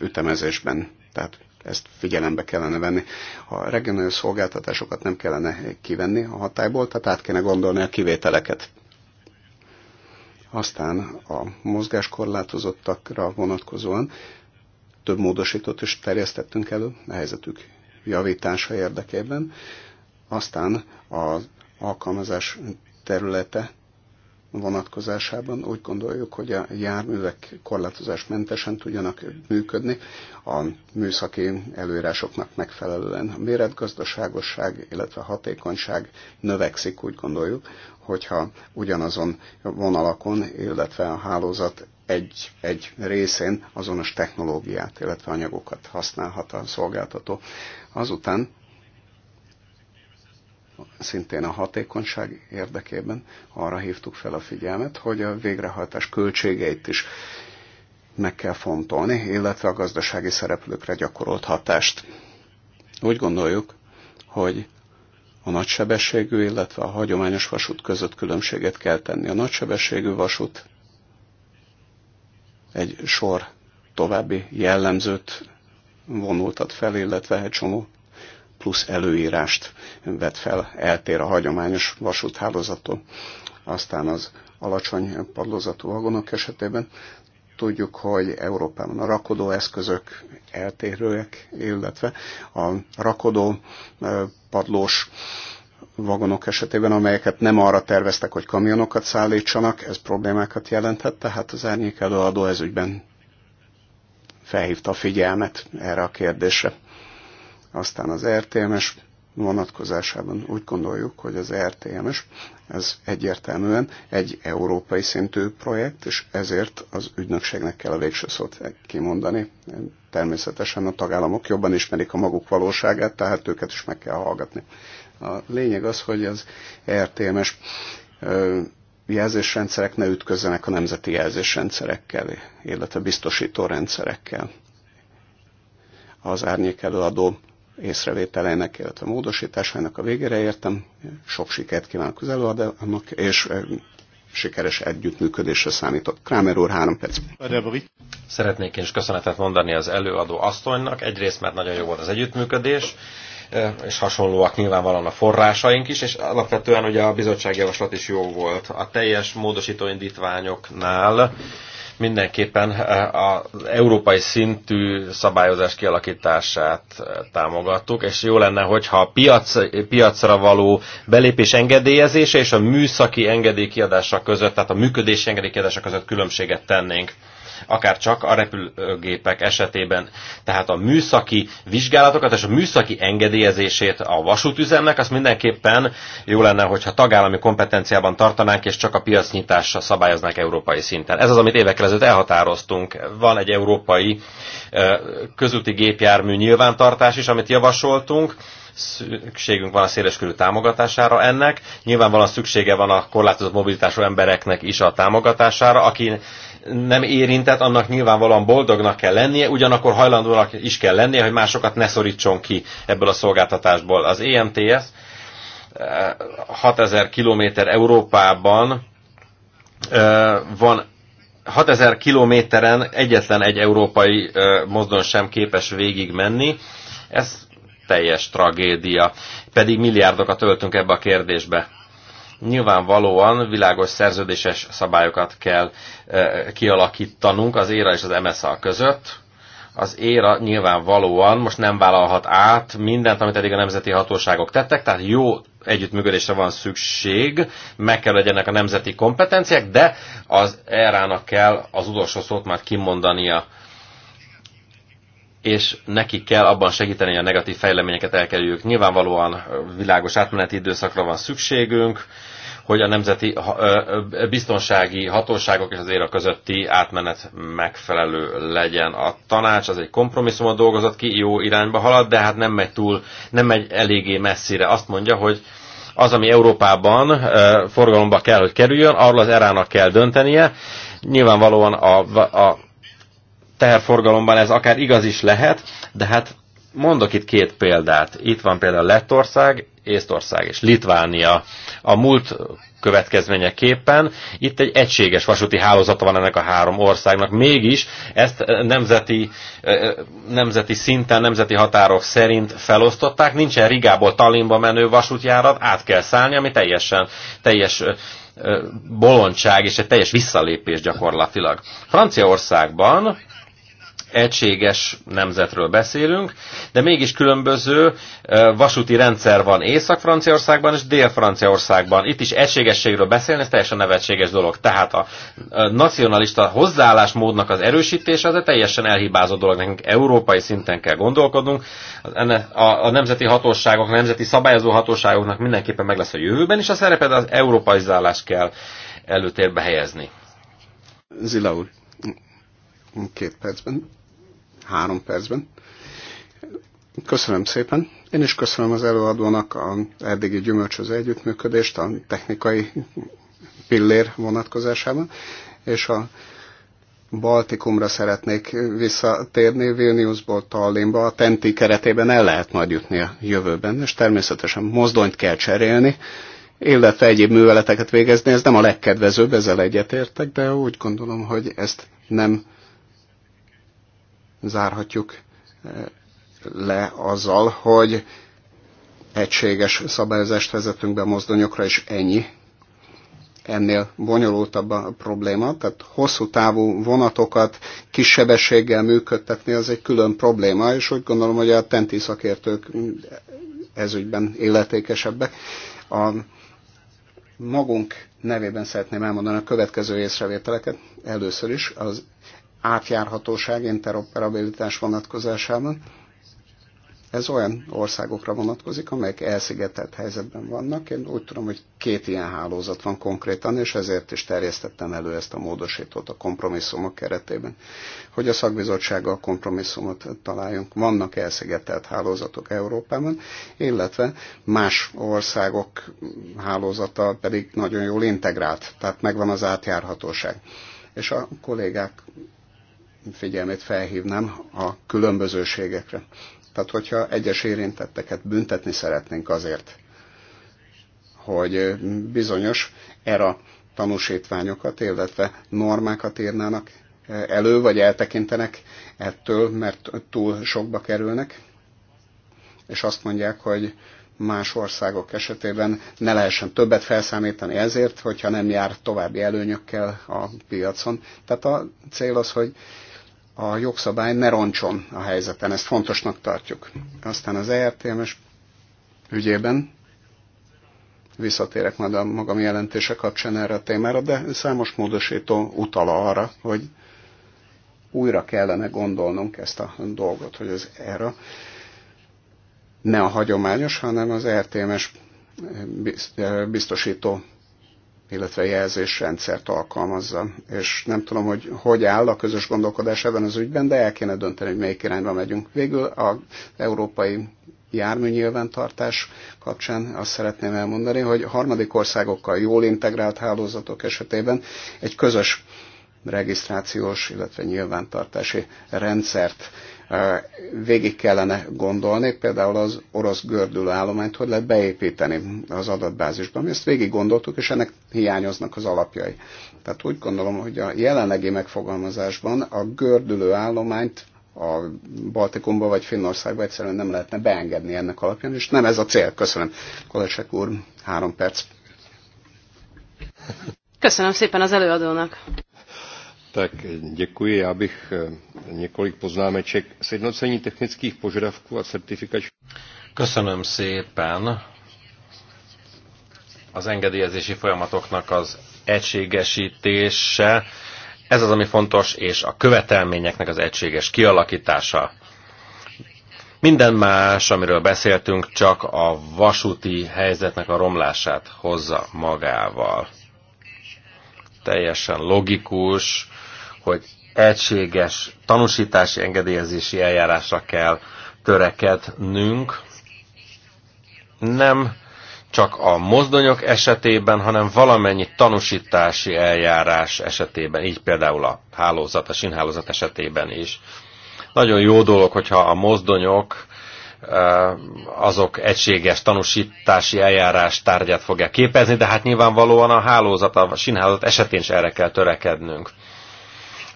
ütemezésben. Tehát ezt figyelembe kellene venni. A regionális szolgáltatásokat nem kellene kivenni a hatályból, tehát át kéne gondolni a kivételeket. Aztán a mozgáskorlátozottakra vonatkozóan több módosítót is terjesztettünk elő a helyzetük javítása érdekében. Aztán az alkalmazás területe vonatkozásában úgy gondoljuk, hogy a járművek korlátozás mentesen tudjanak működni a műszaki előírásoknak megfelelően. A méretgazdaságosság, illetve a hatékonyság növekszik, úgy gondoljuk, hogyha ugyanazon vonalakon, illetve a hálózat egy, egy részén azonos technológiát, illetve anyagokat használhat a szolgáltató. Azután szintén a hatékonyság érdekében arra hívtuk fel a figyelmet, hogy a végrehajtás költségeit is meg kell fontolni, illetve a gazdasági szereplőkre gyakorolt hatást. Úgy gondoljuk, hogy a nagysebességű, illetve a hagyományos vasút között különbséget kell tenni. A nagysebességű vasút egy sor további jellemzőt vonultat fel, illetve egy csomó plusz előírást vet fel, eltér a hagyományos vasúthálózattól. Aztán az alacsony padlózatú vagonok esetében tudjuk, hogy Európában a rakodó eszközök eltérőek, illetve a rakodó padlós vagonok esetében, amelyeket nem arra terveztek, hogy kamionokat szállítsanak, ez problémákat jelentett, tehát az árnyék előadó ezügyben felhívta a figyelmet erre a kérdésre. Aztán az RTMS vonatkozásában úgy gondoljuk, hogy az RTMS ez egyértelműen egy európai szintű projekt, és ezért az ügynökségnek kell a végső szót kimondani. Természetesen a tagállamok jobban ismerik a maguk valóságát, tehát őket is meg kell hallgatni. A lényeg az, hogy az RTMS jelzésrendszerek ne ütközzenek a nemzeti jelzésrendszerekkel, illetve biztosító rendszerekkel. Az árnyék előadó észrevételeinek, illetve módosításának a végére értem. Sok sikert kívánok az előadónak, és eh, sikeres együttműködésre számított. Krámer úr, három perc. Szeretnék én is köszönetet mondani az előadó asszonynak. Egyrészt, mert nagyon jó volt az együttműködés, eh, és hasonlóak nyilvánvalóan a forrásaink is, és alapvetően ugye a bizottságjavaslat is jó volt. A teljes módosító indítványoknál mindenképpen eh, az európai szintű szabályozás kialakítását eh, támogattuk, és jó lenne, hogyha a piac, piacra való belépés engedélyezése és a műszaki engedélykiadása között, tehát a működési engedélykiadása között különbséget tennénk akár csak a repülőgépek esetében. Tehát a műszaki vizsgálatokat és a műszaki engedélyezését a vasútüzemnek, azt mindenképpen jó lenne, hogyha tagállami kompetenciában tartanánk, és csak a piacnyitásra szabályoznák európai szinten. Ez az, amit évekkel ezelőtt elhatároztunk. Van egy európai közúti gépjármű nyilvántartás is, amit javasoltunk, szükségünk van a széleskörű támogatására ennek. Nyilvánvalóan szüksége van a korlátozott mobilitású embereknek is a támogatására, aki nem érintett, annak nyilvánvalóan boldognak kell lennie, ugyanakkor hajlandónak is kell lennie, hogy másokat ne szorítson ki ebből a szolgáltatásból. Az EMTS 6000 km Európában eh, van 6000 kilométeren egyetlen egy európai eh, mozdon sem képes végigmenni. Ez teljes tragédia. Pedig milliárdokat öltünk ebbe a kérdésbe. Nyilvánvalóan világos szerződéses szabályokat kell eh, kialakítanunk az ÉRA és az MSZA között. Az ÉRA nyilvánvalóan most nem vállalhat át mindent, amit eddig a nemzeti hatóságok tettek, tehát jó együttműködésre van szükség, meg kell legyenek a nemzeti kompetenciák, de az ERA-nak kell az utolsó szót már kimondania és neki kell abban segíteni, hogy a negatív fejleményeket elkerüljük. Nyilvánvalóan világos átmeneti időszakra van szükségünk, hogy a nemzeti biztonsági hatóságok és az éra közötti átmenet megfelelő legyen. A tanács az egy kompromisszumot dolgozott ki, jó irányba halad, de hát nem megy túl, nem megy eléggé messzire. Azt mondja, hogy az, ami Európában forgalomba kell, hogy kerüljön, arról az erának kell döntenie. Nyilvánvalóan a, a teherforgalomban ez akár igaz is lehet, de hát mondok itt két példát. Itt van például Lettország, Észtország és Litvánia. A múlt következményeképpen itt egy egységes vasúti hálózata van ennek a három országnak. Mégis ezt eh, nemzeti, eh, nemzeti szinten, nemzeti határok szerint felosztották. Nincsen Rigából Tallinnba menő vasútjárat, át kell szállni, ami teljesen, teljes eh, bolondság és egy teljes visszalépés gyakorlatilag. Franciaországban egységes nemzetről beszélünk, de mégis különböző vasúti rendszer van Észak-Franciaországban és Dél-Franciaországban. Itt is egységességről beszélni, ez teljesen nevetséges dolog. Tehát a nacionalista hozzáállásmódnak az erősítése az egy teljesen elhibázott dolog. Nekünk európai szinten kell gondolkodnunk. A, a, nemzeti hatóságok, a nemzeti szabályozó hatóságoknak mindenképpen meg lesz a jövőben, is a de az európai zálás kell előtérbe helyezni. Zila úr, két percben három percben. Köszönöm szépen. Én is köszönöm az előadónak a eddigi gyümölcsöző együttműködést a technikai pillér vonatkozásában, és a Baltikumra szeretnék visszatérni, Vilniusból Tallinnba, a Tenti keretében el lehet majd jutni a jövőben, és természetesen mozdonyt kell cserélni, illetve egyéb műveleteket végezni, ez nem a legkedvezőbb, ezzel egyetértek, de úgy gondolom, hogy ezt nem zárhatjuk eh, le azzal, hogy egységes szabályozást vezetünk be mozdonyokra, és ennyi. Ennél bonyolultabb a probléma, tehát hosszú távú vonatokat kissebességgel működtetni az egy külön probléma, és úgy gondolom, hogy a tenti szakértők ezügyben illetékesebbek. A magunk nevében szeretném elmondani a következő észrevételeket. Először is az átjárhatóság, interoperabilitás vonatkozásában. Ez olyan országokra vonatkozik, amelyek elszigetelt helyzetben vannak. Én úgy tudom, hogy két ilyen hálózat van konkrétan, és ezért is terjesztettem elő ezt a módosítót a kompromisszumok keretében, hogy a szakbizottsággal kompromisszumot találjunk. Vannak elszigetelt hálózatok Európában, illetve más országok hálózata pedig nagyon jól integrált, tehát megvan az átjárhatóság. És a kollégák figyelmét felhívnám a különbözőségekre. Tehát, hogyha egyes érintetteket büntetni szeretnénk azért, hogy bizonyos era tanúsítványokat, illetve normákat írnának elő, vagy eltekintenek ettől, mert túl sokba kerülnek, és azt mondják, hogy más országok esetében ne lehessen többet felszámítani ezért, hogyha nem jár további előnyökkel a piacon. Tehát a cél az, hogy a jogszabály ne roncson a helyzeten, ezt fontosnak tartjuk. Aztán az ERTMS ügyében visszatérek majd a magam jelentése kapcsán erre a témára, de számos módosító utala arra, hogy újra kellene gondolnunk ezt a dolgot, hogy ez erre ne a hagyományos, hanem az e RTMS biztosító illetve jelzésrendszert alkalmazza. És nem tudom, hogy hogy áll a közös gondolkodás ebben az ügyben, de el kéne dönteni, hogy melyik irányba megyünk. Végül az európai nyilvántartás kapcsán azt szeretném elmondani, hogy harmadik országokkal jól integrált hálózatok esetében egy közös regisztrációs, illetve nyilvántartási rendszert végig kellene gondolni, például az orosz gördülő állományt, hogy lehet beépíteni az adatbázisban. Mi ezt végig gondoltuk, és ennek hiányoznak az alapjai. Tehát úgy gondolom, hogy a jelenlegi megfogalmazásban a gördülő állományt a Baltikumba vagy Finnországba egyszerűen nem lehetne beengedni ennek alapján, és nem ez a cél. Köszönöm. Kolesek úr, három perc. Köszönöm szépen az előadónak. Tak děkuji. Já bych eh, několik poznámeček. Sjednocení technických požadavků a certifikačních. Köszönöm szépen. Az engedélyezési folyamatoknak az egységesítése, ez az, ami fontos, és a követelményeknek az egységes kialakítása. Minden más, amiről beszéltünk, csak a vasúti helyzetnek a romlását hozza magával. Teljesen logikus, hogy egységes tanúsítási engedélyezési eljárásra kell törekednünk. Nem csak a mozdonyok esetében, hanem valamennyi tanúsítási eljárás esetében, így például a hálózat, a sinhálózat esetében is. Nagyon jó dolog, hogyha a mozdonyok azok egységes tanúsítási eljárás tárgyát fogják képezni, de hát nyilvánvalóan a hálózat, a sinhálózat esetén is erre kell törekednünk.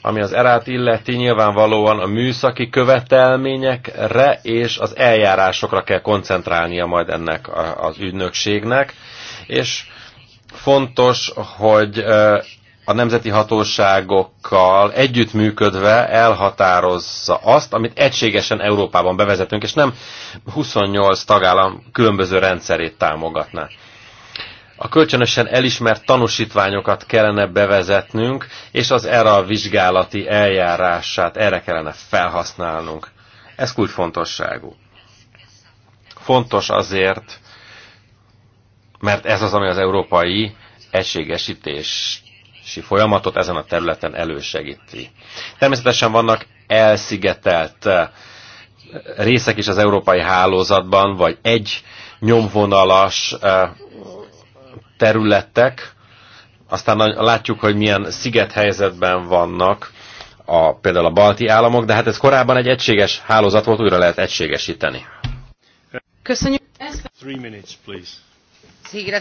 Ami az erát illeti, nyilvánvalóan a műszaki követelményekre és az eljárásokra kell koncentrálnia majd ennek az ügynökségnek, és fontos, hogy a nemzeti hatóságokkal együttműködve elhatározza azt, amit egységesen Európában bevezetünk, és nem 28 tagállam különböző rendszerét támogatná a kölcsönösen elismert tanúsítványokat kellene bevezetnünk, és az ERA vizsgálati eljárását erre kellene felhasználnunk. Ez kulcsfontosságú. Fontos azért, mert ez az, ami az európai egységesítési folyamatot ezen a területen elősegíti. Természetesen vannak elszigetelt eh, részek is az európai hálózatban, vagy egy nyomvonalas eh, területek, aztán látjuk, hogy milyen sziget helyzetben vannak a, például a balti államok, de hát ez korábban egy egységes hálózat volt, újra lehet egységesíteni. Köszönjük. Three minutes, please. Sí,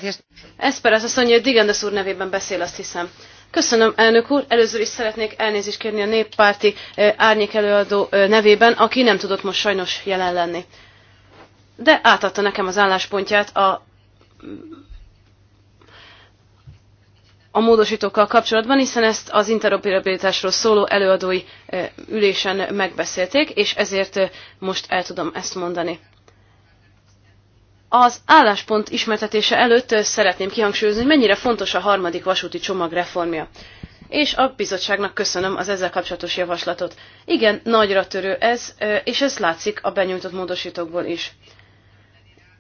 Esper, az asszony, hogy Digendes úr nevében beszél, azt hiszem. Köszönöm, elnök úr. Először is szeretnék elnézést kérni a néppárti árnyék előadó nevében, aki nem tudott most sajnos jelen lenni. De átadta nekem az álláspontját a a módostókkal kapcsolatban, hiszen ezt az interoperabilitásról szóló előadói ülésen megbeszélték, és ezért most el tudom ezt mondani. Az álláspont ismertetése előtt szeretném kihangsúlyozni, hogy mennyire fontos a harmadik vasúti csomag reformja. És a bizottságnak köszönöm az ezzel kapcsolatos javaslatot. Igen, nagyra törő ez, és ez látszik a benyújtott módosítókból is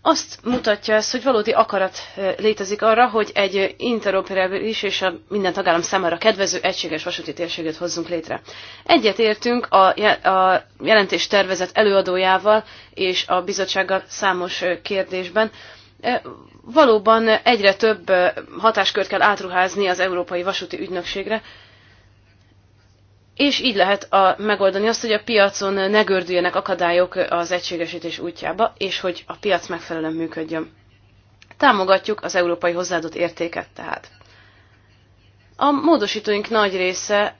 azt mutatja ez, hogy valódi akarat létezik arra, hogy egy interoperabilis és a minden tagállam számára kedvező egységes vasúti térséget hozzunk létre. Egyet értünk a, a jelentés tervezet előadójával és a bizottsággal számos kérdésben. Valóban egyre több hatáskört kell átruházni az Európai Vasúti Ügynökségre, és így lehet a, megoldani azt, hogy a piacon ne gördüljenek akadályok az egységesítés útjába, és hogy a piac megfelelően működjön. Támogatjuk az európai hozzáadott értéket tehát. A módosítóink nagy része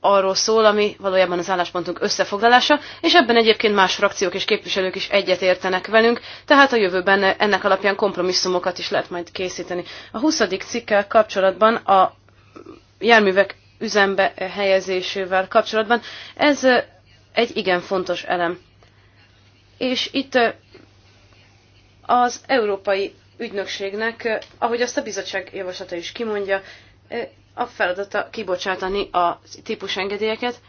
arról szól, ami valójában az álláspontunk összefoglalása, és ebben egyébként más frakciók és képviselők is egyet értenek velünk, tehát a jövőben ennek alapján kompromisszumokat is lehet majd készíteni. A 20. cikkel kapcsolatban a járművek üzembe helyezésével kapcsolatban. Ez egy igen fontos elem. És itt az Európai Ügynökségnek, ahogy azt a bizottság javaslata is kimondja, a feladata kibocsátani a típusengedélyeket,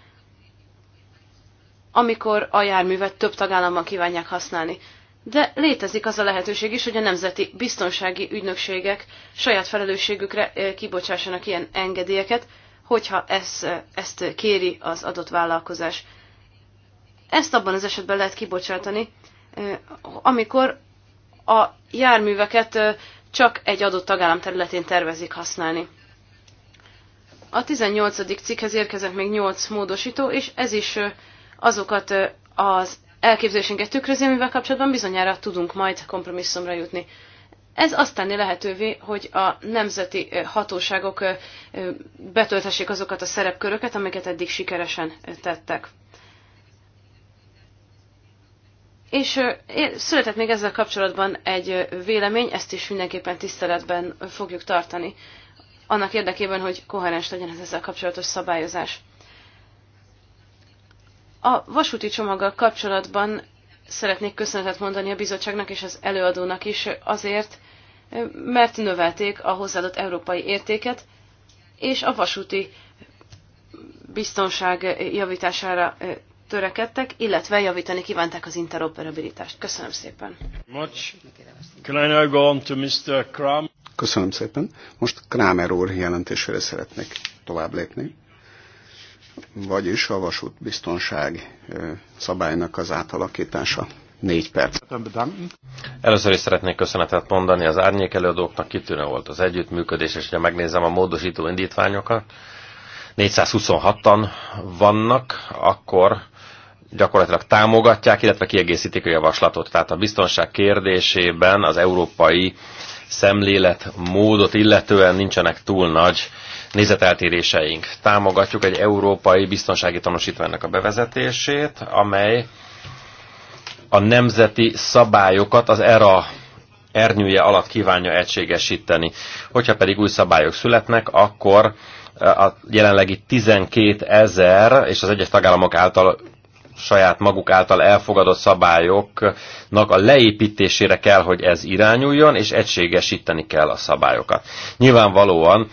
amikor a járművet több tagállamban kívánják használni. De létezik az a lehetőség is, hogy a nemzeti biztonsági ügynökségek saját felelősségükre kibocsássanak ilyen engedélyeket, hogyha ez, ezt kéri az adott vállalkozás. Ezt abban az esetben lehet kibocsátani, eh, amikor a járműveket eh, csak egy adott tagállam területén tervezik használni. A 18. cikkhez érkezett még 8 módosító, és ez is eh, azokat az elképzelésünket tükrözi, amivel kapcsolatban bizonyára tudunk majd kompromisszumra jutni. Ez azt tenni lehetővé, hogy a nemzeti hatóságok betölthessék azokat a szerepköröket, amiket eddig sikeresen tettek. És született még ezzel kapcsolatban egy vélemény, ezt is mindenképpen tiszteletben fogjuk tartani, annak érdekében, hogy koherens legyen ez ezzel kapcsolatos szabályozás. A vasúti csomaggal kapcsolatban szeretnék köszönetet mondani a bizottságnak és az előadónak is azért, mert növelték a hozzáadott európai értéket, és a vasúti biztonság javítására törekedtek, illetve javítani kívánták az interoperabilitást. Köszönöm szépen. Much. Can I now go on to Mr. Kram? Köszönöm szépen. Most Kramer úr jelentésére szeretnék tovább lépni. Vagyis a biztonság szabálynak az átalakítása. Négy perc. Először is szeretnék köszönetet mondani az árnyék előadóknak, kitűnő volt az együttműködés, és ha megnézem a módosító indítványokat, 426-an vannak, akkor gyakorlatilag támogatják, illetve kiegészítik a javaslatot. Tehát a biztonság kérdésében az európai szemléletmódot illetően nincsenek túl nagy nézeteltéréseink. Támogatjuk egy európai biztonsági tanúsítványnak a bevezetését, amely a nemzeti szabályokat az ERA ernyője alatt kívánja egységesíteni. Hogyha pedig új szabályok születnek, akkor e, a jelenlegi 12 ezer és az egyes tagállamok által saját maguk által elfogadott szabályoknak a leépítésére kell, hogy ez irányuljon, és egységesíteni kell a szabályokat. Nyilvánvalóan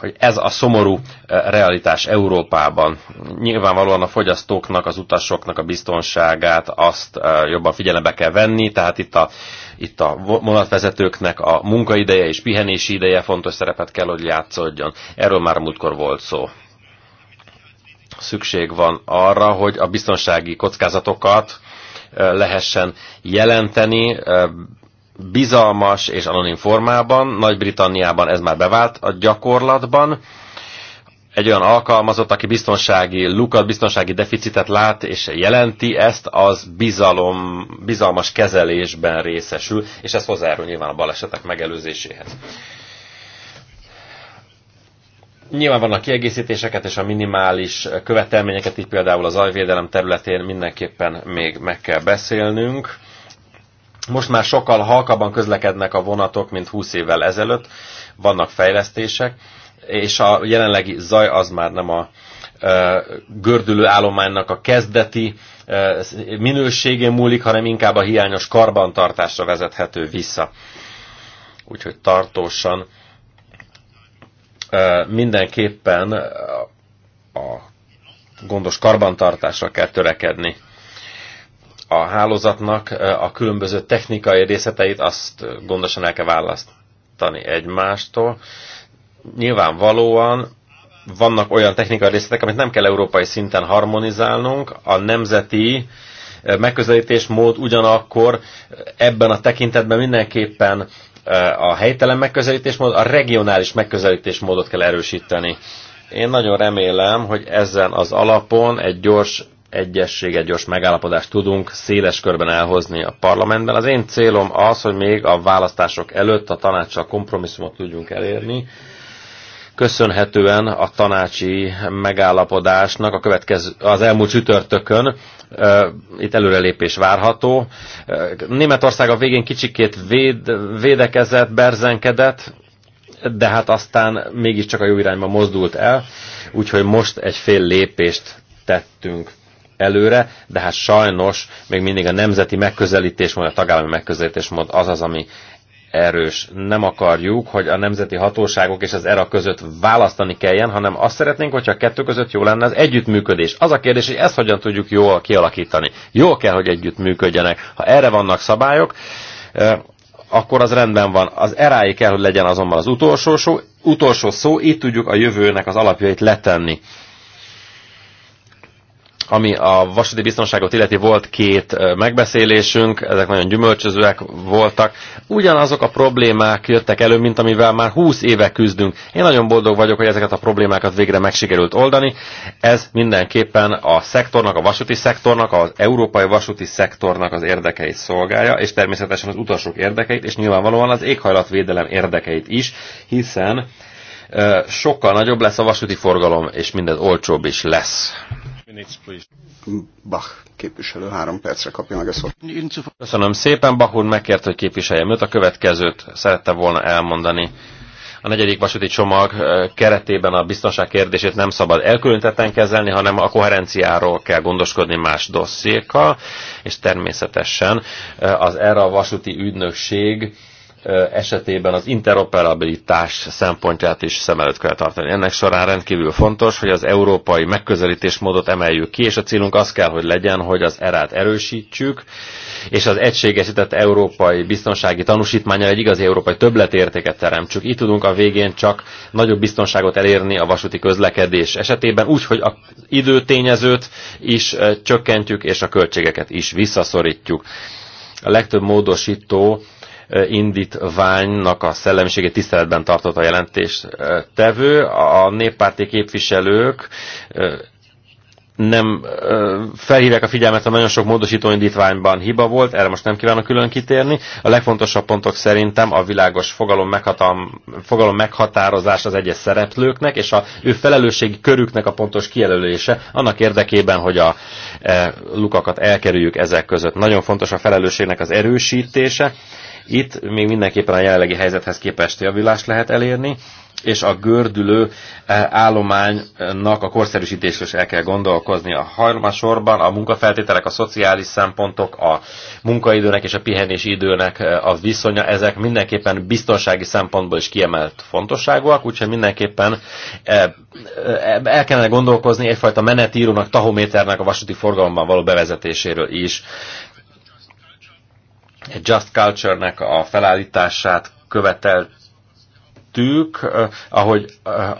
hogy ez a szomorú eh, realitás Európában. Nyilvánvalóan a fogyasztóknak, az utasoknak a biztonságát azt eh, jobban figyelembe kell venni, tehát itt a, itt a vonatvezetőknek a munkaideje és pihenési ideje fontos szerepet kell, hogy játszódjon. Erről már múltkor volt szó. Szükség van arra, hogy a biztonsági kockázatokat eh, lehessen jelenteni, bizalmas és anonim formában. Nagy-Britanniában ez már bevált a gyakorlatban. Egy olyan alkalmazott, aki biztonsági lukat, biztonsági deficitet lát és jelenti ezt, az bizalom, bizalmas kezelésben részesül, és ez hozzájárul nyilván a balesetek megelőzéséhez. Nyilván vannak kiegészítéseket és a minimális követelményeket, így például az ajvédelem területén mindenképpen még meg kell beszélnünk. Most már sokkal halkabban közlekednek a vonatok, mint 20 évvel ezelőtt. Vannak fejlesztések, és a jelenlegi zaj az már nem a gördülő állománynak a kezdeti minőségén múlik, hanem inkább a hiányos karbantartásra vezethető vissza. Úgyhogy tartósan mindenképpen a gondos karbantartásra kell törekedni a hálózatnak a különböző technikai részleteit azt gondosan el kell választani egymástól. Nyilvánvalóan vannak olyan technikai részletek, amit nem kell európai szinten harmonizálnunk, a nemzeti megközelítésmód ugyanakkor ebben a tekintetben mindenképpen a helytelen megközelítésmód, a regionális megközelítésmódot kell erősíteni. Én nagyon remélem, hogy ezen az alapon egy gyors egyességet, gyors megállapodást tudunk széles körben elhozni a parlamentben. Az én célom az, hogy még a választások előtt a tanácssal kompromisszumot tudjunk elérni, köszönhetően a tanácsi megállapodásnak a következő, az elmúlt csütörtökön e, itt előrelépés várható. Németország a végén kicsikét véd, védekezett, berzenkedett, de hát aztán mégiscsak a jó irányba mozdult el, úgyhogy most egy fél lépést tettünk előre, de hát sajnos még mindig a nemzeti megközelítés, vagy a tagállami megközelítés mód az az, ami erős. Nem akarjuk, hogy a nemzeti hatóságok és az ERA között választani kelljen, hanem azt szeretnénk, hogyha a kettő között jó lenne az együttműködés. Az a kérdés, hogy ezt hogyan tudjuk jól kialakítani. Jól kell, hogy együttműködjenek. Ha erre vannak szabályok, akkor az rendben van. Az erái kell, hogy legyen azonban az utolsó utolsó szó, így tudjuk a jövőnek az alapjait letenni. Ami a vasúti biztonságot illeti, volt két megbeszélésünk, ezek nagyon gyümölcsözőek voltak. Ugyanazok a problémák jöttek elő, mint amivel már 20 éve küzdünk. Én nagyon boldog vagyok, hogy ezeket a problémákat végre megsikerült oldani. Ez mindenképpen a szektornak, a vasúti szektornak, az európai vasúti szektornak az érdekeit szolgálja, és természetesen az utasok érdekeit, és nyilvánvalóan az éghajlatvédelem érdekeit is, hiszen sokkal nagyobb lesz a vasúti forgalom, és mindez olcsóbb is lesz. Bach képviselő három percre kapja meg a szót. Köszönöm szépen. Bach úr megkért, hogy képviseljem őt. A következőt szerette volna elmondani. A negyedik vasúti csomag keretében a biztonság kérdését nem szabad elkülönteten kezelni, hanem a koherenciáról kell gondoskodni más dossziékkal, és természetesen az erre a vasúti ügynökség esetében az interoperabilitás szempontját is szem előtt kell tartani. Ennek során rendkívül fontos, hogy az európai megközelítésmódot emeljük ki, és a célunk az kell, hogy legyen, hogy az erát erősítsük, és az egységesített európai biztonsági tanúsítmányal egy igazi európai többletértéket teremtsük. Itt tudunk a végén csak nagyobb biztonságot elérni a vasúti közlekedés esetében, úgy, hogy az időtényezőt is csökkentjük, és a költségeket is visszaszorítjuk. A legtöbb módosító indítványnak a szellemiségét tiszteletben tartott a jelentéstevő. A néppárti képviselők nem felhívják a figyelmet, a nagyon sok módosító indítványban hiba volt, erre most nem kívánok külön kitérni. A legfontosabb pontok szerintem a világos fogalom, meghatam, fogalom meghatározás az egyes szereplőknek, és a ő felelősségi körüknek a pontos kijelölése, annak érdekében, hogy a e, lukakat elkerüljük ezek között. Nagyon fontos a felelősségnek az erősítése, itt még mindenképpen a jelenlegi helyzethez képest javulást lehet elérni, és a gördülő eh, állománynak a korszerűsítésre is el kell gondolkozni. A harmasorban a munkafeltételek, a szociális szempontok, a munkaidőnek és a pihenési időnek eh, a viszonya, ezek mindenképpen biztonsági szempontból is kiemelt fontosságúak, úgyhogy mindenképpen eh, el kellene gondolkozni egyfajta menetírónak, tahométernek a vasúti forgalomban való bevezetéséről is. Just Culture-nek a felállítását követeltük, eh, ahogy eh,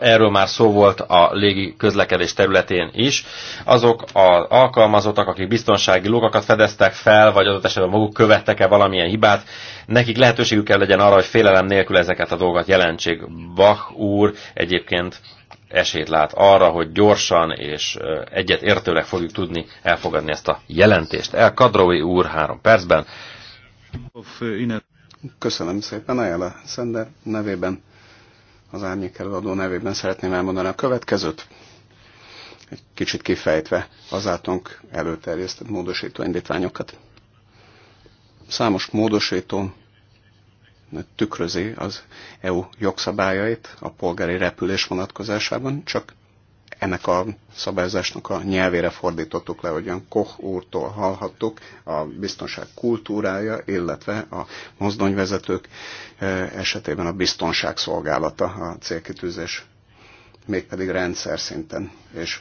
erről már szó volt a légi közlekedés területén is. Azok az alkalmazottak, akik biztonsági lukakat fedeztek fel, vagy adott esetben maguk követtek-e valamilyen hibát, nekik lehetőségük kell legyen arra, hogy félelem nélkül ezeket a dolgokat jelentsék. Bach úr egyébként esélyt lát arra, hogy gyorsan és eh, egyet fogjuk tudni elfogadni ezt a jelentést. El Kadrói úr három percben. Uh, Köszönöm szépen, Ajala Szender nevében, az árnyék előadó nevében szeretném elmondani a következőt. Egy kicsit kifejtve az általunk előterjesztett módosító indítványokat. Számos módosító tükrözi az EU jogszabályait a polgári repülés vonatkozásában, csak ennek a szabályozásnak a nyelvére fordítottuk le, hogy Koch úrtól hallhattuk a biztonság kultúrája, illetve a mozdonyvezetők eh, esetében a biztonság szolgálata a célkitűzés, mégpedig rendszer szinten, és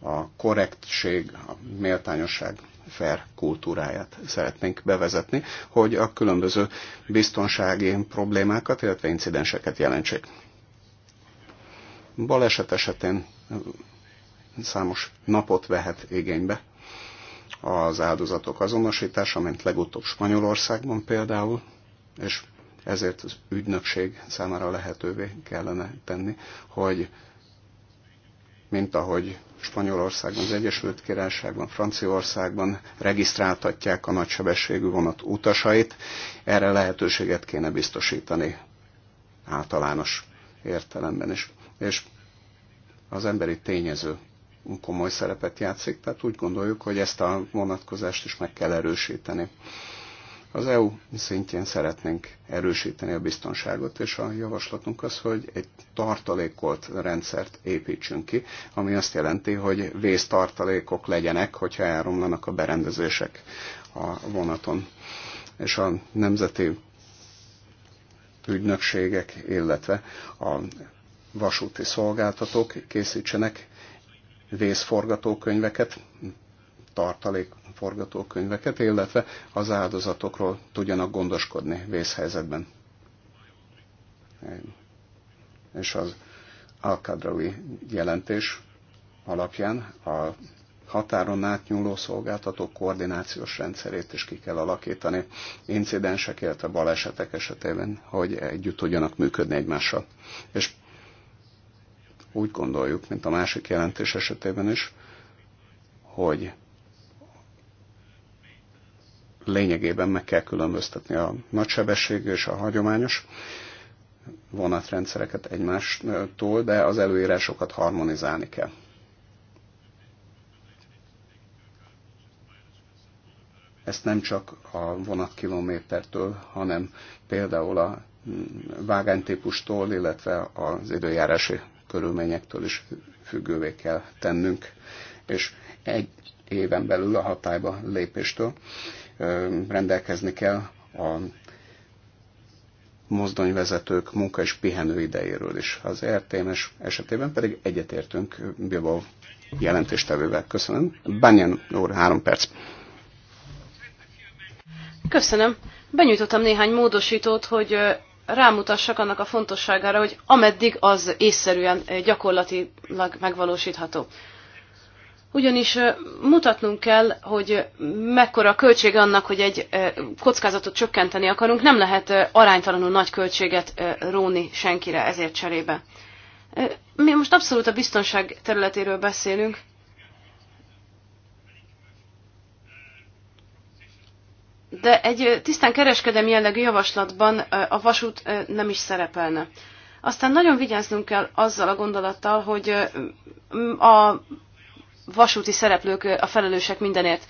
a korrektség, a méltányosság fair kultúráját szeretnénk bevezetni, hogy a különböző biztonsági problémákat, illetve incidenseket jelentsék baleset esetén számos napot vehet igénybe az áldozatok azonosítása, mint legutóbb Spanyolországban például, és ezért az ügynökség számára lehetővé kellene tenni, hogy mint ahogy Spanyolországban, az Egyesült Királyságban, Franciaországban regisztráltatják a nagysebességű vonat utasait, erre lehetőséget kéne biztosítani általános értelemben is és az emberi tényező komoly szerepet játszik, tehát úgy gondoljuk, hogy ezt a vonatkozást is meg kell erősíteni. Az EU szintjén szeretnénk erősíteni a biztonságot, és a javaslatunk az, hogy egy tartalékolt rendszert építsünk ki, ami azt jelenti, hogy vésztartalékok legyenek, hogyha elromlanak a berendezések a vonaton. És a nemzeti ügynökségek, illetve a vasúti szolgáltatók készítsenek vészforgatókönyveket, tartalékforgatókönyveket, illetve az áldozatokról tudjanak gondoskodni vészhelyzetben. És az al jelentés alapján a határon átnyúló szolgáltatók koordinációs rendszerét is ki kell alakítani incidensek, illetve balesetek esetében, hogy együtt tudjanak működni egymással. És úgy gondoljuk, mint a másik jelentés esetében is, hogy lényegében meg kell különböztetni a nagysebességű és a hagyományos vonatrendszereket egymástól, de az előírásokat harmonizálni kell. Ezt nem csak a vonatkilométertől, hanem például a vágánytípustól, illetve az időjárási körülményektől is függővé kell tennünk, és egy éven belül a hatályba lépéstől rendelkezni kell a mozdonyvezetők munka és pihenő idejéről is. Az RTMS esetében pedig egyetértünk Bilbao jelentéstevővel. Köszönöm. Banyan úr, három perc. Köszönöm. Benyújtottam néhány módosítót, hogy rámutassak annak a fontosságára, hogy ameddig az észszerűen eh, gyakorlatilag megvalósítható. Ugyanis eh, mutatnunk kell, hogy mekkora a költség annak, hogy egy eh, kockázatot csökkenteni akarunk, nem lehet aránytalanul nagy költséget róni senkire ezért cserébe. Mi most abszolút a biztonság területéről beszélünk, de egy tisztán kereskedelmi jellegű javaslatban a vasút nem is szerepelne. Aztán nagyon vigyáznunk kell azzal a gondolattal, hogy a vasúti szereplők a felelősek mindenért.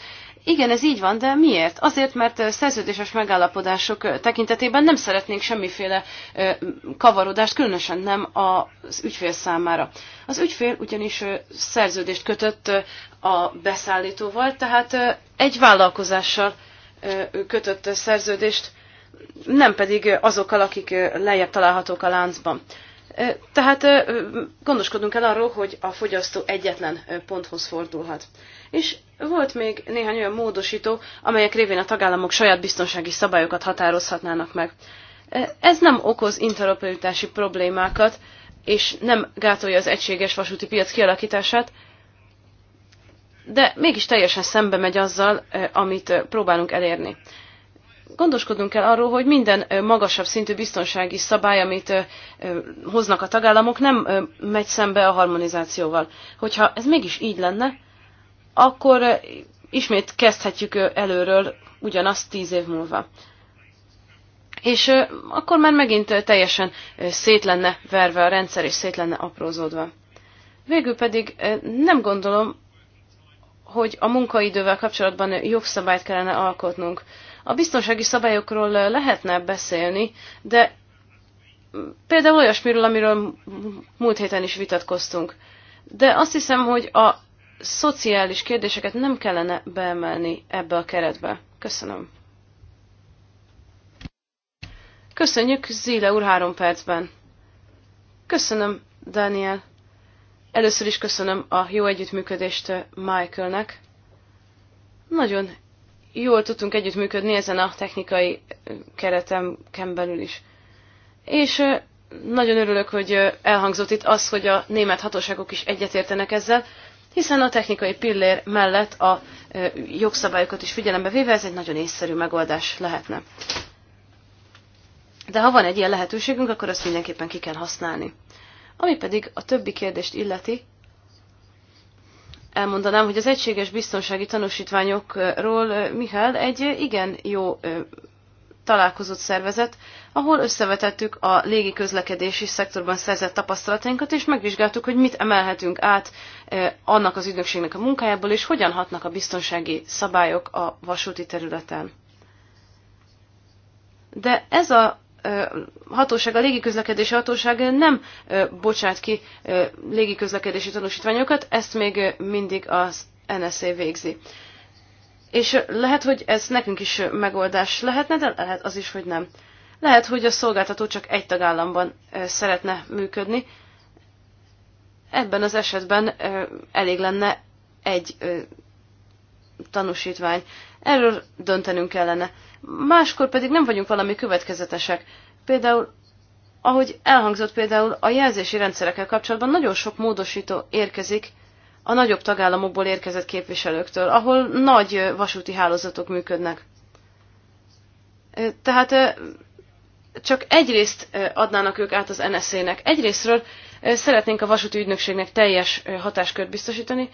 Igen, ez így van, de miért? Azért, mert szerződéses megállapodások tekintetében nem szeretnénk semmiféle kavarodást, különösen nem az ügyfél számára. Az ügyfél ugyanis szerződést kötött a beszállítóval, tehát egy vállalkozással kötött szerződést, nem pedig azokkal, akik lejjebb találhatók a láncban. Tehát gondoskodunk el arról, hogy a fogyasztó egyetlen ponthoz fordulhat. És volt még néhány olyan módosító, amelyek révén a tagállamok saját biztonsági szabályokat határozhatnának meg. Ez nem okoz interoperitási problémákat, és nem gátolja az egységes vasúti piac kialakítását, de mégis teljesen szembe megy azzal, amit próbálunk elérni. Gondoskodnunk kell arról, hogy minden magasabb szintű biztonsági szabály, amit hoznak a tagállamok, nem megy szembe a harmonizációval. Hogyha ez mégis így lenne, akkor ismét kezdhetjük előről ugyanazt tíz év múlva. És akkor már megint teljesen szét lenne verve a rendszer, és szét lenne aprózódva. Végül pedig nem gondolom, hogy a munkaidővel kapcsolatban jogszabályt kellene alkotnunk. A biztonsági szabályokról lehetne beszélni, de például olyasmiről, amiről múlt héten is vitatkoztunk. De azt hiszem, hogy a szociális kérdéseket nem kellene beemelni ebbe a keretbe. Köszönöm. Köszönjük, Zile úr három percben. Köszönöm, Daniel. Először is köszönöm a jó együttműködést eh, Michaelnek. Nagyon jól tudtunk együttműködni ezen a technikai eh, keretem belül is. És eh, nagyon örülök, hogy elhangzott itt az, hogy a német hatóságok is egyetértenek ezzel, hiszen a technikai pillér mellett a jogszabályokat is figyelembe véve ez egy nagyon észszerű megoldás lehetne. De ha van egy ilyen lehetőségünk, akkor azt mindenképpen ki kell használni. Ami pedig a többi kérdést illeti, elmondanám, hogy az egységes biztonsági tanúsítványokról Mihály egy igen jó találkozót szervezett, ahol összevetettük a légi közlekedési szektorban szerzett tapasztalatainkat, és megvizsgáltuk, hogy mit emelhetünk át annak az ügynökségnek a munkájából, és hogyan hatnak a biztonsági szabályok a vasúti területen. De ez a hatóság, a légiközlekedési hatóság nem bocsát ki légiközlekedési tanúsítványokat, ezt még mindig az NSA végzi. És lehet, hogy ez nekünk is megoldás lehetne, de lehet az is, hogy nem. Lehet, hogy a szolgáltató csak egy tagállamban szeretne működni. Ebben az esetben elég lenne egy tanúsítvány. Erről döntenünk kellene máskor pedig nem vagyunk valami következetesek. Például, ahogy elhangzott például, a jelzési rendszerekkel kapcsolatban nagyon sok módosító érkezik a nagyobb tagállamokból érkezett képviselőktől, ahol nagy vasúti hálózatok működnek. Tehát csak egyrészt adnának ők át az NSZ-nek. Egyrésztről szeretnénk a vasúti ügynökségnek teljes hatáskört biztosítani,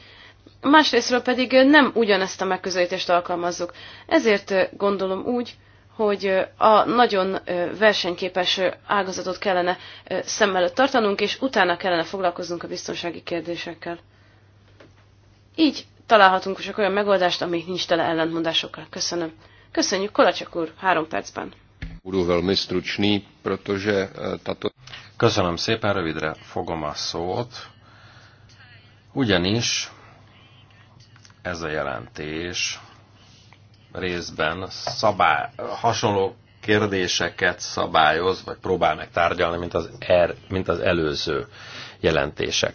másrésztről pedig nem ugyanezt a megközelítést alkalmazzuk. Ezért gondolom úgy, hogy a nagyon versenyképes ágazatot kellene szem előtt tartanunk, és utána kellene foglalkoznunk a biztonsági kérdésekkel. Így találhatunk csak olyan megoldást, ami nincs tele ellentmondásokkal. Köszönöm. Köszönjük, Kolacsak úr, három percben. Budu velmi stručný, protože e, tato... Köszönöm szépen, rövidre fogom a szót. Ugyanis ez a jelentés részben szabály, hasonló kérdéseket szabályoz, vagy próbál meg tárgyalni, mint az, er, mint az előző jelentések.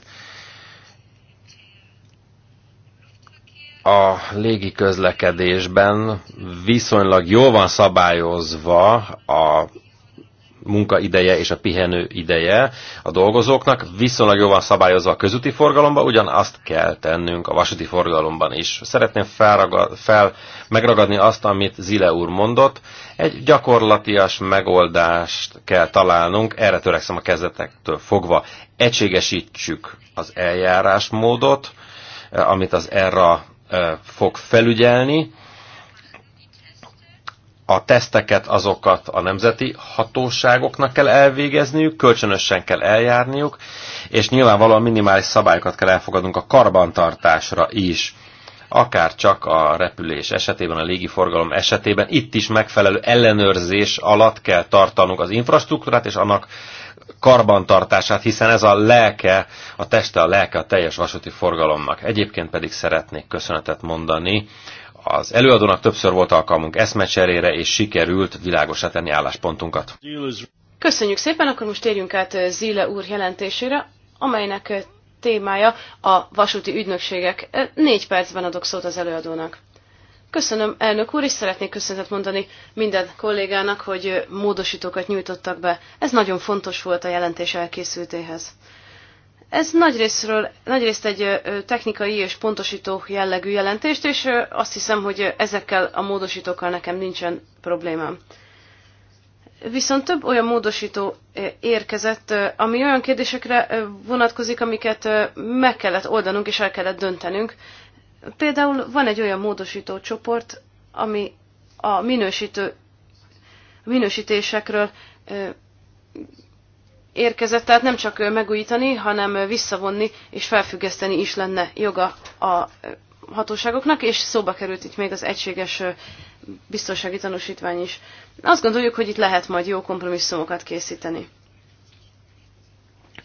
A légi közlekedésben viszonylag jól van szabályozva a munkaideje és a pihenő ideje a dolgozóknak viszonylag jól van szabályozva a közúti forgalomban, ugyanazt kell tennünk a vasúti forgalomban is. Szeretném felragad, fel, megragadni azt, amit Zile úr mondott. Egy gyakorlatias megoldást kell találnunk, erre törekszem a kezdetektől fogva. Egységesítsük az eljárásmódot, eh, amit az erre eh, fog felügyelni, a teszteket azokat a nemzeti hatóságoknak kell elvégezniük, kölcsönösen kell eljárniuk, és nyilvánvalóan minimális szabályokat kell elfogadnunk a karbantartásra is akár csak a repülés esetében, a légiforgalom esetében, itt is megfelelő ellenőrzés alatt kell tartanunk az infrastruktúrát és annak karbantartását, hiszen ez a lelke, a teste a lelke a teljes vasúti forgalomnak. Egyébként pedig szeretnék köszönetet mondani az előadónak többször volt alkalmunk eszmecserére, és sikerült világosra tenni álláspontunkat. Köszönjük szépen, akkor most térjünk át eh, Zile úr jelentésére, amelynek eh, témája a vasúti ügynökségek. Eh, négy percben adok szót az előadónak. Köszönöm, elnök úr, és szeretnék köszönetet mondani minden kollégának, hogy módosítókat nyújtottak be. Ez nagyon fontos volt a jelentés elkészültéhez. Ez nagy részről, nagy részt egy technikai és pontosító jellegű jelentést, és azt hiszem, hogy ezekkel a módosítókkal nekem nincsen problémám. Viszont több olyan módosító érkezett, ami olyan kérdésekre vonatkozik, amiket meg kellett oldanunk és el kellett döntenünk. Például van egy olyan módosító csoport, ami a minősítő, minősítésekről érkezett, tehát nem csak megújítani, hanem visszavonni és felfüggeszteni is lenne joga a hatóságoknak, és szóba került itt még az egységes biztonsági tanúsítvány is. Azt gondoljuk, hogy itt lehet majd jó kompromisszumokat készíteni.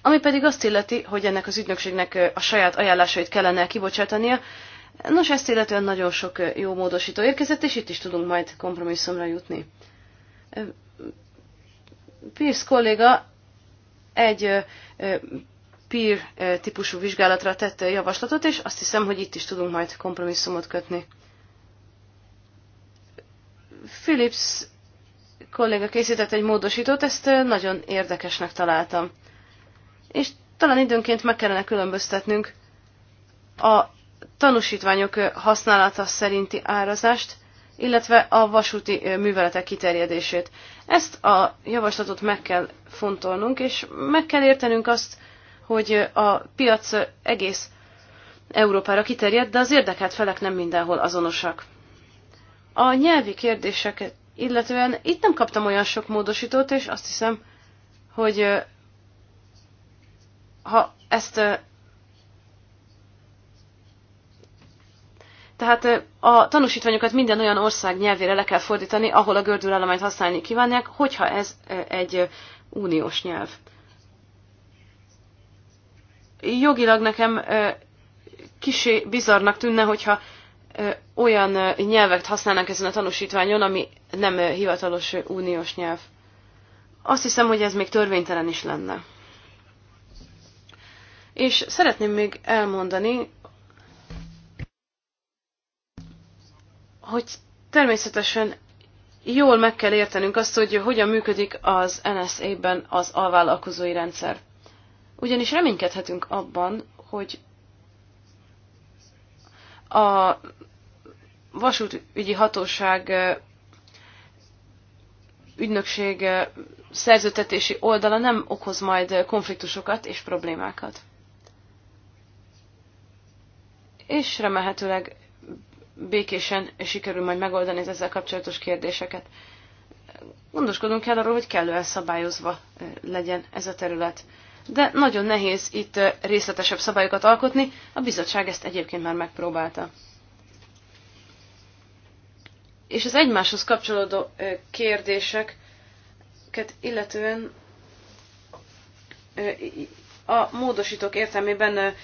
Ami pedig azt illeti, hogy ennek az ügynökségnek a saját ajánlásait kellene kibocsátania, nos, ezt illetően nagyon sok jó módosító érkezett, és itt is tudunk majd kompromisszumra jutni. Pierce kolléga egy peer típusú vizsgálatra tette javaslatot, és azt hiszem, hogy itt is tudunk majd kompromisszumot kötni. Philips kolléga készített egy módosítót, ezt nagyon érdekesnek találtam. És talán időnként meg kellene különböztetnünk a tanúsítványok használata szerinti árazást illetve a vasúti műveletek kiterjedését. Ezt a javaslatot meg kell fontolnunk, és meg kell értenünk azt, hogy a piac egész Európára kiterjed, de az érdekelt felek nem mindenhol azonosak. A nyelvi kérdéseket illetően itt nem kaptam olyan sok módosítót, és azt hiszem, hogy ha ezt Tehát a tanúsítványokat minden olyan ország nyelvére le kell fordítani, ahol a gördülállományt használni kívánják, hogyha ez egy uniós nyelv. Jogilag nekem kisé bizarnak tűnne, hogyha olyan nyelvet használnak ezen a tanúsítványon, ami nem hivatalos uniós nyelv. Azt hiszem, hogy ez még törvénytelen is lenne. És szeretném még elmondani, hogy természetesen jól meg kell értenünk azt, hogy hogyan működik az NSA-ben az alvállalkozói rendszer. Ugyanis reménykedhetünk abban, hogy a vasútügyi hatóság ügynökség szerzőtetési oldala nem okoz majd konfliktusokat és problémákat. És remélhetőleg békésen sikerül majd megoldani az ezzel kapcsolatos kérdéseket. Gondoskodunk kell arról, hogy kellően szabályozva legyen ez a terület. De nagyon nehéz itt részletesebb szabályokat alkotni, a bizottság ezt egyébként már megpróbálta. És az egymáshoz kapcsolódó kérdéseket illetően a módosítók értelmében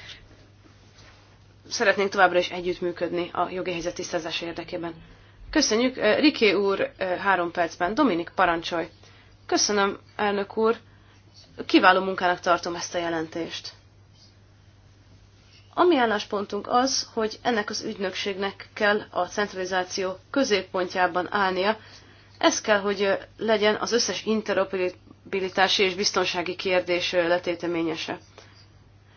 szeretnénk továbbra is együttműködni a jogi helyzet tisztázása érdekében. Köszönjük, eh, Riké úr eh, három percben. Dominik, parancsolj! Köszönöm, elnök úr! Kiváló munkának tartom ezt a jelentést. A mi álláspontunk az, hogy ennek az ügynökségnek kell a centralizáció középpontjában állnia. Ez kell, hogy eh, legyen az összes interoperabilitási és biztonsági kérdés letéteményese.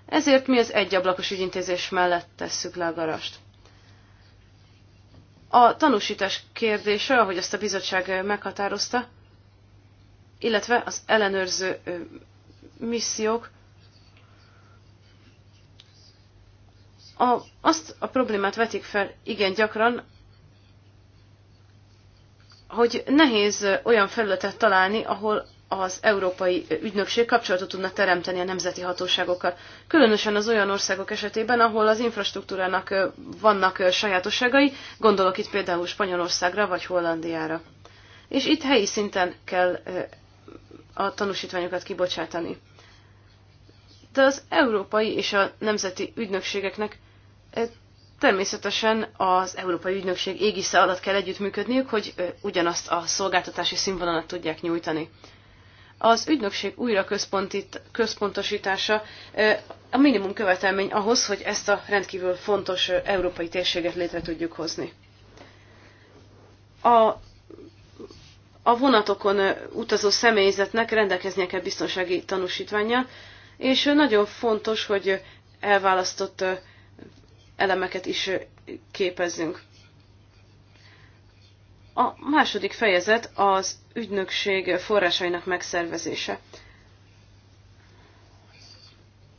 Ezért mi az egyablakos ügyintézés mellett tesszük le a garast. A tanúsítás kérdése, ahogy ezt a bizottság meghatározta, illetve az ellenőrző missziók, a, azt a problémát vetik fel igen gyakran, hogy nehéz olyan felületet találni, ahol az Európai Ügynökség kapcsolatot tudna teremteni a nemzeti hatóságokkal. Különösen az olyan országok esetében, ahol az infrastruktúrának vannak sajátosságai, gondolok itt például Spanyolországra vagy Hollandiára. És itt helyi szinten kell a tanúsítványokat kibocsátani. De az európai és a nemzeti ügynökségeknek természetesen az Európai Ügynökség égisze alatt kell együttműködniük, hogy ugyanazt a szolgáltatási színvonalat tudják nyújtani az ügynökség újra központosítása a minimum követelmény ahhoz, hogy ezt a rendkívül fontos európai térséget létre tudjuk hozni. A, a vonatokon utazó személyzetnek rendelkeznie kell biztonsági tanúsítványjal, és nagyon fontos, hogy elválasztott elemeket is képezzünk. A második fejezet az ügynökség forrásainak megszervezése.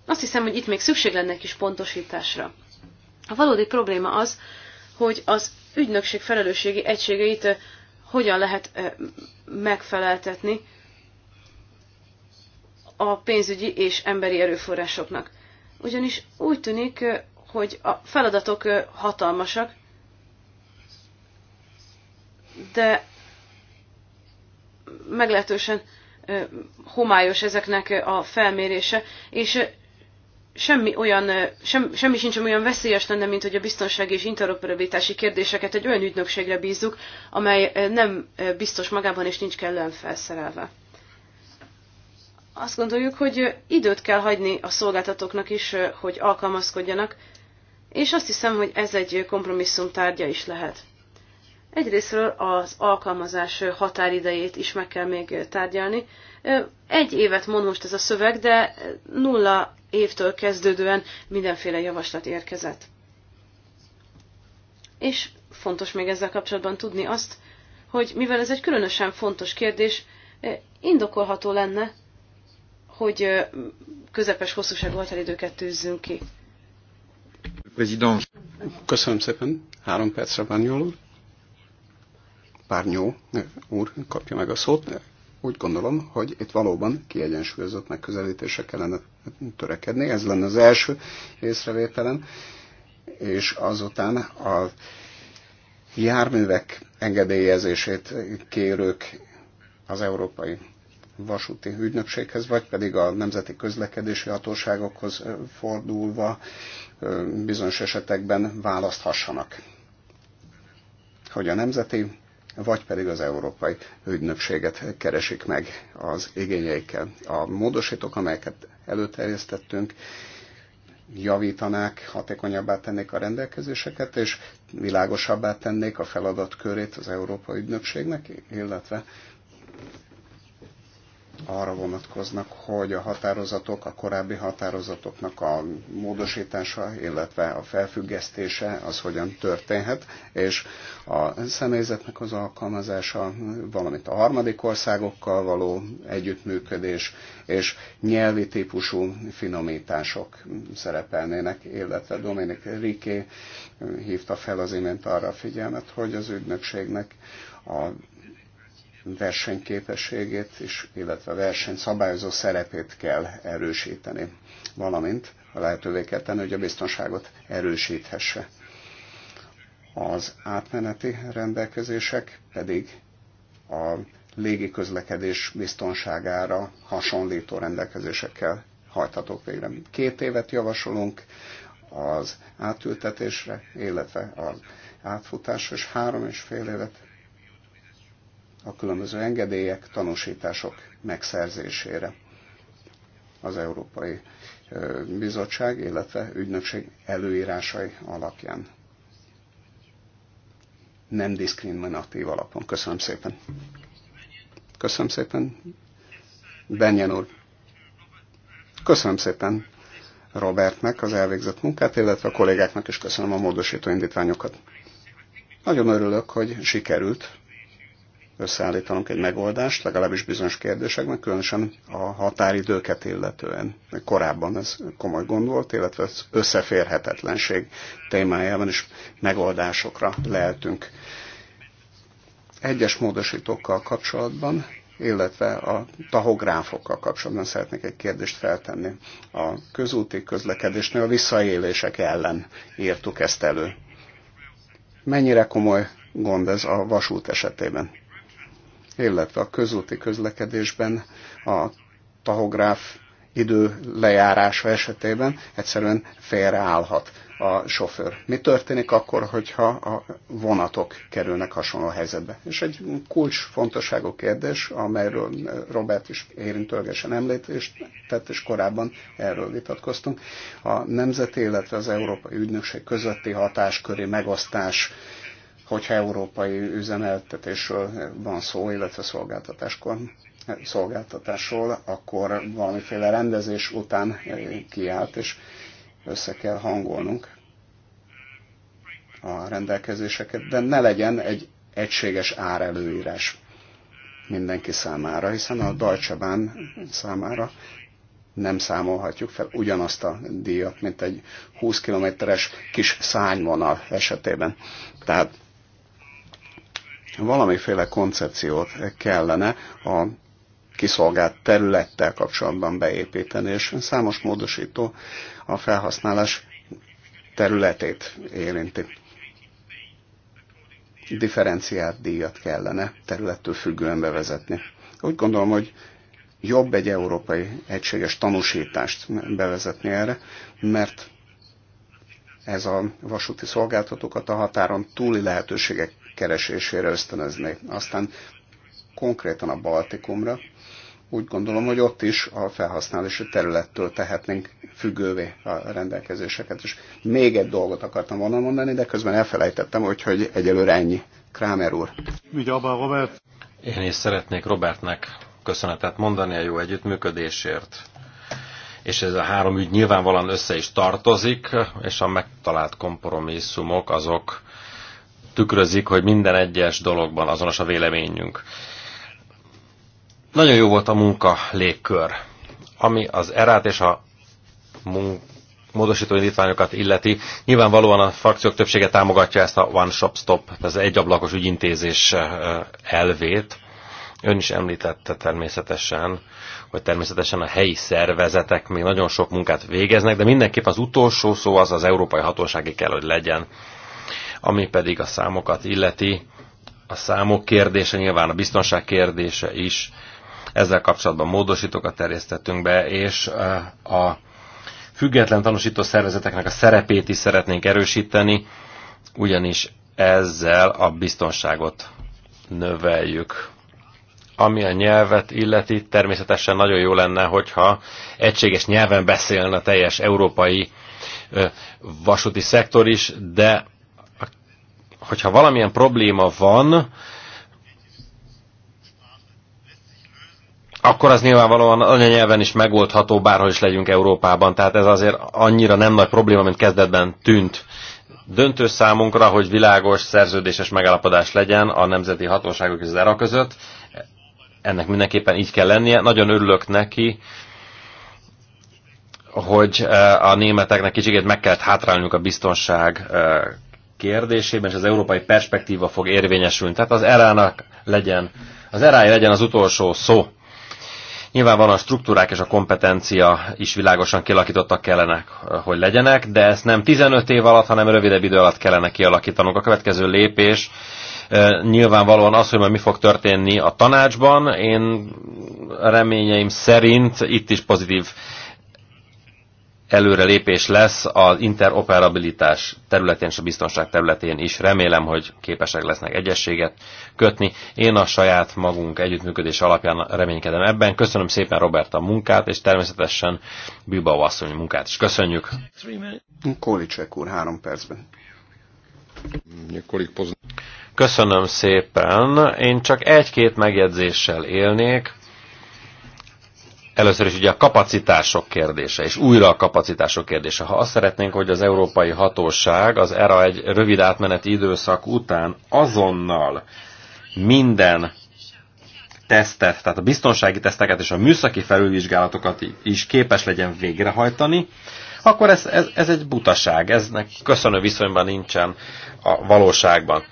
Azt hiszem, hogy itt még szükség lenne egy kis pontosításra. A valódi probléma az, hogy az ügynökség felelősségi egységeit hogyan lehet megfeleltetni a pénzügyi és emberi erőforrásoknak. Ugyanis úgy tűnik, hogy a feladatok hatalmasak, de meglehetősen homályos ezeknek a felmérése, és semmi olyan, sem, semmi sincs, olyan veszélyes lenne, mint hogy a biztonsági és interoperabilitási kérdéseket egy olyan ügynökségre bízzuk, amely nem biztos magában és nincs kellően felszerelve. Azt gondoljuk, hogy időt kell hagyni a szolgáltatóknak is, hogy alkalmazkodjanak, és azt hiszem, hogy ez egy kompromisszum tárgya is lehet. Egyrésztről az alkalmazás határidejét is meg kell még tárgyalni. Egy évet mond most ez a szöveg, de nulla évtől kezdődően mindenféle javaslat érkezett. És fontos még ezzel kapcsolatban tudni azt, hogy mivel ez egy különösen fontos kérdés, indokolható lenne, hogy közepes hosszúságú határidőket tűzzünk ki. Köszönöm szépen. Három percre, van úr. Párnyó úr kapja meg a szót. Úgy gondolom, hogy itt valóban kiegyensúlyozott megközelítése kellene törekedni. Ez lenne az első észrevételem. És azután a járművek engedélyezését kérők az Európai Vasúti Ügynökséghez, vagy pedig a Nemzeti Közlekedési Hatóságokhoz fordulva bizonyos esetekben választhassanak hogy a nemzeti vagy pedig az Európai Ügynökséget keresik meg az igényeikkel. A módosítók, amelyeket előterjesztettünk, javítanák, hatékonyabbá tennék a rendelkezéseket, és világosabbá tennék a feladatkörét az európai Ügynökségnek, illetve arra vonatkoznak, hogy a határozatok, a korábbi határozatoknak a módosítása, illetve a felfüggesztése az hogyan történhet, és a személyzetnek az alkalmazása, valamint a harmadik országokkal való együttműködés, és nyelvi típusú finomítások szerepelnének, illetve Dominik Riké hívta fel az imént arra a figyelmet, hogy az ügynökségnek a versenyképességét is, illetve versenyszabályozó szerepét kell erősíteni, valamint lehetővé kell tenni, hogy a biztonságot erősíthesse. Az átmeneti rendelkezések pedig a légiközlekedés biztonságára hasonlító rendelkezésekkel hajthatók végre. Két évet javasolunk az átültetésre, illetve az átfutásra, és három és fél évet a különböző engedélyek, tanúsítások megszerzésére. Az Európai Bizottság, illetve ügynökség előírásai alapján. Nem diszkriminatív alapon. Köszönöm szépen. Köszönöm szépen, Benjen úr. Köszönöm szépen Robertnek az elvégzett munkát, illetve a kollégáknak is köszönöm a módosító indítványokat. Nagyon örülök, hogy sikerült összeállítanunk egy megoldást, legalábbis bizonyos kérdésekben, különösen a határidőket illetően. Korábban ez komoly gond volt, illetve az összeférhetetlenség témájában is megoldásokra lehetünk. Egyes módosítókkal kapcsolatban, illetve a tahográfokkal kapcsolatban szeretnék egy kérdést feltenni. A közúti közlekedésnél a visszaélések ellen írtuk ezt elő. Mennyire komoly gond ez a vasút esetében? illetve a közúti közlekedésben a tahográf idő lejárása esetében egyszerűen félreállhat a sofőr. Mi történik akkor, hogyha a vonatok kerülnek hasonló helyzetbe? És egy fontosságú kérdés, amelyről Robert is érintőlegesen említést tett, és korábban erről vitatkoztunk, a nemzeti, illetve az Európai Ügynökség közötti hatásköri megosztás hogyha európai üzemeltetésről van szó, illetve szolgáltatáskor, szolgáltatásról, akkor valamiféle rendezés után eh, kiállt, és össze kell hangolnunk a rendelkezéseket, de ne legyen egy egységes árelőírás mindenki számára, hiszen a Deutsche Bahn számára nem számolhatjuk fel ugyanazt a díjat, mint egy 20 kilométeres kis szányvonal esetében. Tehát valamiféle koncepciót kellene a kiszolgált területtel kapcsolatban beépíteni, és számos módosító a felhasználás területét érinti. Differenciált díjat kellene területtől függően bevezetni. Úgy gondolom, hogy jobb egy európai egységes tanúsítást bevezetni erre, mert ez a vasúti szolgáltatókat a határon túli lehetőségek keresésére ösztönöznék. Aztán konkrétan a Baltikumra, úgy gondolom, hogy ott is a felhasználási területtől tehetnénk függővé a rendelkezéseket. És még egy dolgot akartam volna mondani, de közben elfelejtettem, hogy egyelőre ennyi. Krámer úr. Ügyabá, Robert. Én is szeretnék Robertnek köszönetet mondani a jó együttműködésért. És ez a három ügy nyilvánvalóan össze is tartozik, és a megtalált kompromisszumok azok tükrözik, hogy minden egyes dologban azonos a véleményünk. Nagyon jó volt a munka légkör, ami az erát és a munka módosító indítványokat illeti. Nyilvánvalóan a frakciók többsége támogatja ezt a One Shop Stop, ez egyablakos ügyintézés elvét. Ön is említette természetesen, hogy természetesen a helyi szervezetek még nagyon sok munkát végeznek, de mindenképp az utolsó szó az az európai hatósági kell, hogy legyen. Ami pedig a számokat illeti, a számok kérdése nyilván a biztonság kérdése is. Ezzel kapcsolatban módosítókat terjesztettünk be, és eh, a független tanúsító szervezeteknek a szerepét is szeretnénk erősíteni, ugyanis ezzel a biztonságot növeljük. Ami a nyelvet illeti, természetesen nagyon jó lenne, hogyha egységes nyelven beszélne a teljes európai vasúti szektor is, de hogyha valamilyen probléma van, akkor az nyilvánvalóan anyanyelven is megoldható, bárhol is legyünk Európában. Tehát ez azért annyira nem nagy probléma, mint kezdetben tűnt. Döntő számunkra, hogy világos, szerződéses megállapodás legyen a nemzeti hatóságok és az ERA között. Ennek mindenképpen így kell lennie. Nagyon örülök neki, hogy eh, a németeknek kicsit meg kellett hátrálniuk a biztonság eh, kérdésében, és az európai perspektíva fog érvényesülni. Tehát az erának legyen, az erája legyen az utolsó szó. Nyilvánvalóan a struktúrák és a kompetencia is világosan kialakítottak kellene, hogy legyenek, de ezt nem 15 év alatt, hanem rövidebb idő alatt kellene kialakítanunk. A következő lépés nyilvánvalóan az, hogy majd mi fog történni a tanácsban. Én reményeim szerint itt is pozitív előrelépés lesz az interoperabilitás területén és a biztonság területén is. Remélem, hogy képesek lesznek egyességet kötni. Én a saját magunk együttműködés alapján reménykedem ebben. Köszönöm szépen Robert a munkát, és természetesen Bűba asszony munkát is köszönjük. Kolicek úr, három percben. Köszönöm szépen. Én csak egy-két megjegyzéssel élnék Először is ugye a kapacitások kérdése, és újra a kapacitások kérdése. Ha azt szeretnénk, hogy az európai hatóság az ERA egy rövid átmeneti időszak után azonnal minden tesztet, tehát a biztonsági teszteket és a műszaki felülvizsgálatokat is képes legyen végrehajtani, akkor ez, ez, ez egy butaság, eznek köszönő viszonyban nincsen a valóságban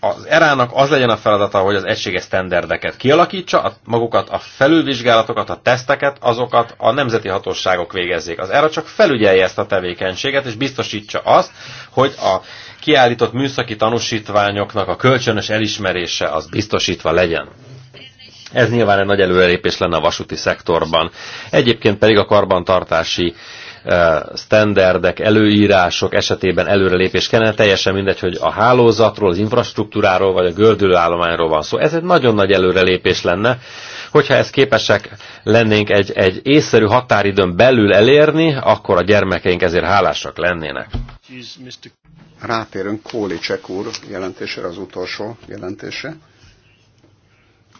az erának az legyen a feladata, hogy az egységes standardeket kialakítsa, a, magukat a felülvizsgálatokat, a teszteket, azokat a nemzeti hatóságok végezzék. Az ERA csak felügyelje ezt a tevékenységet, és biztosítsa azt, hogy a kiállított műszaki tanúsítványoknak a kölcsönös elismerése az biztosítva legyen. Ez nyilván egy nagy előrelépés lenne a vasúti szektorban. Egyébként pedig a karbantartási standardek, előírások esetében előrelépés kellene, teljesen mindegy, hogy a hálózatról, az infrastruktúráról vagy a gördülőállományról van szó. Szóval ez egy nagyon nagy előrelépés lenne, hogyha ezt képesek lennénk egy, egy észszerű határidőn belül elérni, akkor a gyermekeink ezért hálásak lennének. Rátérünk Csek úr jelentésére, az utolsó jelentése.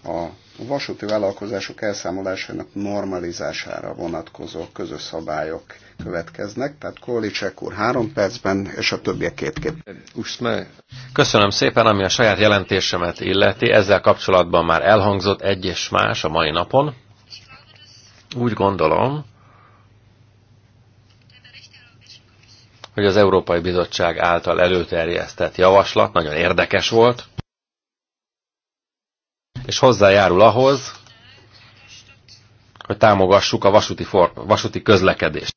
A vasúti vállalkozások elszámolásának normalizására vonatkozó közös szabályok következnek, tehát Kolicek úr három percben, és a többiek két kép. Köszönöm szépen, ami a saját jelentésemet illeti, ezzel kapcsolatban már elhangzott egy és más a mai napon. Úgy gondolom, hogy az Európai Bizottság által előterjesztett javaslat nagyon érdekes volt, és hozzájárul ahhoz, hogy támogassuk a vasúti, for, vasúti közlekedést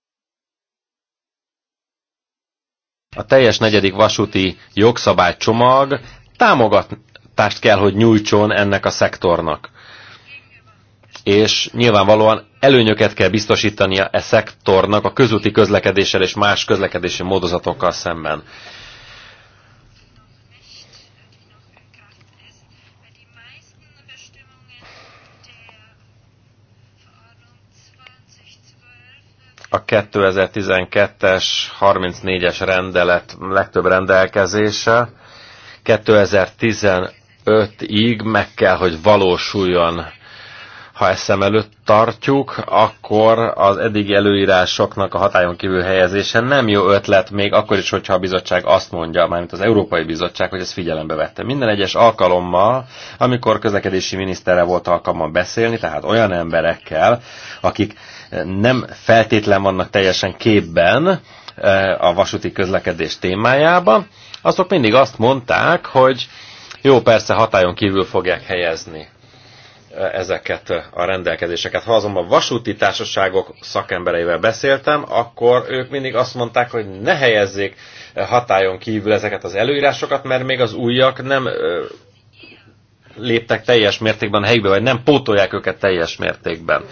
a teljes negyedik vasúti jogszabálycsomag támogatást kell, hogy nyújtson ennek a szektornak. És nyilvánvalóan előnyöket kell biztosítania e szektornak a közúti közlekedéssel és más közlekedési módozatokkal szemben. a 2012-es 34-es rendelet legtöbb rendelkezése 2015-ig meg kell, hogy valósuljon. Ha ezt szem előtt tartjuk, akkor az eddig előírásoknak a hatályon kívül helyezése nem jó ötlet, még akkor is, hogyha a bizottság azt mondja, mármint az Európai Bizottság, hogy ezt figyelembe vette. Minden egyes alkalommal, amikor közlekedési minisztere volt alkalma beszélni, tehát olyan emberekkel, akik nem feltétlen vannak teljesen képben eh, a vasúti közlekedés témájában, azok mindig azt mondták, hogy jó, persze hatájon kívül fogják helyezni eh, ezeket eh, a rendelkezéseket. Ha azonban vasúti társaságok szakembereivel beszéltem, akkor ők mindig azt mondták, hogy ne helyezzék hatájon kívül ezeket az előírásokat, mert még az újak nem léptek teljes mértékben a helyükbe, vagy nem pótolják őket teljes mértékben.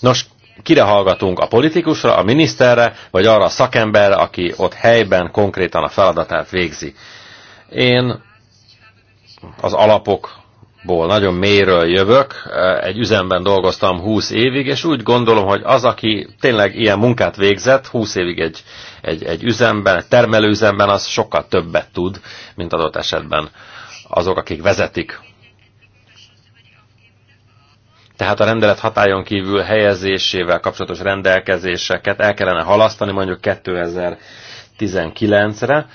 Nos, kire hallgatunk? A politikusra, a miniszterre, vagy arra a szakemberre, aki ott helyben konkrétan a feladatát végzi? Én az alapokból nagyon mélyről jövök, egy üzemben dolgoztam 20 évig, és úgy gondolom, hogy az, aki tényleg ilyen munkát végzett, 20 évig egy, egy, egy üzemben, egy termelőüzemben, az sokkal többet tud, mint adott esetben azok, akik vezetik tehát a rendelet hatályon kívül helyezésével kapcsolatos rendelkezéseket el kellene halasztani mondjuk 2019-re.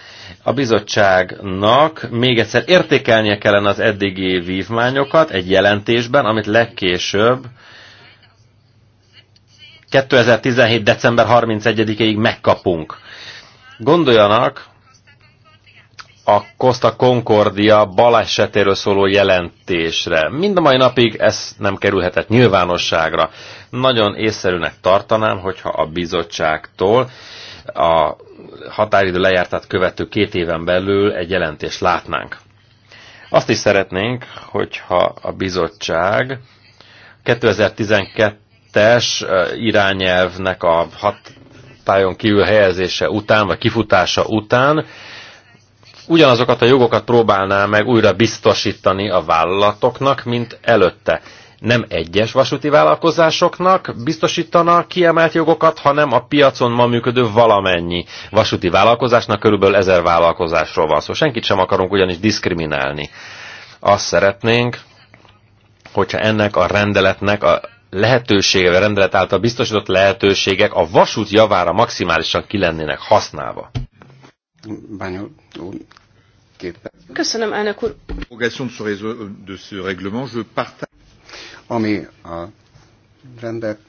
A bizottságnak még egyszer értékelnie kellene az eddigi vívmányokat egy jelentésben, amit legkésőbb 2017. december 31-ig megkapunk. Gondoljanak a Costa Concordia balesetéről szóló jelentésre. Mind a mai napig ez nem kerülhetett nyilvánosságra. Nagyon észszerűnek tartanám, hogyha a bizottságtól a határidő lejártát követő két éven belül egy jelentést látnánk. Azt is szeretnénk, hogyha a bizottság 2012-es irányelvnek a hatájon kívül helyezése után, vagy kifutása után ugyanazokat a jogokat próbálná meg újra biztosítani a vállalatoknak, mint előtte. Nem egyes vasúti vállalkozásoknak biztosítana kiemelt jogokat, hanem a piacon ma működő valamennyi vasúti vállalkozásnak, körülbelül ezer vállalkozásról van szó. Szóval senkit sem akarunk ugyanis diszkriminálni. Azt szeretnénk, hogyha ennek a rendeletnek a lehetősége, a rendelet által biztosított lehetőségek a vasút javára maximálisan ki lennének használva. Köszönöm, elnök úr. Ami a rendelet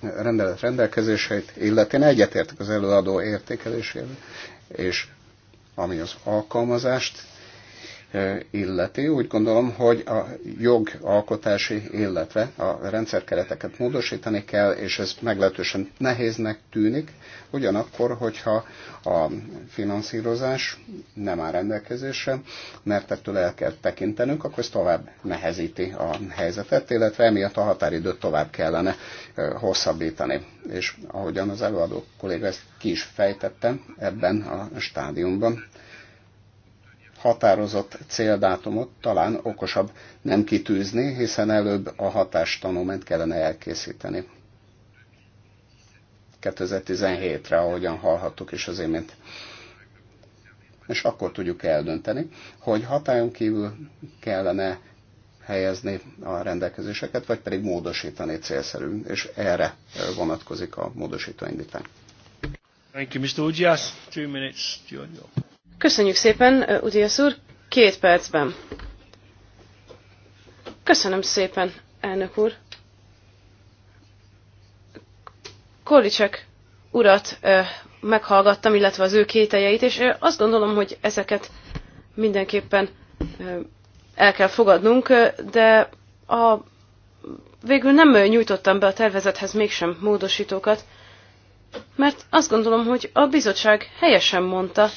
rendelkezéseit illetén egyetértek az előadó értékelésével, és ami az alkalmazást e, illeti. Úgy gondolom, hogy a jogalkotási, illetve a rendszerkereteket módosítani kell, és ez meglehetősen nehéznek tűnik Ugyanakkor, hogyha a finanszírozás nem áll rendelkezésre, mert ettől el kell tekintenünk, akkor ez tovább nehezíti a helyzetet, illetve emiatt a határidőt tovább kellene hosszabbítani. És ahogyan az előadó kolléga ezt ki is fejtette ebben a stádiumban, határozott céldátumot talán okosabb nem kitűzni, hiszen előbb a hatástanulmányt kellene elkészíteni. 2017-re, ahogyan hallhattuk is az imént. És akkor tudjuk eldönteni, hogy hatályon kívül kellene helyezni a rendelkezéseket, vagy pedig módosítani célszerű, és erre vonatkozik a módosító indítvány. Mr. Two minutes, Köszönjük szépen, Udias úr. Két percben. Köszönöm szépen, elnök úr. Kolicsek urat meghallgattam, illetve az ő kételjeit, és azt gondolom, hogy ezeket mindenképpen el kell fogadnunk, de a, végül nem nyújtottam be a tervezethez mégsem módosítókat, mert azt gondolom, hogy a bizottság helyesen mondta,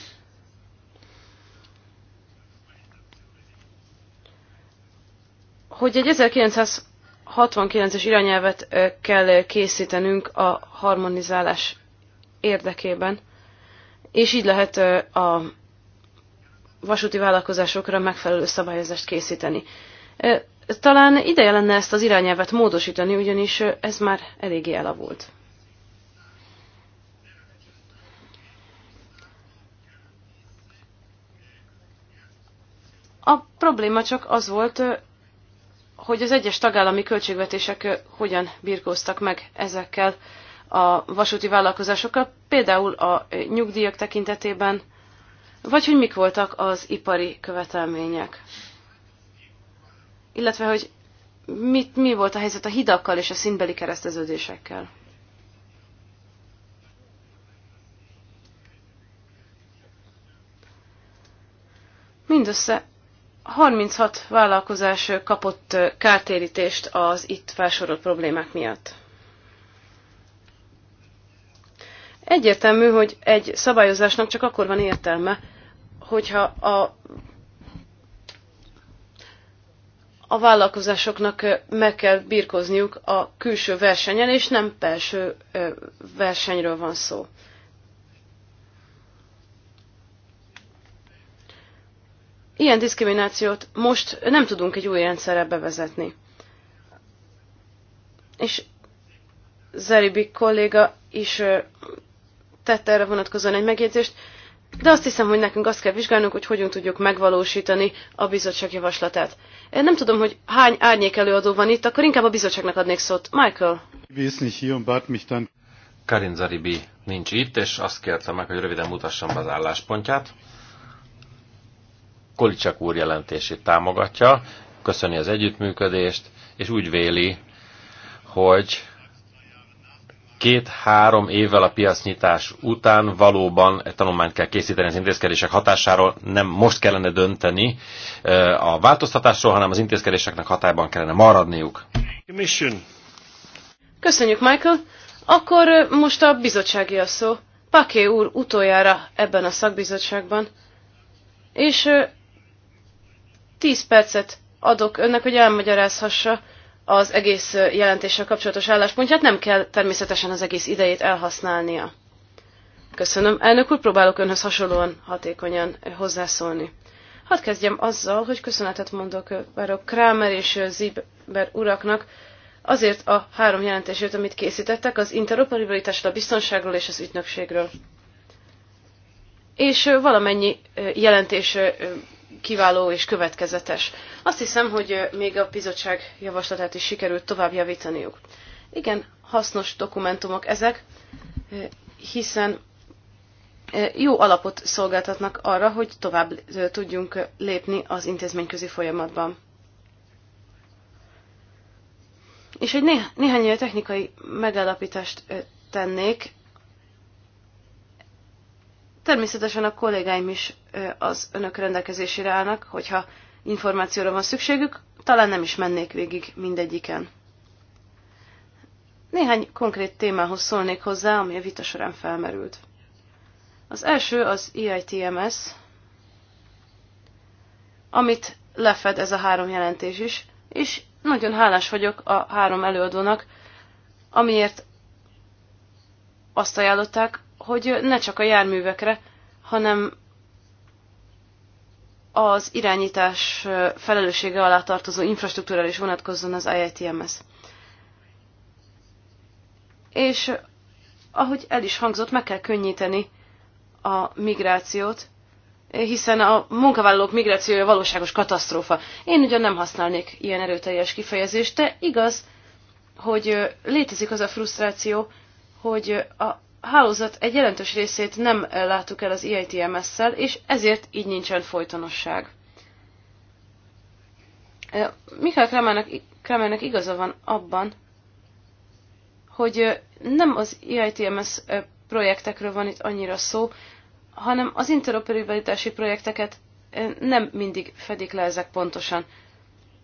hogy egy 1900 69-es irányelvet kell készítenünk a harmonizálás érdekében, és így lehet a vasúti vállalkozásokra megfelelő szabályozást készíteni. Talán ideje lenne ezt az irányelvet módosítani, ugyanis ez már eléggé elavult. A probléma csak az volt, hogy az egyes tagállami költségvetések hogyan birkóztak meg ezekkel a vasúti vállalkozásokkal, például a nyugdíjak tekintetében, vagy hogy mik voltak az ipari követelmények. Illetve, hogy mit, mi volt a helyzet a hidakkal és a szintbeli kereszteződésekkel. Mindössze 36 vállalkozás kapott kártérítést az itt felsorolt problémák miatt. Egyértelmű, hogy egy szabályozásnak csak akkor van értelme, hogyha a, a vállalkozásoknak meg kell birkozniuk a külső versenyen, és nem belső versenyről van szó. Ilyen diszkriminációt most nem tudunk egy új rendszerre bevezetni. És Zeribi kolléga is tette erre vonatkozóan egy megjegyzést, de azt hiszem, hogy nekünk azt kell vizsgálnunk, hogy hogyan tudjuk megvalósítani a bizottság javaslatát. Én nem tudom, hogy hány árnyék előadó van itt, akkor inkább a bizottságnak adnék szót. Michael. Karin Zaribi nincs itt, és azt kértem meg, hogy röviden mutassam be az álláspontját. Kolicsak úr jelentését támogatja, köszöni az együttműködést, és úgy véli, hogy két-három évvel a piacnyitás után valóban egy tanulmányt kell készíteni az intézkedések hatásáról. Nem most kellene dönteni eh, a változtatásról, hanem az intézkedéseknek hatályban kellene maradniuk. Köszönjük, Michael. Akkor eh, most a bizottsági a szó. Paké úr utoljára ebben a szakbizottságban. És eh, 10 percet adok önnek, hogy elmagyarázhassa az egész jelentéssel kapcsolatos álláspontját. Nem kell természetesen az egész idejét elhasználnia. Köszönöm. Elnök úr, próbálok önhöz hasonlóan hatékonyan hozzászólni. Hadd kezdjem azzal, hogy köszönetet mondok a Kramer és Ziber uraknak azért a három jelentését, amit készítettek az interoperabilitásról, a biztonságról és az ügynökségről. És valamennyi jelentés kiváló és következetes. Azt hiszem, hogy még a bizottság javaslatát is sikerült tovább javítaniuk. Igen, hasznos dokumentumok ezek, hiszen jó alapot szolgáltatnak arra, hogy tovább tudjunk lépni az intézményközi folyamatban. És egy néh- néhány technikai megállapítást tennék Természetesen a kollégáim is az önök rendelkezésére állnak, hogyha információra van szükségük, talán nem is mennék végig mindegyiken. Néhány konkrét témához szólnék hozzá, ami a vita során felmerült. Az első az EITMS, amit lefed ez a három jelentés is, és nagyon hálás vagyok a három előadónak, amiért azt ajánlották, hogy ne csak a járművekre, hanem az irányítás felelőssége alá tartozó infrastruktúrára is vonatkozzon az IITMS. És ahogy el is hangzott, meg kell könnyíteni a migrációt, hiszen a munkavállalók migrációja valóságos katasztrófa. Én ugyan nem használnék ilyen erőteljes kifejezést, de igaz, hogy létezik az a frusztráció, hogy a hálózat egy jelentős részét nem láttuk el az EITMS-szel, és ezért így nincsen folytonosság. Mikael Kramernek, Kramernek igaza van abban, hogy nem az EITMS projektekről van itt annyira szó, hanem az interoperabilitási projekteket nem mindig fedik le ezek pontosan.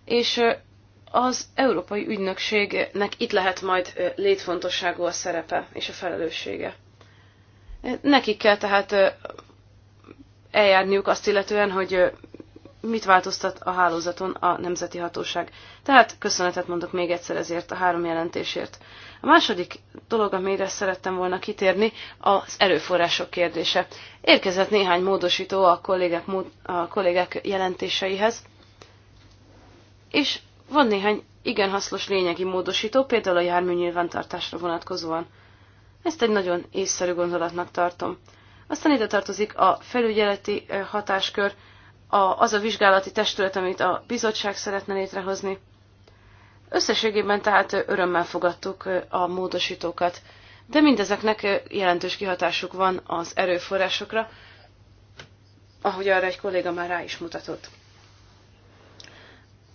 És az Európai Ügynökségnek itt lehet majd létfontosságú a szerepe és a felelőssége. Nekik kell tehát eljárniuk azt illetően, hogy mit változtat a hálózaton a nemzeti hatóság. Tehát köszönetet mondok még egyszer ezért a három jelentésért. A második dolog, amire szerettem volna kitérni, az erőforrások kérdése. Érkezett néhány módosító a kollégák, a kollégák jelentéseihez, és van néhány igen hasznos lényegi módosító, például a jármű nyilvántartásra vonatkozóan. Ezt egy nagyon észszerű gondolatnak tartom. Aztán ide tartozik a felügyeleti hatáskör, a, az a vizsgálati testület, amit a bizottság szeretne létrehozni. Összességében tehát örömmel fogadtuk a módosítókat, de mindezeknek jelentős kihatásuk van az erőforrásokra, ahogy arra egy kolléga már rá is mutatott.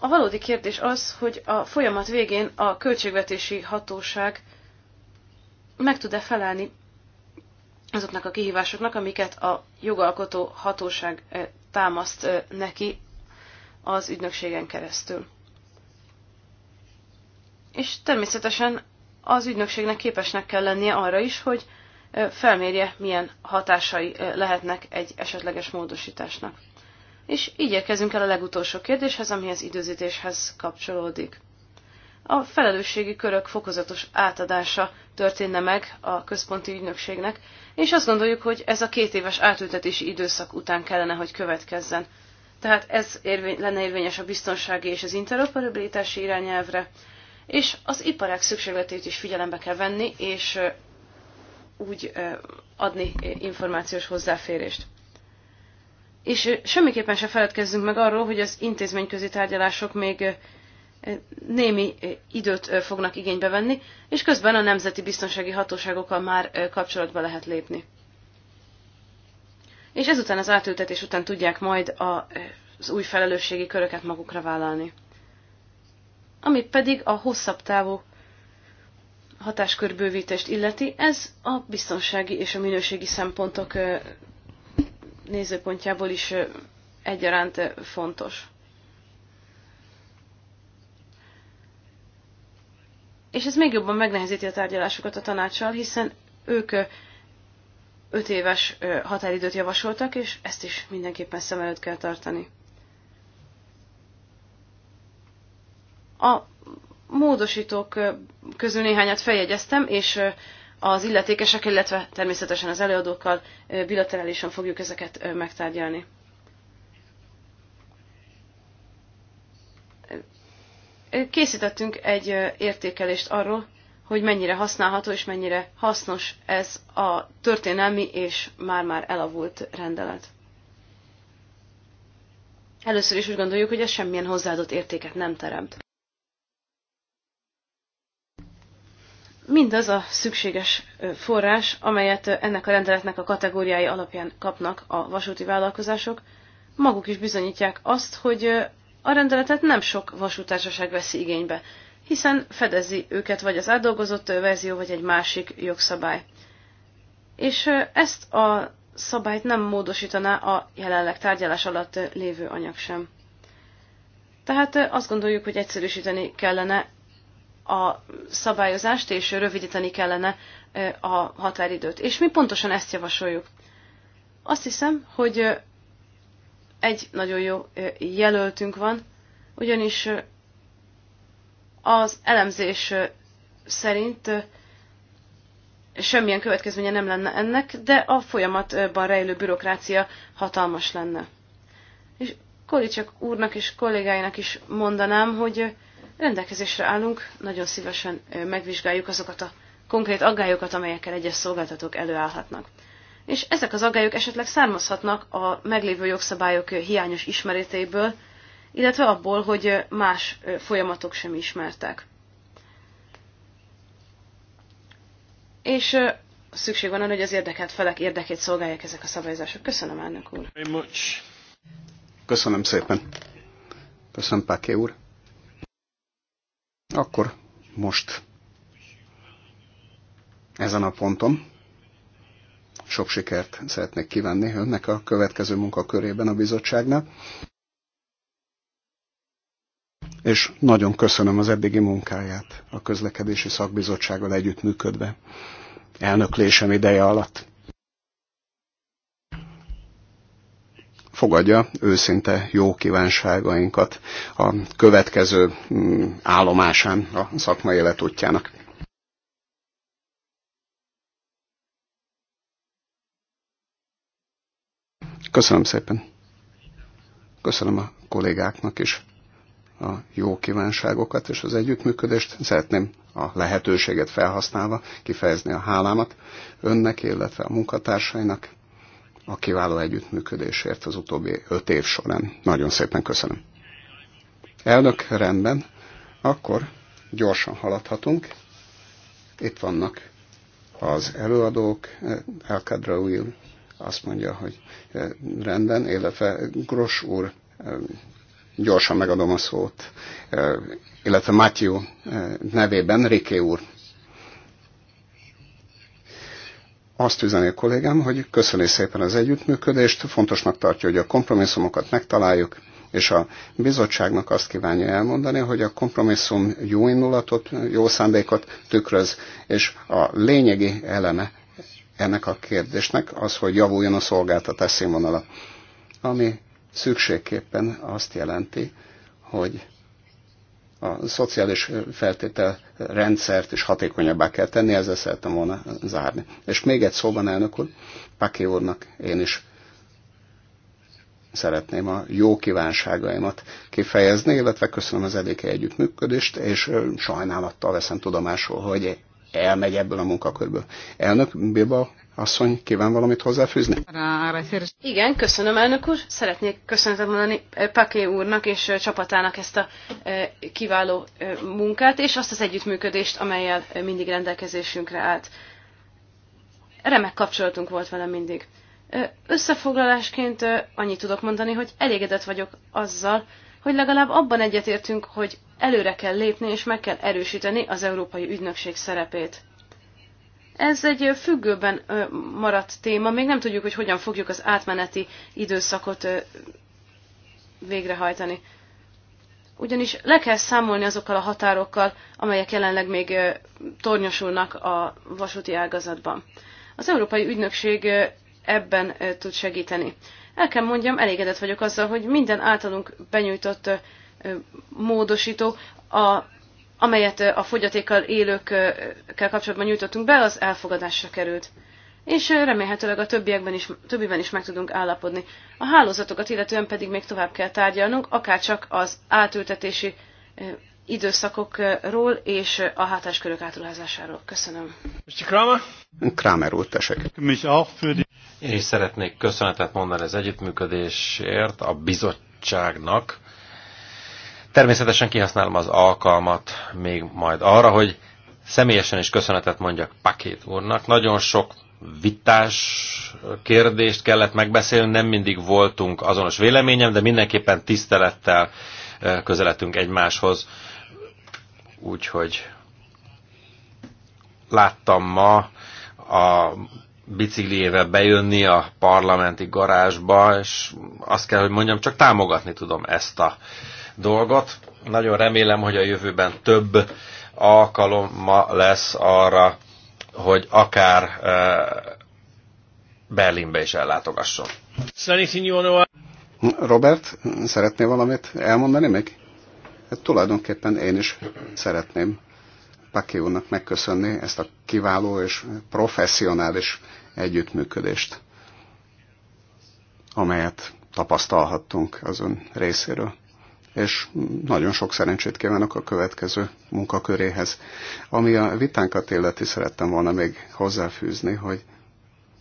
A valódi kérdés az, hogy a folyamat végén a költségvetési hatóság meg tud-e felelni azoknak a kihívásoknak, amiket a jogalkotó hatóság eh, támaszt eh, neki az ügynökségen keresztül. És természetesen az ügynökségnek képesnek kell lennie arra is, hogy eh, felmérje, milyen hatásai lehetnek egy esetleges módosításnak és érkezünk el a legutolsó kérdéshez, ami az időzítéshez kapcsolódik. A felelősségi körök fokozatos átadása történne meg a központi ügynökségnek, és azt gondoljuk, hogy ez a két éves átültetési időszak után kellene, hogy következzen. Tehát ez érvény, lenne érvényes a biztonsági és az interoperabilitási irányelvre, és az iparák szükségletét is figyelembe kell venni, és úgy adni információs hozzáférést és semmiképpen se feledkezzünk meg arról, hogy az intézményközi tárgyalások még némi időt fognak igénybe venni, és közben a nemzeti biztonsági hatóságokkal már kapcsolatba lehet lépni. És ezután az átültetés után tudják majd az új felelősségi köröket magukra vállalni. Ami pedig a hosszabb távú hatáskörbővítést illeti, ez a biztonsági és a minőségi szempontok nézőpontjából is egyaránt fontos. És ez még jobban megnehezíti a tárgyalásokat a tanácssal, hiszen ők öt éves határidőt javasoltak, és ezt is mindenképpen szem előtt kell tartani. A módosítók közül néhányat feljegyeztem, és az illetékesek, illetve természetesen az előadókkal bilaterálisan fogjuk ezeket megtárgyalni. Készítettünk egy értékelést arról, hogy mennyire használható és mennyire hasznos ez a történelmi és már-már elavult rendelet. Először is úgy gondoljuk, hogy ez semmilyen hozzáadott értéket nem teremt. Mindaz a szükséges forrás, amelyet ennek a rendeletnek a kategóriái alapján kapnak a vasúti vállalkozások, maguk is bizonyítják azt, hogy a rendeletet nem sok vasútársaság veszi igénybe, hiszen fedezi őket vagy az átdolgozott verzió, vagy egy másik jogszabály. És ezt a szabályt nem módosítaná a jelenleg tárgyalás alatt lévő anyag sem. Tehát azt gondoljuk, hogy egyszerűsíteni kellene a szabályozást, és rövidíteni kellene a határidőt. És mi pontosan ezt javasoljuk. Azt hiszem, hogy egy nagyon jó jelöltünk van, ugyanis az elemzés szerint semmilyen következménye nem lenne ennek, de a folyamatban rejlő bürokrácia hatalmas lenne. És Kolicsak úrnak és kollégáinak is mondanám, hogy rendelkezésre állunk, nagyon szívesen megvizsgáljuk azokat a konkrét aggályokat, amelyekkel egyes szolgáltatók előállhatnak. És ezek az aggályok esetleg származhatnak a meglévő jogszabályok hiányos ismeretéből, illetve abból, hogy más folyamatok sem ismertek. És szükség van arra, hogy az érdekelt felek érdekét szolgálják ezek a szabályozások. Köszönöm, elnök úr. Köszönöm szépen. Köszönöm, Páké úr akkor most ezen a ponton sok sikert szeretnék kívánni önnek a következő munkakörében a bizottságnál. És nagyon köszönöm az eddigi munkáját a közlekedési szakbizottsággal együttműködve elnöklésem ideje alatt. fogadja őszinte jó kívánságainkat a következő mm, állomásán a szakmai élet útjának. Köszönöm szépen. Köszönöm a kollégáknak is a jó kívánságokat és az együttműködést. Szeretném a lehetőséget felhasználva kifejezni a hálámat önnek, illetve a munkatársainak, a kiváló együttműködésért az utóbbi öt év során. Nagyon szépen köszönöm. Elnök, rendben. Akkor gyorsan haladhatunk. Itt vannak az előadók. Eh, Elkadra Will azt mondja, hogy eh, rendben, illetve Gros úr, eh, gyorsan megadom a szót, illetve Matthew nevében Riké úr azt üzeni a kollégám, hogy köszöni szépen az együttműködést, fontosnak tartja, hogy a kompromisszumokat megtaláljuk, és a bizottságnak azt kívánja elmondani, hogy a kompromisszum jó indulatot, jó szándékot tükröz, és a lényegi eleme ennek a kérdésnek az, hogy javuljon a szolgáltatás színvonala. Ami szükségképpen azt jelenti, hogy a szociális feltétel rendszert is hatékonyabbá kell tenni, ezzel szerettem volna zárni. És még egy szóban, elnök úr, Paki úrnak én is szeretném a jó kívánságaimat kifejezni, illetve köszönöm az edéke együttműködést, és sajnálattal veszem tudomásul, hogy elmegy ebből a munkakörből. Elnök Biba Asszony, kíván valamit hozzáfűzni? Igen, köszönöm, elnök úr. Szeretnék köszönetet mondani eh, Paké úrnak és eh, csapatának ezt a eh, kiváló munkát, és azt az együttműködést, amelyel mindig rendelkezésünkre állt. Remek kapcsolatunk volt vele mindig. Összefoglalásként annyit tudok mondani, hogy elégedett vagyok azzal, hogy legalább abban egyetértünk, hogy előre kell lépni és meg kell erősíteni az Európai Ügynökség szerepét ez egy függőben maradt téma, még nem tudjuk, hogy hogyan fogjuk az átmeneti időszakot végrehajtani. Ugyanis le kell számolni azokkal a határokkal, amelyek jelenleg még tornyosulnak a vasúti ágazatban. Az Európai Ügynökség ebben tud segíteni. El kell mondjam, elégedett vagyok azzal, hogy minden általunk benyújtott módosító a amelyet a fogyatékkal élőkkel kapcsolatban nyújtottunk be, az elfogadásra került. És remélhetőleg a többiekben is, többiben is meg tudunk állapodni. A hálózatokat illetően pedig még tovább kell tárgyalnunk, akárcsak az átültetési időszakokról és a hátáskörök átruházásáról. Köszönöm. Mr. Kramer? Kramer úr, tessék. Én is szeretnék köszönetet mondani az együttműködésért a bizottságnak Természetesen kihasználom az alkalmat még majd arra, hogy személyesen is köszönetet mondjak Pakét úrnak. Nagyon sok vitás kérdést kellett megbeszélni, nem mindig voltunk azonos véleményem, de mindenképpen tisztelettel eh, közeletünk egymáshoz. Úgyhogy láttam ma a bicikliével bejönni a parlamenti garázsba, és azt kell, hogy mondjam, csak támogatni tudom ezt a dolgot. Nagyon remélem, hogy a jövőben több alkalomma lesz arra, hogy akár e, Berlinbe is ellátogasson. Robert, szeretnél valamit elmondani még? Hát tulajdonképpen én is szeretném Paki úrnak megköszönni ezt a kiváló és professzionális együttműködést, amelyet tapasztalhattunk az ön részéről és nagyon sok szerencsét kívánok a következő munkaköréhez. Ami a vitánkat illeti, szerettem volna még hozzáfűzni, hogy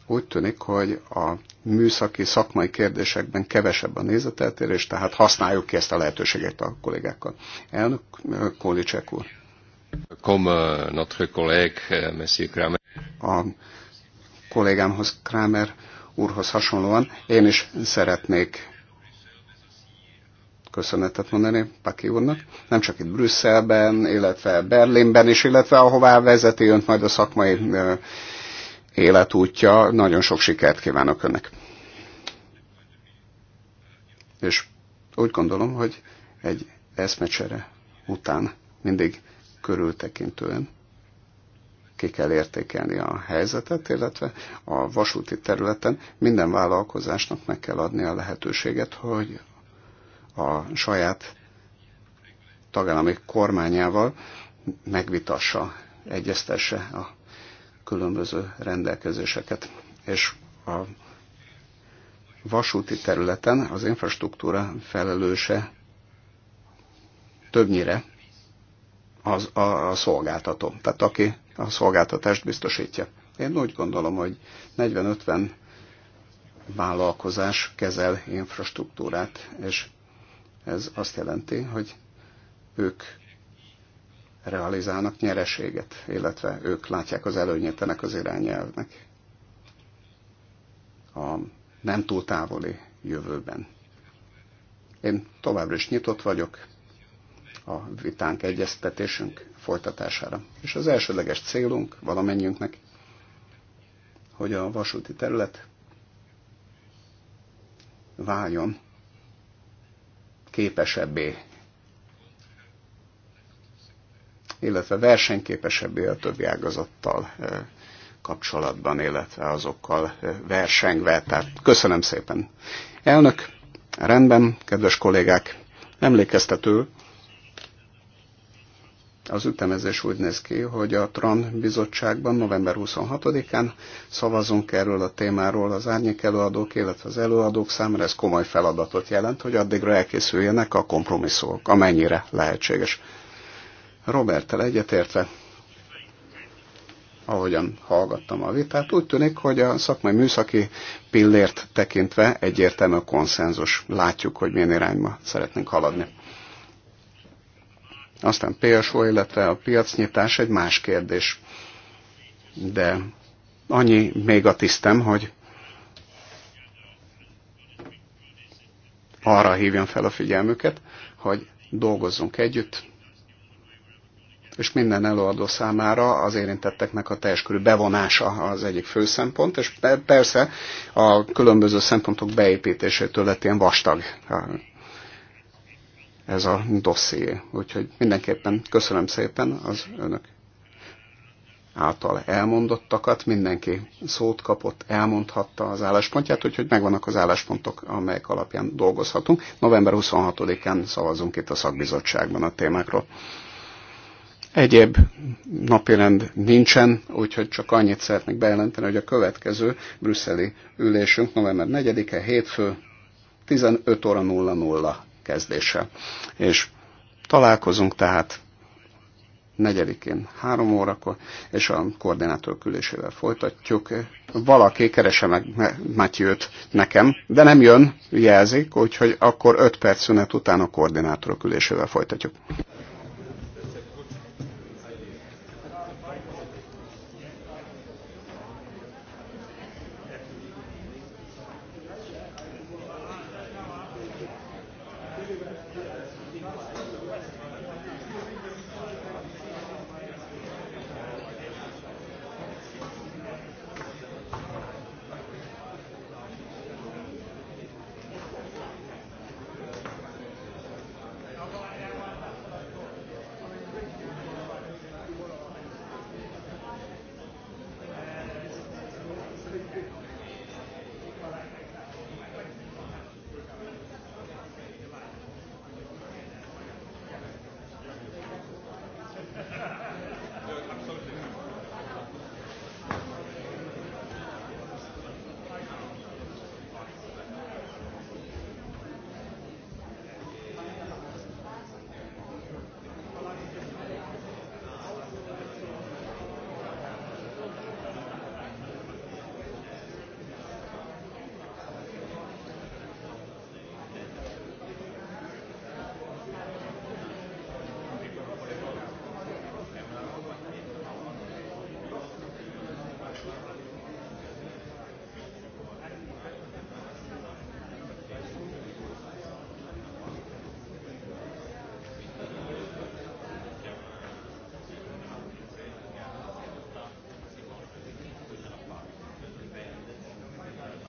úgy tűnik, hogy a műszaki, szakmai kérdésekben kevesebb a nézeteltérés, tehát használjuk ki ezt a lehetőséget a kollégákkal. Elnök Kólicsek úr. Comme euh, notre collègue, euh, Monsieur Kramer. A kollégámhoz, Kramer úrhoz hasonlóan én is szeretnék köszönetet mondani Paki úrnak, nem csak itt Brüsszelben, illetve Berlinben is, illetve ahová vezeti önt majd a szakmai életútja. Nagyon sok sikert kívánok önnek. És úgy gondolom, hogy egy eszmecsere után mindig körültekintően ki kell értékelni a helyzetet, illetve a vasúti területen minden vállalkozásnak meg kell adni a lehetőséget, hogy a saját tagállami kormányával megvitassa, egyeztesse a különböző rendelkezéseket. És a vasúti területen az infrastruktúra felelőse többnyire az a, a szolgáltató, tehát aki a szolgáltatást biztosítja. Én úgy gondolom, hogy 40-50 vállalkozás kezel infrastruktúrát, és ez azt jelenti, hogy ők realizálnak nyereséget, illetve ők látják az előnyét ennek az irányelvnek a nem túl távoli jövőben. Én továbbra is nyitott vagyok a vitánk, egyeztetésünk folytatására. És az elsődleges célunk valamennyünknek, hogy a vasúti terület váljon képesebbé, illetve versenyképesebbé a többi ágazattal kapcsolatban, illetve azokkal versengve. Tehát köszönöm szépen. Elnök, rendben, kedves kollégák, emlékeztető, az ütemezés úgy néz ki, hogy a TRAN bizottságban november 26-án szavazunk erről a témáról az árnyék előadók, illetve az előadók számára. Ez komoly feladatot jelent, hogy addigra elkészüljenek a kompromisszumok, amennyire lehetséges. Roberttel egyetértve, ahogyan hallgattam a vitát, úgy tűnik, hogy a szakmai műszaki pillért tekintve egyértelmű konszenzus. Látjuk, hogy milyen irányba szeretnénk haladni. Aztán PSO, illetve a piacnyitás egy más kérdés. De annyi még a tisztem, hogy arra hívjam fel a figyelmüket, hogy dolgozzunk együtt, és minden előadó számára az érintetteknek a teljes körű bevonása az egyik fő szempont, és persze a különböző szempontok beépítésétől lett ilyen vastag ez a dosszié. Úgyhogy mindenképpen köszönöm szépen az önök által elmondottakat, mindenki szót kapott, elmondhatta az álláspontját, úgyhogy megvannak az álláspontok, amelyek alapján dolgozhatunk. November 26-án szavazunk itt a szakbizottságban a témákról. Egyéb napirend nincsen, úgyhogy csak annyit szeretnék bejelenteni, hogy a következő brüsszeli ülésünk november 4-e hétfő 15 óra 00 kezdése És találkozunk tehát negyedikén három órakor, és a koordinátor külésével folytatjuk. Valaki keresse meg Matyőt nekem, de nem jön, jelzik, úgyhogy akkor öt perc szünet után a koordinátor külésével folytatjuk.